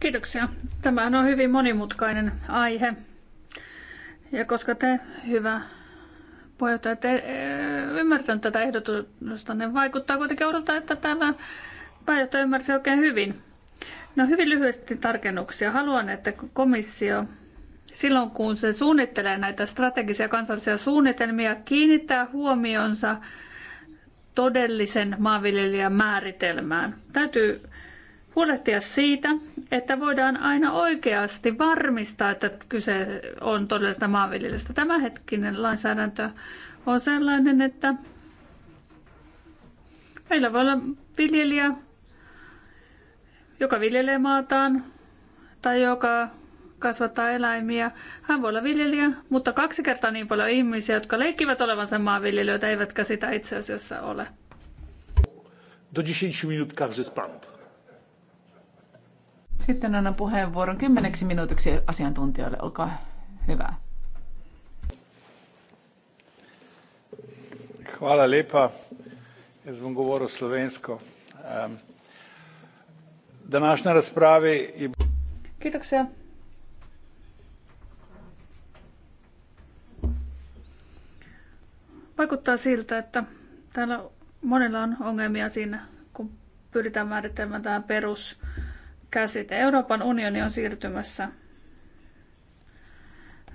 Kiitoksia. Tämä on hyvin monimutkainen aihe. Ja koska te, hyvä puheenjohtaja, te e, ymmärtänyt tätä ehdotusta, niin vaikuttaa kuitenkin odottaa, että täällä pääjohtaja ymmärsi oikein hyvin. No hyvin lyhyesti tarkennuksia. Haluan, että komissio silloin kun se suunnittelee näitä strategisia kansallisia suunnitelmia, kiinnittää huomionsa todellisen maanviljelijän määritelmään. Täytyy huolehtia siitä, että voidaan aina oikeasti varmistaa, että kyse on todellisesta maanviljelijästä. Tämänhetkinen lainsäädäntö on sellainen, että meillä voi olla viljelijä, joka viljelee maataan tai joka kasvattaa eläimiä. Hän voi olla viljelijä, mutta kaksi kertaa niin paljon ihmisiä, jotka leikkivät olevansa maanviljelijöitä, eivätkä sitä itse asiassa ole. Do 10 minut każdy Sitten annan puheenvuoron kymmeneksi minuutiksi asiantuntijoille. Olkaa hyvä. Hvala lepa. Jaz bom govoril slovensko. Um, ehm, današnja razprava je... Kiitoksia. Vaikuttaa siltä, että täällä monilla on ongelmia siinä, kun pyritään määrittelemään tämä peruskäsite. Euroopan unioni on siirtymässä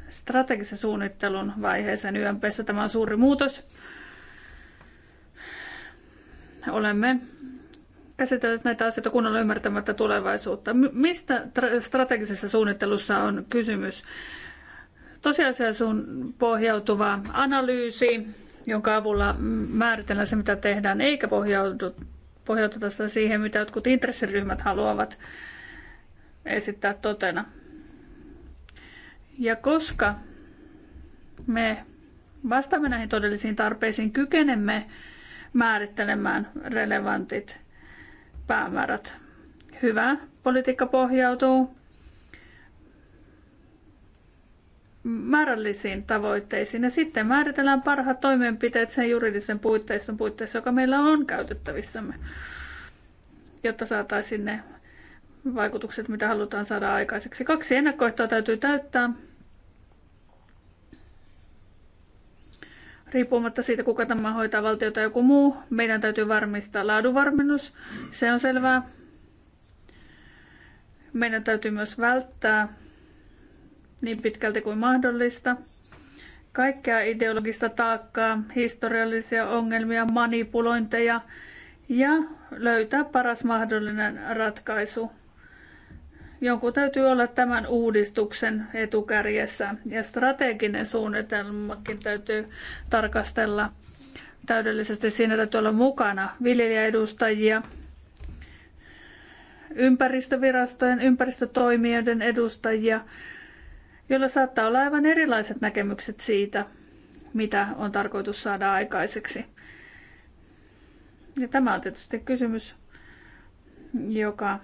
strategisen suunnittelun vaiheeseen YMPssä. Tämä on suuri muutos. Olemme käsitelleet näitä asioita kunnolla ymmärtämättä tulevaisuutta. Mistä strategisessa suunnittelussa on kysymys? Tosiasiaan pohjautuva analyysi, jonka avulla määritellään se, mitä tehdään, eikä pohjaututa sitä siihen, mitä jotkut intressiryhmät haluavat esittää totena. Ja koska me vastaamme näihin todellisiin tarpeisiin, kykenemme määrittelemään relevantit päämäärät. Hyvä politiikka pohjautuu määrällisiin tavoitteisiin ja sitten määritellään parhaat toimenpiteet sen juridisen puitteiston puitteissa, joka meillä on käytettävissämme, jotta saataisiin ne vaikutukset, mitä halutaan saada aikaiseksi. Kaksi ennakkoehtoa täytyy täyttää. Riippumatta siitä, kuka tämä hoitaa, valtio tai joku muu, meidän täytyy varmistaa laadunvarmennus. Se on selvää. Meidän täytyy myös välttää niin pitkälti kuin mahdollista. Kaikkea ideologista taakkaa, historiallisia ongelmia, manipulointeja ja löytää paras mahdollinen ratkaisu. Jonkun täytyy olla tämän uudistuksen etukärjessä ja strateginen suunnitelmakin täytyy tarkastella täydellisesti. Siinä täytyy olla mukana viljelijäedustajia, ympäristövirastojen, ympäristötoimijoiden edustajia, joilla saattaa olla aivan erilaiset näkemykset siitä, mitä on tarkoitus saada aikaiseksi. Ja tämä on tietysti kysymys, joka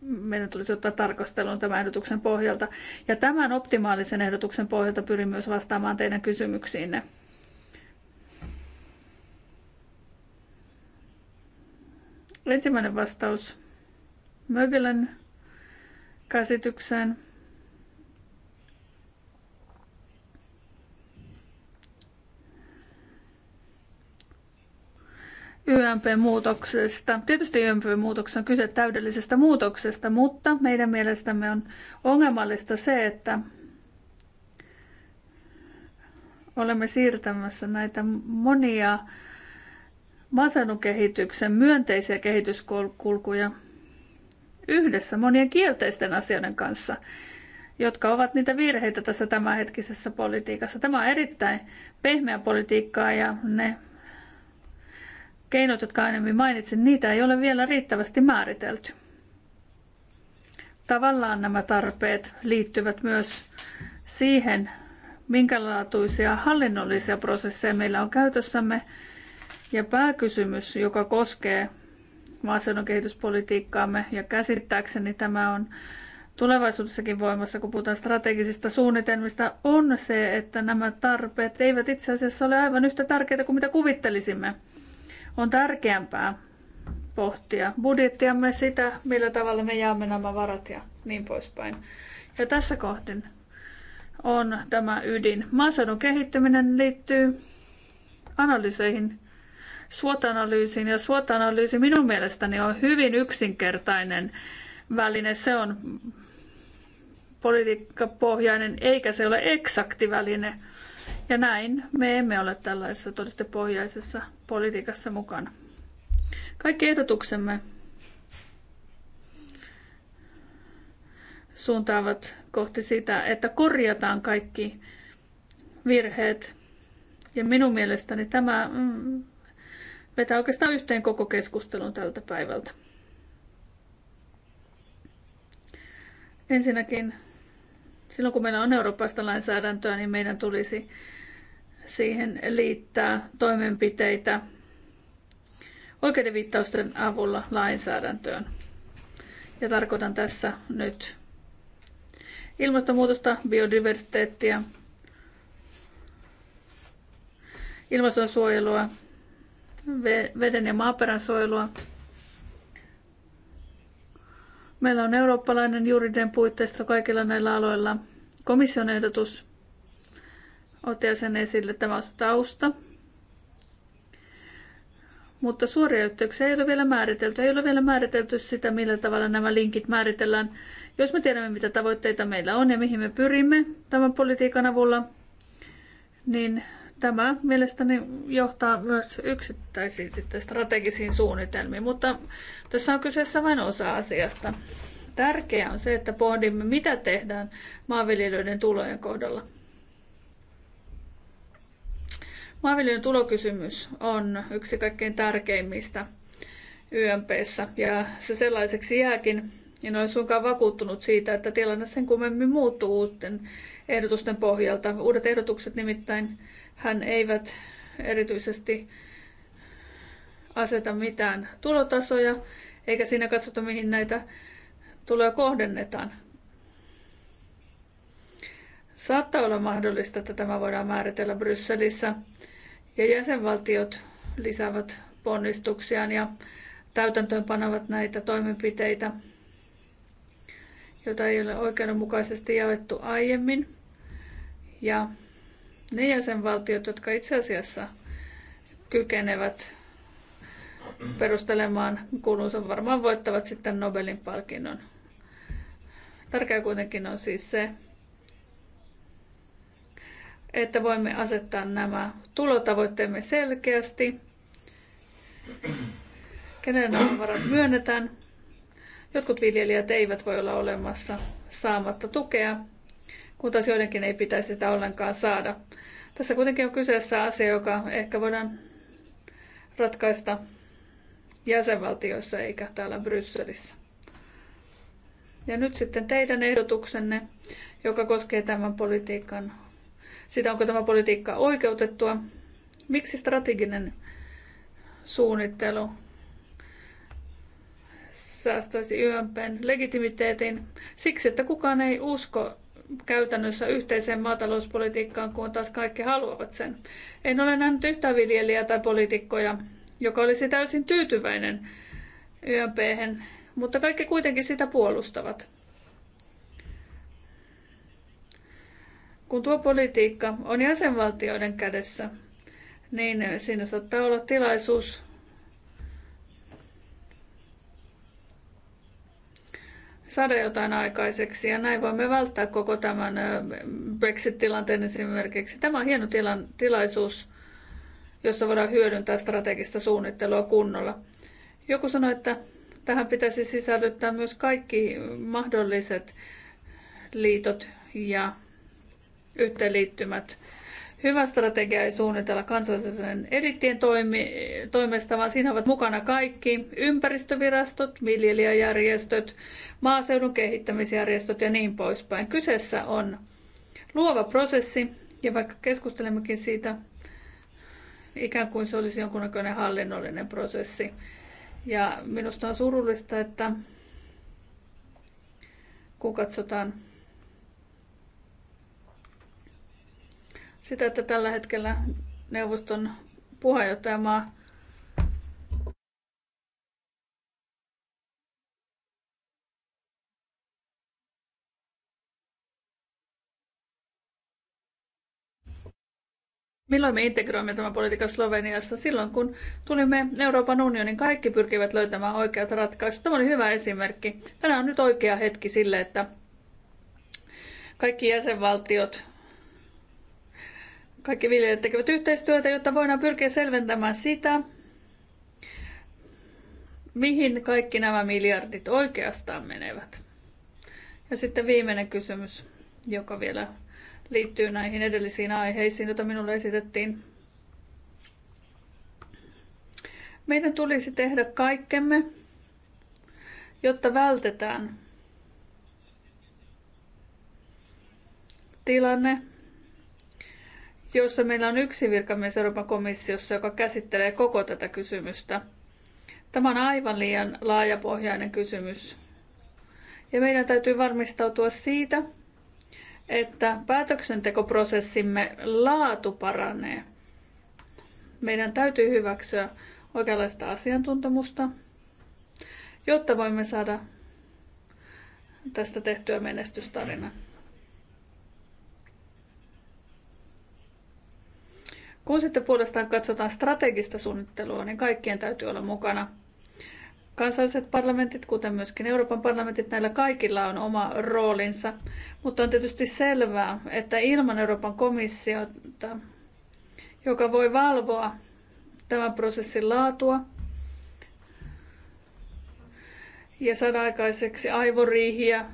meidän tulisi ottaa tarkasteluun tämän ehdotuksen pohjalta. Ja tämän optimaalisen ehdotuksen pohjalta pyrin myös vastaamaan teidän kysymyksiinne. Ensimmäinen vastaus mögelen käsitykseen. YMP-muutoksesta. Tietysti YMP-muutoksessa on kyse täydellisestä muutoksesta, mutta meidän mielestämme on ongelmallista se, että olemme siirtämässä näitä monia masennun kehityksen myönteisiä kehityskulkuja yhdessä monien kielteisten asioiden kanssa, jotka ovat niitä virheitä tässä tämänhetkisessä politiikassa. Tämä on erittäin pehmeä politiikkaa ja ne keinot, jotka aiemmin mainitsin, niitä ei ole vielä riittävästi määritelty. Tavallaan nämä tarpeet liittyvät myös siihen, minkälaatuisia hallinnollisia prosesseja meillä on käytössämme. Ja pääkysymys, joka koskee maaseudun kehityspolitiikkaamme, ja käsittääkseni tämä on tulevaisuudessakin voimassa, kun puhutaan strategisista suunnitelmista, on se, että nämä tarpeet eivät itse asiassa ole aivan yhtä tärkeitä kuin mitä kuvittelisimme on tärkeämpää pohtia budjettiamme sitä, millä tavalla me jaamme nämä varat ja niin poispäin. Ja tässä kohdin on tämä ydin. Maaseudun kehittäminen liittyy analyyseihin, suotanalyysiin ja suotanalyysi minun mielestäni on hyvin yksinkertainen väline. Se on politiikkapohjainen eikä se ole eksakti väline. Ja näin me emme ole tällaisessa todistepohjaisessa politiikassa mukana. Kaikki ehdotuksemme suuntaavat kohti sitä, että korjataan kaikki virheet. Ja minun mielestäni tämä mm, vetää oikeastaan yhteen koko keskustelun tältä päivältä. Ensinnäkin silloin kun meillä on eurooppaista lainsäädäntöä, niin meidän tulisi siihen liittää toimenpiteitä oikeudenviittausten avulla lainsäädäntöön. Ja tarkoitan tässä nyt ilmastonmuutosta, biodiversiteettiä, ilmastonsuojelua, veden ja maaperän suojelua. Meillä on eurooppalainen juridinen puitteisto kaikilla näillä aloilla. Komission ehdotus otti sen esille tämä tausta. Mutta suoria yhteyksiä ei ole vielä määritelty. Ei ole vielä määritelty sitä, millä tavalla nämä linkit määritellään. Jos me tiedämme, mitä tavoitteita meillä on ja mihin me pyrimme tämän politiikan avulla, niin tämä mielestäni johtaa myös yksittäisiin sitten strategisiin suunnitelmiin, mutta tässä on kyseessä vain osa asiasta. Tärkeää on se, että pohdimme, mitä tehdään maanviljelijöiden tulojen kohdalla. Maanviljelyn tulokysymys on yksi kaikkein tärkeimmistä YMPssä ja se sellaiseksi jääkin. En ole suinkaan vakuuttunut siitä, että tilanne sen kummemmin muuttuu uusien ehdotusten pohjalta. Uudet ehdotukset nimittäin hän eivät erityisesti aseta mitään tulotasoja, eikä siinä katsota, mihin näitä tuloja kohdennetaan. Saattaa olla mahdollista, että tämä voidaan määritellä Brysselissä ja jäsenvaltiot lisäävät ponnistuksiaan ja täytäntöönpanavat näitä toimenpiteitä, joita ei ole oikeudenmukaisesti jaettu aiemmin. Ja ne jäsenvaltiot, jotka itse asiassa kykenevät perustelemaan kulunsa, varmaan voittavat sitten Nobelin palkinnon. Tärkeää kuitenkin on siis se, että voimme asettaa nämä tulotavoitteemme selkeästi, kenelle nämä varat myönnetään. Jotkut viljelijät eivät voi olla olemassa saamatta tukea, kun taas joidenkin ei pitäisi sitä ollenkaan saada. Tässä kuitenkin on kyseessä asia, joka ehkä voidaan ratkaista jäsenvaltioissa eikä täällä Brysselissä. Ja nyt sitten teidän ehdotuksenne, joka koskee tämän politiikan sitä, onko tämä politiikka oikeutettua. Miksi strateginen suunnittelu säästäisi YMPn legitimiteetin? Siksi, että kukaan ei usko käytännössä yhteiseen maatalouspolitiikkaan, kun taas kaikki haluavat sen. En ole nähnyt yhtä viljelijää tai poliitikkoja, joka olisi täysin tyytyväinen YMPhen, mutta kaikki kuitenkin sitä puolustavat. kun tuo politiikka on jäsenvaltioiden kädessä, niin siinä saattaa olla tilaisuus saada jotain aikaiseksi ja näin voimme välttää koko tämän Brexit-tilanteen esimerkiksi. Tämä on hieno tila- tilaisuus, jossa voidaan hyödyntää strategista suunnittelua kunnolla. Joku sanoi, että tähän pitäisi sisällyttää myös kaikki mahdolliset liitot ja yhteenliittymät. Hyvä strategia ei suunnitella kansallisen elittien toimi, toimesta, vaan siinä ovat mukana kaikki ympäristövirastot, viljelijäjärjestöt, maaseudun kehittämisjärjestöt ja niin poispäin. Kyseessä on luova prosessi, ja vaikka keskustelemmekin siitä, ikään kuin se olisi jonkunnäköinen hallinnollinen prosessi. Ja minusta on surullista, että kun katsotaan sitä, että tällä hetkellä neuvoston puheenjohtajamaa Milloin me integroimme tämän politiikan Sloveniassa? Silloin kun tulimme Euroopan unionin, kaikki pyrkivät löytämään oikeat ratkaisut. Tämä oli hyvä esimerkki. Tänään on nyt oikea hetki sille, että kaikki jäsenvaltiot kaikki viljelijät tekevät yhteistyötä, jotta voidaan pyrkiä selventämään sitä, mihin kaikki nämä miljardit oikeastaan menevät. Ja sitten viimeinen kysymys, joka vielä liittyy näihin edellisiin aiheisiin, joita minulle esitettiin. Meidän tulisi tehdä kaikkemme, jotta vältetään tilanne, jossa meillä on yksi virkamies Euroopan komissiossa, joka käsittelee koko tätä kysymystä. Tämä on aivan liian laajapohjainen kysymys. Ja meidän täytyy varmistautua siitä, että päätöksentekoprosessimme laatu paranee. Meidän täytyy hyväksyä oikeanlaista asiantuntemusta, jotta voimme saada tästä tehtyä menestystarinan. Kun sitten puolestaan katsotaan strategista suunnittelua, niin kaikkien täytyy olla mukana. Kansalliset parlamentit, kuten myöskin Euroopan parlamentit, näillä kaikilla on oma roolinsa, mutta on tietysti selvää, että ilman Euroopan komissiota, joka voi valvoa tämän prosessin laatua ja saada aikaiseksi aivoriihiä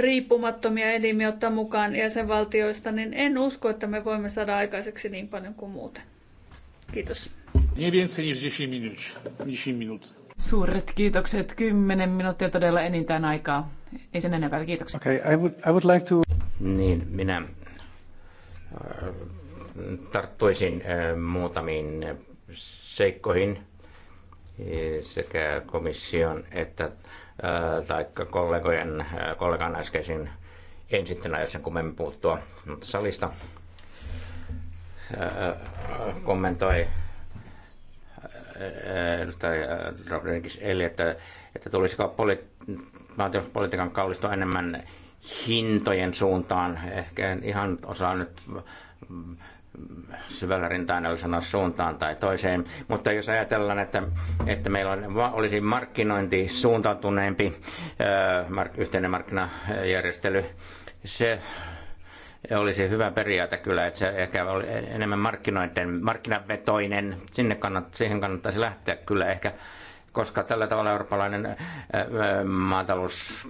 riippumattomia elimiä ottaa mukaan jäsenvaltioista, niin en usko, että me voimme saada aikaiseksi niin paljon kuin muuten. Kiitos. Suuret kiitokset. 10 minuuttia todella enintään aikaa. Ei sen enempää. Kiitoksia. Okay, I would, I would like to... Niin, minä äh, tarttuisin äh, muutamiin seikkoihin sekä komission että tai kollegojen, kollegan äskeisin en sitten aio sen kummemmin puuttua, mutta salista kommentoi edustaja eli, että, että tulisiko poli- politiikan kallistua enemmän hintojen suuntaan. Ehkä en ihan osaa nyt syvällä rintainen sanoa suuntaan tai toiseen. Mutta jos ajatellaan, että, että meillä on, olisi markkinointi suuntautuneempi mark, yhteinen markkinajärjestely, se olisi hyvä periaate kyllä, että se ehkä oli enemmän markkinoiden, markkinavetoinen, sinne kannatta, siihen kannattaisi lähteä kyllä ehkä, koska tällä tavalla eurooppalainen maatalous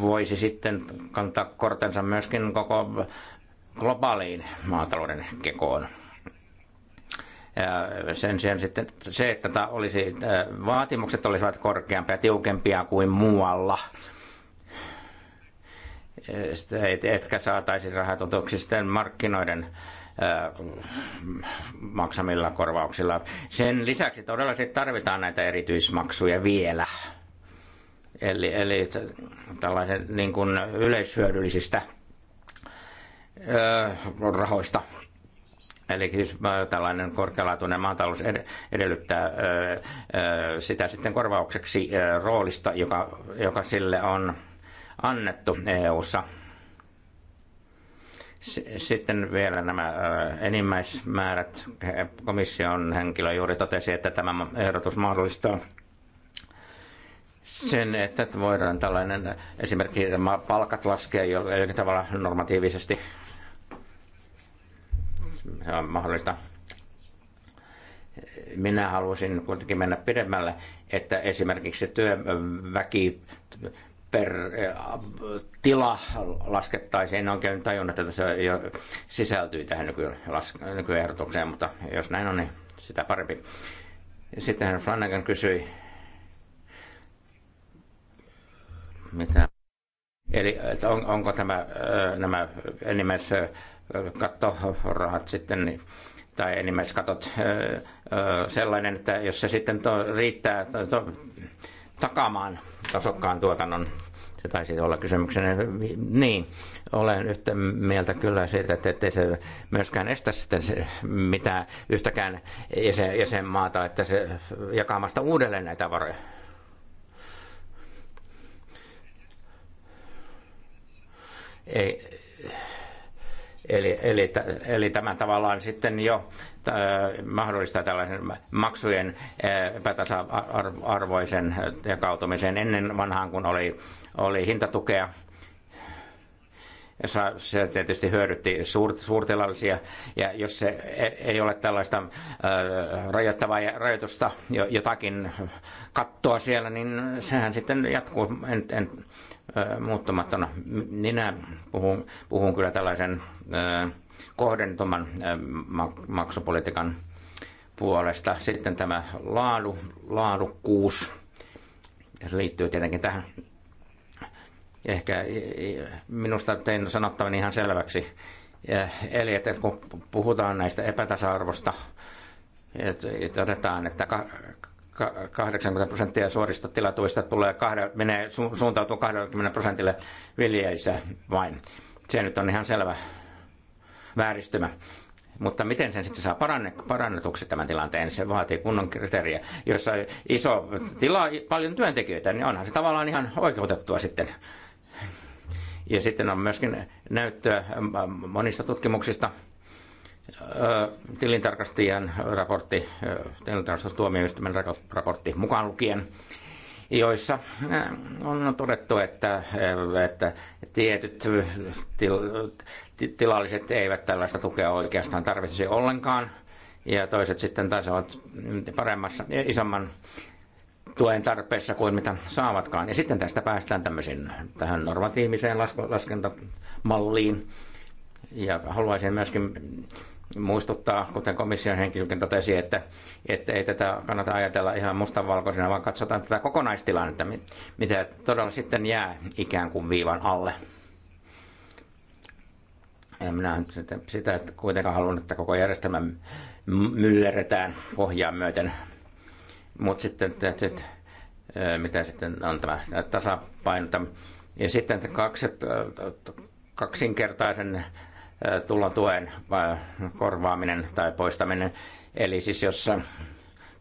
voisi sitten kantaa kortensa myöskin koko globaaliin maatalouden kekoon. Sen sijaan sitten se, että olisi, vaatimukset olisivat korkeampia, tiukempia kuin muualla, etkä saataisi rahoitetuksi sitten markkinoiden maksamilla korvauksilla. Sen lisäksi todella tarvitaan näitä erityismaksuja vielä. Eli, eli tällaisen niin kuin yleishyödyllisistä Öö, rahoista. Eli siis tällainen korkealaatuinen maatalous edellyttää sitä sitten korvaukseksi roolista, joka, joka sille on annettu EU-ssa. Sitten vielä nämä enimmäismäärät. Komission henkilö juuri totesi, että tämä ehdotus mahdollistaa sen, että voidaan tällainen esimerkiksi palkat laskea jollakin tavalla normatiivisesti se on mahdollista. Minä halusin kuitenkin mennä pidemmälle, että esimerkiksi työväki per tila laskettaisiin. En oikein tajunnut, että se jo sisältyy tähän nykyehdotukseen, mutta jos näin on, niin sitä parempi. Sitten Flanagan kysyi, mitä Eli on, onko tämä, nämä enimmäis rahat sitten niin tai enimmäiskatot sellainen, että jos se sitten to, riittää to, to, takaamaan tasokkaan tuotannon, se taisi olla kysymyksenä, niin olen yhtä mieltä kyllä siitä, että ettei se myöskään estä sitten se, mitä yhtäkään jäsen, jäsenmaata, että se jakamasta uudelleen näitä varoja. Ei, Eli, eli, eli tämä tavallaan sitten jo mahdollistaa tällaisen maksujen epätasa-arvoisen jakautumisen ennen vanhaan, kun oli, oli hintatukea. Se tietysti hyödytti suurtilallisia, ja jos se e, ei ole tällaista rajoittavaa rajoitusta, jotakin kattoa siellä, niin sehän sitten jatkuu en, en, muuttumattona. Minä puhun, puhun kyllä tällaisen kohdentoman maksupolitiikan puolesta. Sitten tämä laadu, laadukkuus se liittyy tietenkin tähän. Ehkä minusta tein sanottavan ihan selväksi. Eli että kun puhutaan näistä epätasa-arvosta, että otetaan, että 80 prosenttia suorista tilatuista tulee kahde, menee, su, suuntautuu 20 prosentille viljeissä vain. Se nyt on ihan selvä vääristymä. Mutta miten sen sitten saa paranne, parannetuksi tämän tilanteen? Se vaatii kunnon kriteeriä. Jos on iso tila, paljon työntekijöitä, niin onhan se tavallaan ihan oikeutettua sitten. Ja sitten on myöskin näyttöä monista tutkimuksista, tilintarkastajien raportti, tilintarkastustuomioistuimen raportti mukaan lukien, joissa on todettu, että, että tietyt til, tilalliset eivät tällaista tukea oikeastaan tarvitsisi ollenkaan, ja toiset sitten taas ovat paremmassa, isomman tuen tarpeessa kuin mitä saavatkaan. Ja sitten tästä päästään tämmöisiin tähän normatiiviseen laskentamalliin. Ja haluaisin myöskin muistuttaa, kuten komission henkilökin totesi, että, että ei tätä kannata ajatella ihan mustanvalkoisena, vaan katsotaan tätä kokonaistilannetta, mitä todella sitten jää ikään kuin viivan alle. En minä sitä, sitä että kuitenkaan haluan, että koko järjestelmä myllerretään pohjaan myöten. Mutta sitten, että, että, mitä sitten on tämä tasapaino. Ja sitten kaksi, kaksinkertaisen tulotuen korvaaminen tai poistaminen. Eli siis jos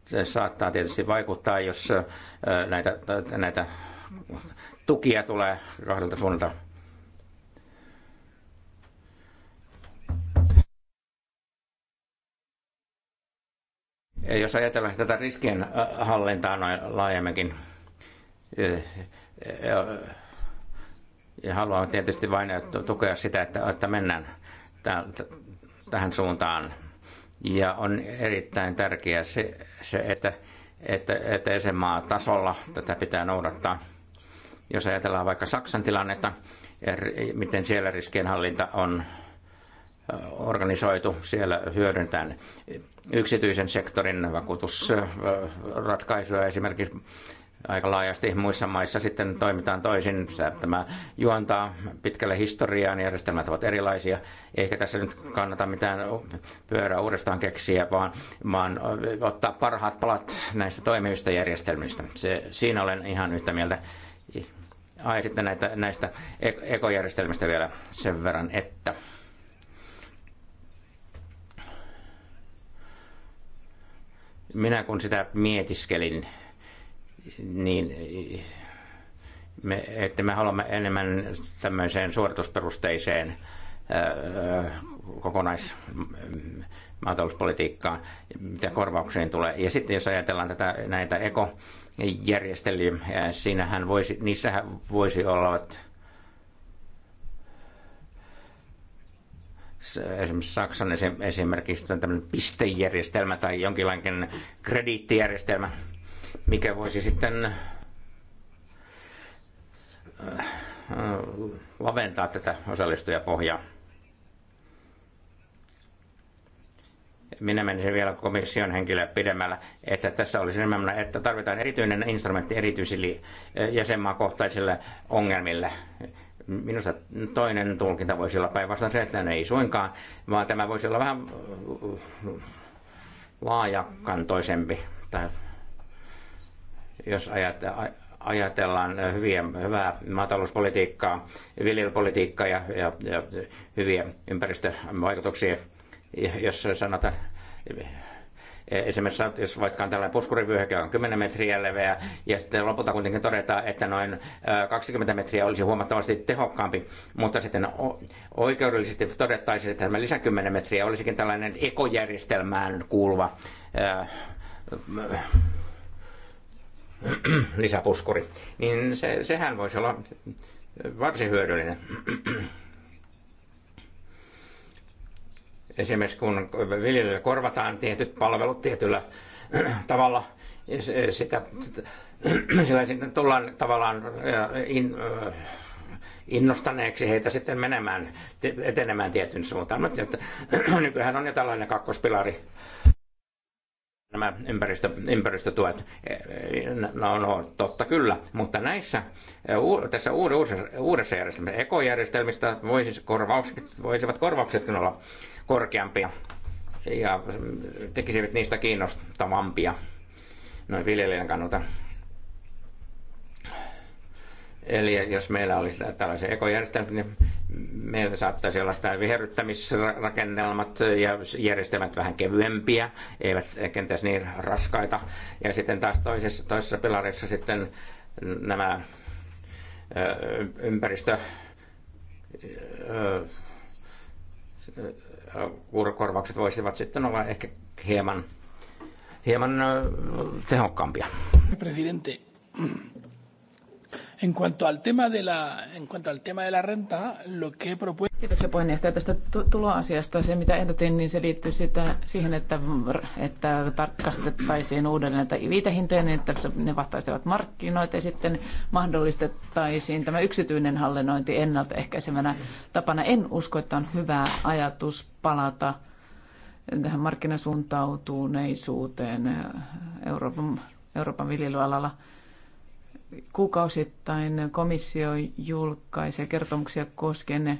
se saattaa tietysti vaikuttaa, jos näitä, näitä tukia tulee kahdelta suunnalta. Jos ajatellaan tätä riskien hallintaa noin laajemminkin, ja haluan tietysti vain tukea sitä, että, että mennään tähän suuntaan. Ja on erittäin tärkeää se, se että, että, että esimaa tasolla tätä pitää noudattaa. Jos ajatellaan vaikka Saksan tilannetta, er, miten siellä riskienhallinta on organisoitu, siellä hyödyntään yksityisen sektorin vakuutusratkaisuja esimerkiksi aika laajasti. Muissa maissa sitten toimitaan toisin. Tämä juontaa pitkälle historiaan, järjestelmät ovat erilaisia. Eikä tässä nyt kannata mitään pyörää uudestaan keksiä, vaan, vaan ottaa parhaat palat näistä toimivista järjestelmistä. Se, siinä olen ihan yhtä mieltä. Ai sitten näitä, näistä e-, ekojärjestelmistä vielä sen verran, että... Minä kun sitä mietiskelin, niin me, että me haluamme enemmän tämmöiseen suoritusperusteiseen kokonaismaatalouspolitiikkaan, mm, mitä korvauksiin tulee. Ja sitten jos ajatellaan tätä, näitä ekojärjestelyjä, siinähän voisi, niissähän voisi olla esimerkiksi Saksan esimerkiksi tämmöinen pistejärjestelmä tai jonkinlainen krediittijärjestelmä – mikä voisi sitten äh, äh, laventaa tätä osallistujapohjaa. minä menisin vielä komission henkilöä pidemmällä, että tässä olisi enemmän, että tarvitaan erityinen instrumentti erityisille äh, jäsenmaakohtaisille ongelmille. Minusta toinen tulkinta voisi olla päinvastoin se, että ne ei suinkaan, vaan tämä voisi olla vähän laajakantoisempi tai jos ajatellaan äh, hyviä, hyvää maatalouspolitiikkaa, viljelypolitiikkaa ja, ja, ja hyviä ympäristövaikutuksia, jos sanotaan e-, esimerkiksi jos vaikka on tällainen puskurivyöhyke on 10 metriä leveä ja sitten lopulta kuitenkin todetaan, että noin 20 äh, metriä olisi huomattavasti tehokkaampi, mutta sitten oikeudellisesti todettaisiin, että tämä lisä 10 metriä olisikin tällainen ekojärjestelmään kuuluva äh, lisäpuskuri, niin se, sehän voisi olla varsin hyödyllinen. Esimerkiksi kun viljelijöille korvataan tietyt palvelut tietyllä tavalla, niin sitä, sillä sitten tullaan tavallaan in, innostaneeksi heitä sitten menemään, etenemään tietyn suuntaan. Mutta nykyään on jo tällainen kakkospilari nämä ympäristö, ympäristötuet. No, no, totta kyllä, mutta näissä, tässä uudessa, uudessa järjestelmässä, ekojärjestelmistä voisi, korvaukset, voisivat korvauksetkin olla korkeampia ja tekisivät niistä kiinnostavampia noin viljelijän kannalta. Eli jos meillä olisi tällaisia ekojärjestelmiä, niin meillä saattaisi olla tämä viherryttämisrakennelmat ja järjestelmät vähän kevyempiä, eivät kenties niin raskaita. Ja sitten taas toisessa, toisessa pilarissa sitten nämä ympäristö korvaukset voisivat sitten olla ehkä hieman, hieman tehokkaampia. Presidente, en cuanto al tema de la, en cuanto al tema de la renta, lo que he propuesto... Kiitoksia puheenjohtaja tästä tuloasiasta. Se, mitä ehdotin, niin se liittyy sitä, siihen, että, että tarkastettaisiin uudelleen näitä viitehintoja, niin että ne vahtaisivat markkinoita ja sitten mahdollistettaisiin tämä yksityinen hallinnointi ennaltaehkäisevänä tapana. En usko, että on hyvä ajatus palata tähän markkinasuuntautuneisuuteen Euroopan, Euroopan viljelyalalla kuukausittain komissio julkaisee kertomuksia koskien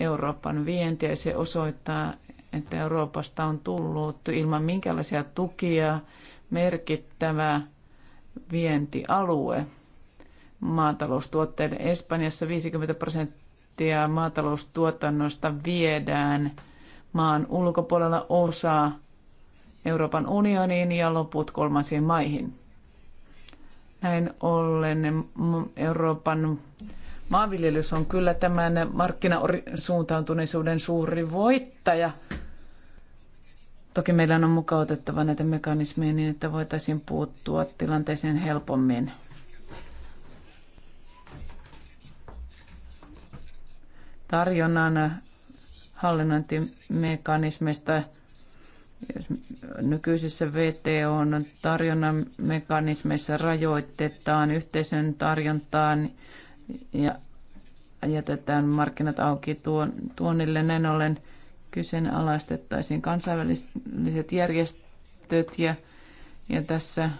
Euroopan vientiä se osoittaa, että Euroopasta on tullut ilman minkälaisia tukia merkittävä vientialue maataloustuotteiden. Espanjassa 50 prosenttia maataloustuotannosta viedään maan ulkopuolella osa Euroopan unioniin ja loput kolmansiin maihin. Näin ollen Euroopan maanviljelys on kyllä tämän markkinasuuntautuneisuuden suuri voittaja. Toki meillä on mukautettava näitä mekanismeja niin, että voitaisiin puuttua tilanteeseen helpommin. Tarjonnan hallinnointimekanismeista jos nykyisissä VTOn tarjonnan mekanismeissa rajoitetaan yhteisön tarjontaan ja jätetään markkinat auki tuon, tuonnille, näin ollen kyseenalaistettaisiin kansainväliset järjestöt ja, ja tässä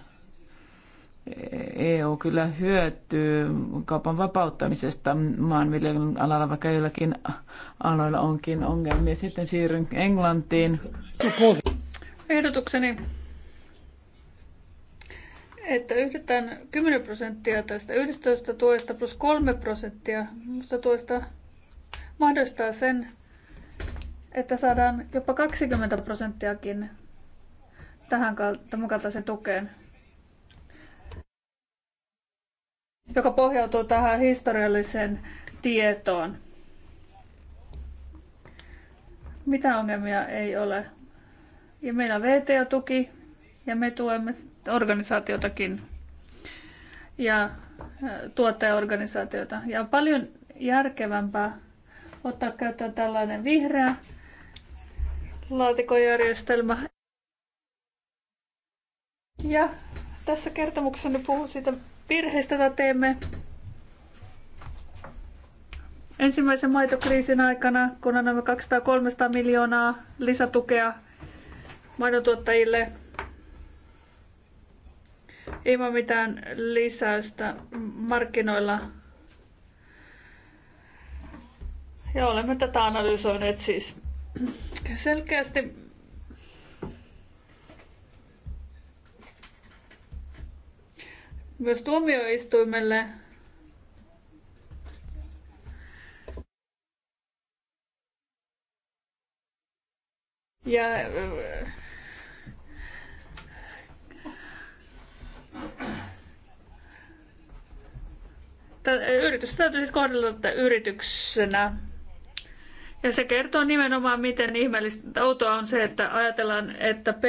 EU kyllä hyötyy kaupan vapauttamisesta maanviljelyn alalla, vaikka joillakin aloilla onkin ongelmia. Sitten siirryn Englantiin. Ehdotukseni, että yhdetään 10 prosenttia tästä 11 tuesta plus 3 prosenttia muusta tuesta mahdollistaa sen, että saadaan jopa 20 prosenttiakin tähän tämän kaltaisen tukeen. joka pohjautuu tähän historialliseen tietoon. Mitä ongelmia ei ole. Ja meillä on VTO-tuki ja me tuemme organisaatiotakin ja äh, tuottajaorganisaatiota. Ja on paljon järkevämpää ottaa käyttöön tällainen vihreä laatikojärjestelmä. Ja tässä kertomuksessa puhun siitä virheistä, joita teemme ensimmäisen maitokriisin aikana, kun annamme 200-300 miljoonaa lisätukea maidontuottajille ilman mitään lisäystä markkinoilla. Ja olemme tätä analysoineet siis selkeästi myös tuomioistuimelle ja yritys täytyy siis kohdella yrityksenä. Ja se kertoo nimenomaan, miten ihmeellistä outoa on se, että ajatellaan, että P,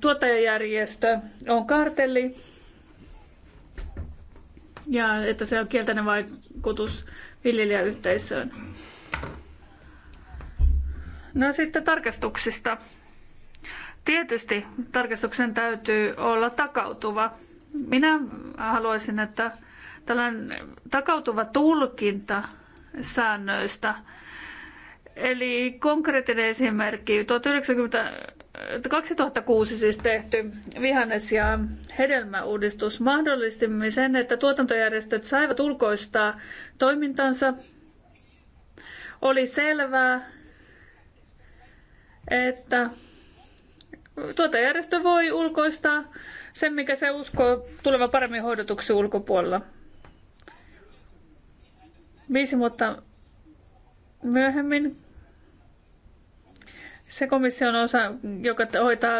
tuottajajärjestö on kartelli ja että se on kielteinen vaikutus viljelijäyhteisöön. No sitten tarkastuksista. Tietysti tarkastuksen täytyy olla takautuva. Minä haluaisin, että tällainen takautuva tulkinta säännöistä, eli konkreettinen esimerkki, 1990 2006 siis tehty vihannes- ja hedelmäuudistus mahdollisti sen, että tuotantojärjestöt saivat ulkoistaa toimintansa. Oli selvää, että tuotantojärjestö voi ulkoistaa sen, mikä se uskoo tulevan paremmin hoidetuksi ulkopuolella. Viisi vuotta myöhemmin se komission osa, mm. joka hoitaa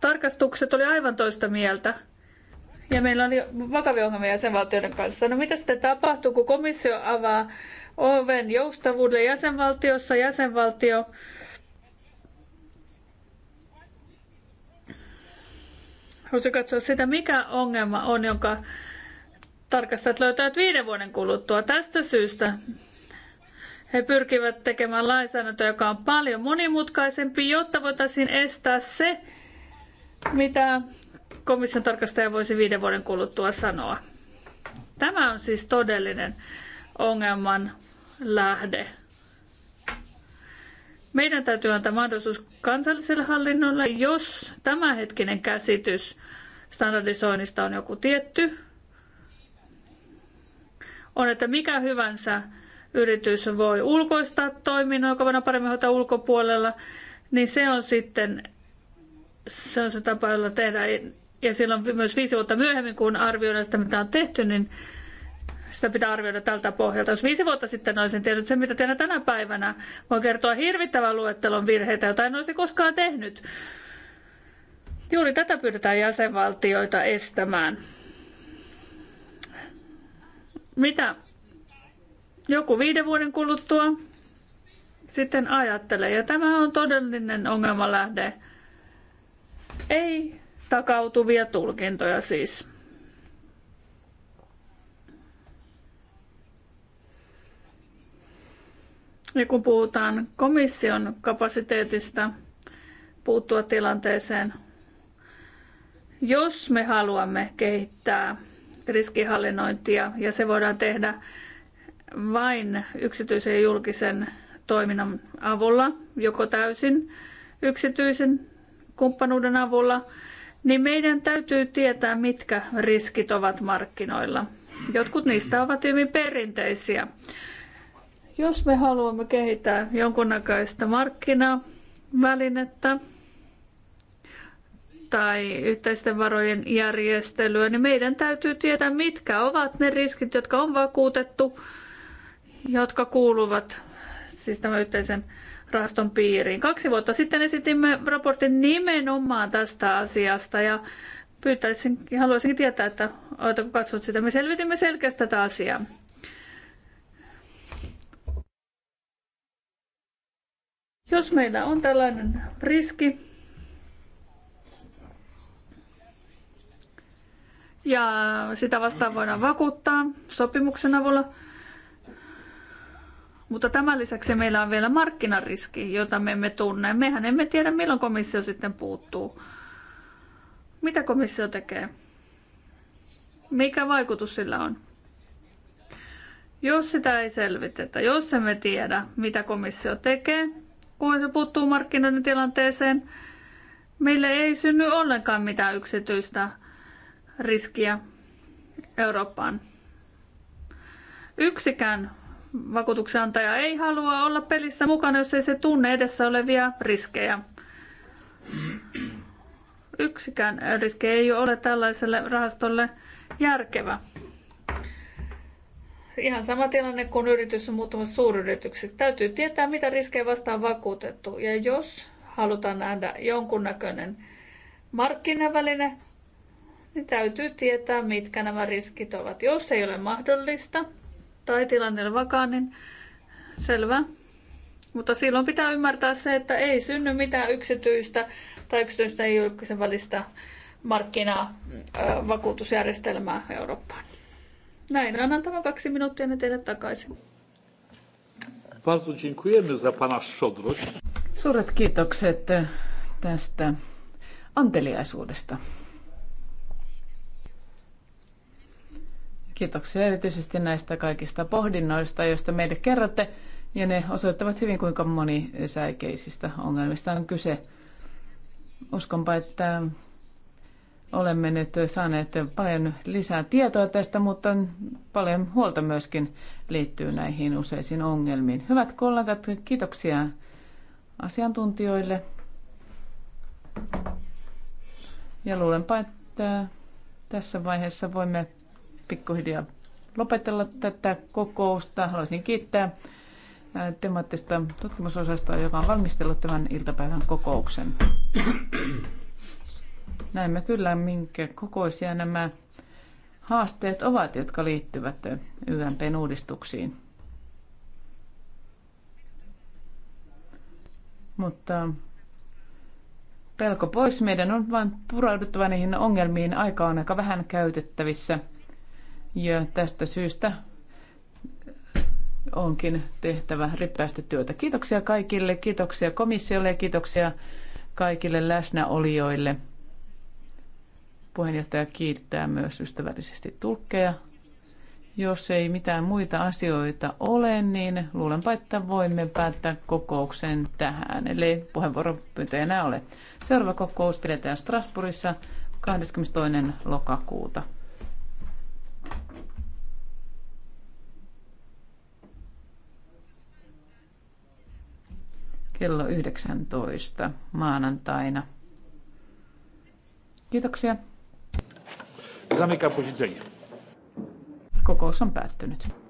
tarkastukset, oli aivan toista mieltä. Ja meillä oli vakavia ongelmia jäsenvaltioiden kanssa. No mitä sitten tapahtuu, kun komissio avaa oven joustavuudelle jäsenvaltiossa, jäsenvaltio Haluaisin katsoa sitä, mikä ongelma on, jonka tarkastajat löytävät viiden vuoden kuluttua. Tästä syystä he pyrkivät tekemään lainsäädäntöä, joka on paljon monimutkaisempi, jotta voitaisiin estää se, mitä komission tarkastaja voisi viiden vuoden kuluttua sanoa. Tämä on siis todellinen ongelman lähde. Meidän täytyy antaa mahdollisuus kansalliselle hallinnolle, jos tämänhetkinen käsitys standardisoinnista on joku tietty, on, että mikä hyvänsä yritys voi ulkoistaa toiminnan, joka voidaan paremmin hoitaa ulkopuolella, niin se on sitten se, on se tapa, jolla tehdään. Ja silloin myös viisi vuotta myöhemmin, kun arvioidaan sitä, mitä on tehty, niin sitä pitää arvioida tältä pohjalta. Jos viisi vuotta sitten olisin tiennyt sen, mitä tehdään tänä päivänä, voi kertoa hirvittävän luettelon virheitä, joita en olisi koskaan tehnyt. Juuri tätä pyydetään jäsenvaltioita estämään. Mitä joku viiden vuoden kuluttua sitten ajattelee. Ja tämä on todellinen ongelmalähde. Ei takautuvia tulkintoja siis. Ja kun puhutaan komission kapasiteetista puuttua tilanteeseen, jos me haluamme kehittää riskihallinnointia ja se voidaan tehdä vain yksityisen ja julkisen toiminnan avulla, joko täysin yksityisen kumppanuuden avulla, niin meidän täytyy tietää, mitkä riskit ovat markkinoilla. Jotkut niistä ovat hyvin perinteisiä. Jos me haluamme kehittää jonkunnäköistä markkinavälinettä tai yhteisten varojen järjestelyä, niin meidän täytyy tietää, mitkä ovat ne riskit, jotka on vakuutettu jotka kuuluvat siis tämän yhteisen rahaston piiriin. Kaksi vuotta sitten esitimme raportin nimenomaan tästä asiasta ja pyytäisin, haluaisinkin tietää, että oletko katsonut sitä. Me selvitimme selkeästi tätä asiaa. Jos meillä on tällainen riski, ja sitä vastaan voidaan vakuuttaa sopimuksen avulla, mutta tämän lisäksi meillä on vielä markkinariski, jota me emme tunne. Mehän emme tiedä, milloin komissio sitten puuttuu. Mitä komissio tekee? Mikä vaikutus sillä on? Jos sitä ei selvitetä, jos emme tiedä, mitä komissio tekee, kun se puuttuu markkinoiden tilanteeseen, meille ei synny ollenkaan mitään yksityistä riskiä Eurooppaan. Yksikään Vakuutuksenantaja ei halua olla pelissä mukana, jos ei se tunne edessä olevia riskejä. Yksikään riski ei ole tällaiselle rahastolle järkevä. Ihan sama tilanne kuin yritys on muuttamassa suuryritykseksi. Täytyy tietää, mitä riskejä vastaan vakuutettu. Ja jos halutaan nähdä jonkunnäköinen markkinaväline, niin täytyy tietää, mitkä nämä riskit ovat. Jos ei ole mahdollista, tai tilanne on vakaa, niin selvä. Mutta silloin pitää ymmärtää se, että ei synny mitään yksityistä tai yksityistä ei julkisen välistä markkinavakuutusjärjestelmää Eurooppaan. Näin, annan tämä kaksi minuuttia ne teille takaisin. Suuret kiitokset tästä anteliaisuudesta. Kiitoksia erityisesti näistä kaikista pohdinnoista, joista meille kerrotte, ja ne osoittavat hyvin, kuinka monisäikeisistä ongelmista on kyse. Uskonpa, että olemme nyt saaneet paljon lisää tietoa tästä, mutta paljon huolta myöskin liittyy näihin useisiin ongelmiin. Hyvät kollegat, kiitoksia asiantuntijoille. Ja luulenpa, että tässä vaiheessa voimme pikkuhiljaa lopetella tätä kokousta. Haluaisin kiittää temaattista tutkimusosastoa, joka on valmistellut tämän iltapäivän kokouksen. Näemme kyllä, minkä kokoisia nämä haasteet ovat, jotka liittyvät YMPn uudistuksiin. Mutta pelko pois. Meidän on vain purauduttava niihin ongelmiin. Aika on aika vähän käytettävissä – ja tästä syystä onkin tehtävä ripeästi työtä. Kiitoksia kaikille, kiitoksia komissiolle ja kiitoksia kaikille läsnäolijoille. Puheenjohtaja kiittää myös ystävällisesti tulkkeja. Jos ei mitään muita asioita ole, niin luulenpa, että voimme päättää kokouksen tähän. Eli puheenvuoropyyntöjä enää ole. Seuraava kokous pidetään Strasbourgissa 22. lokakuuta. kello 19 maanantaina. Kiitoksia. Zamykam posiedzenie. Kokous on päättynyt.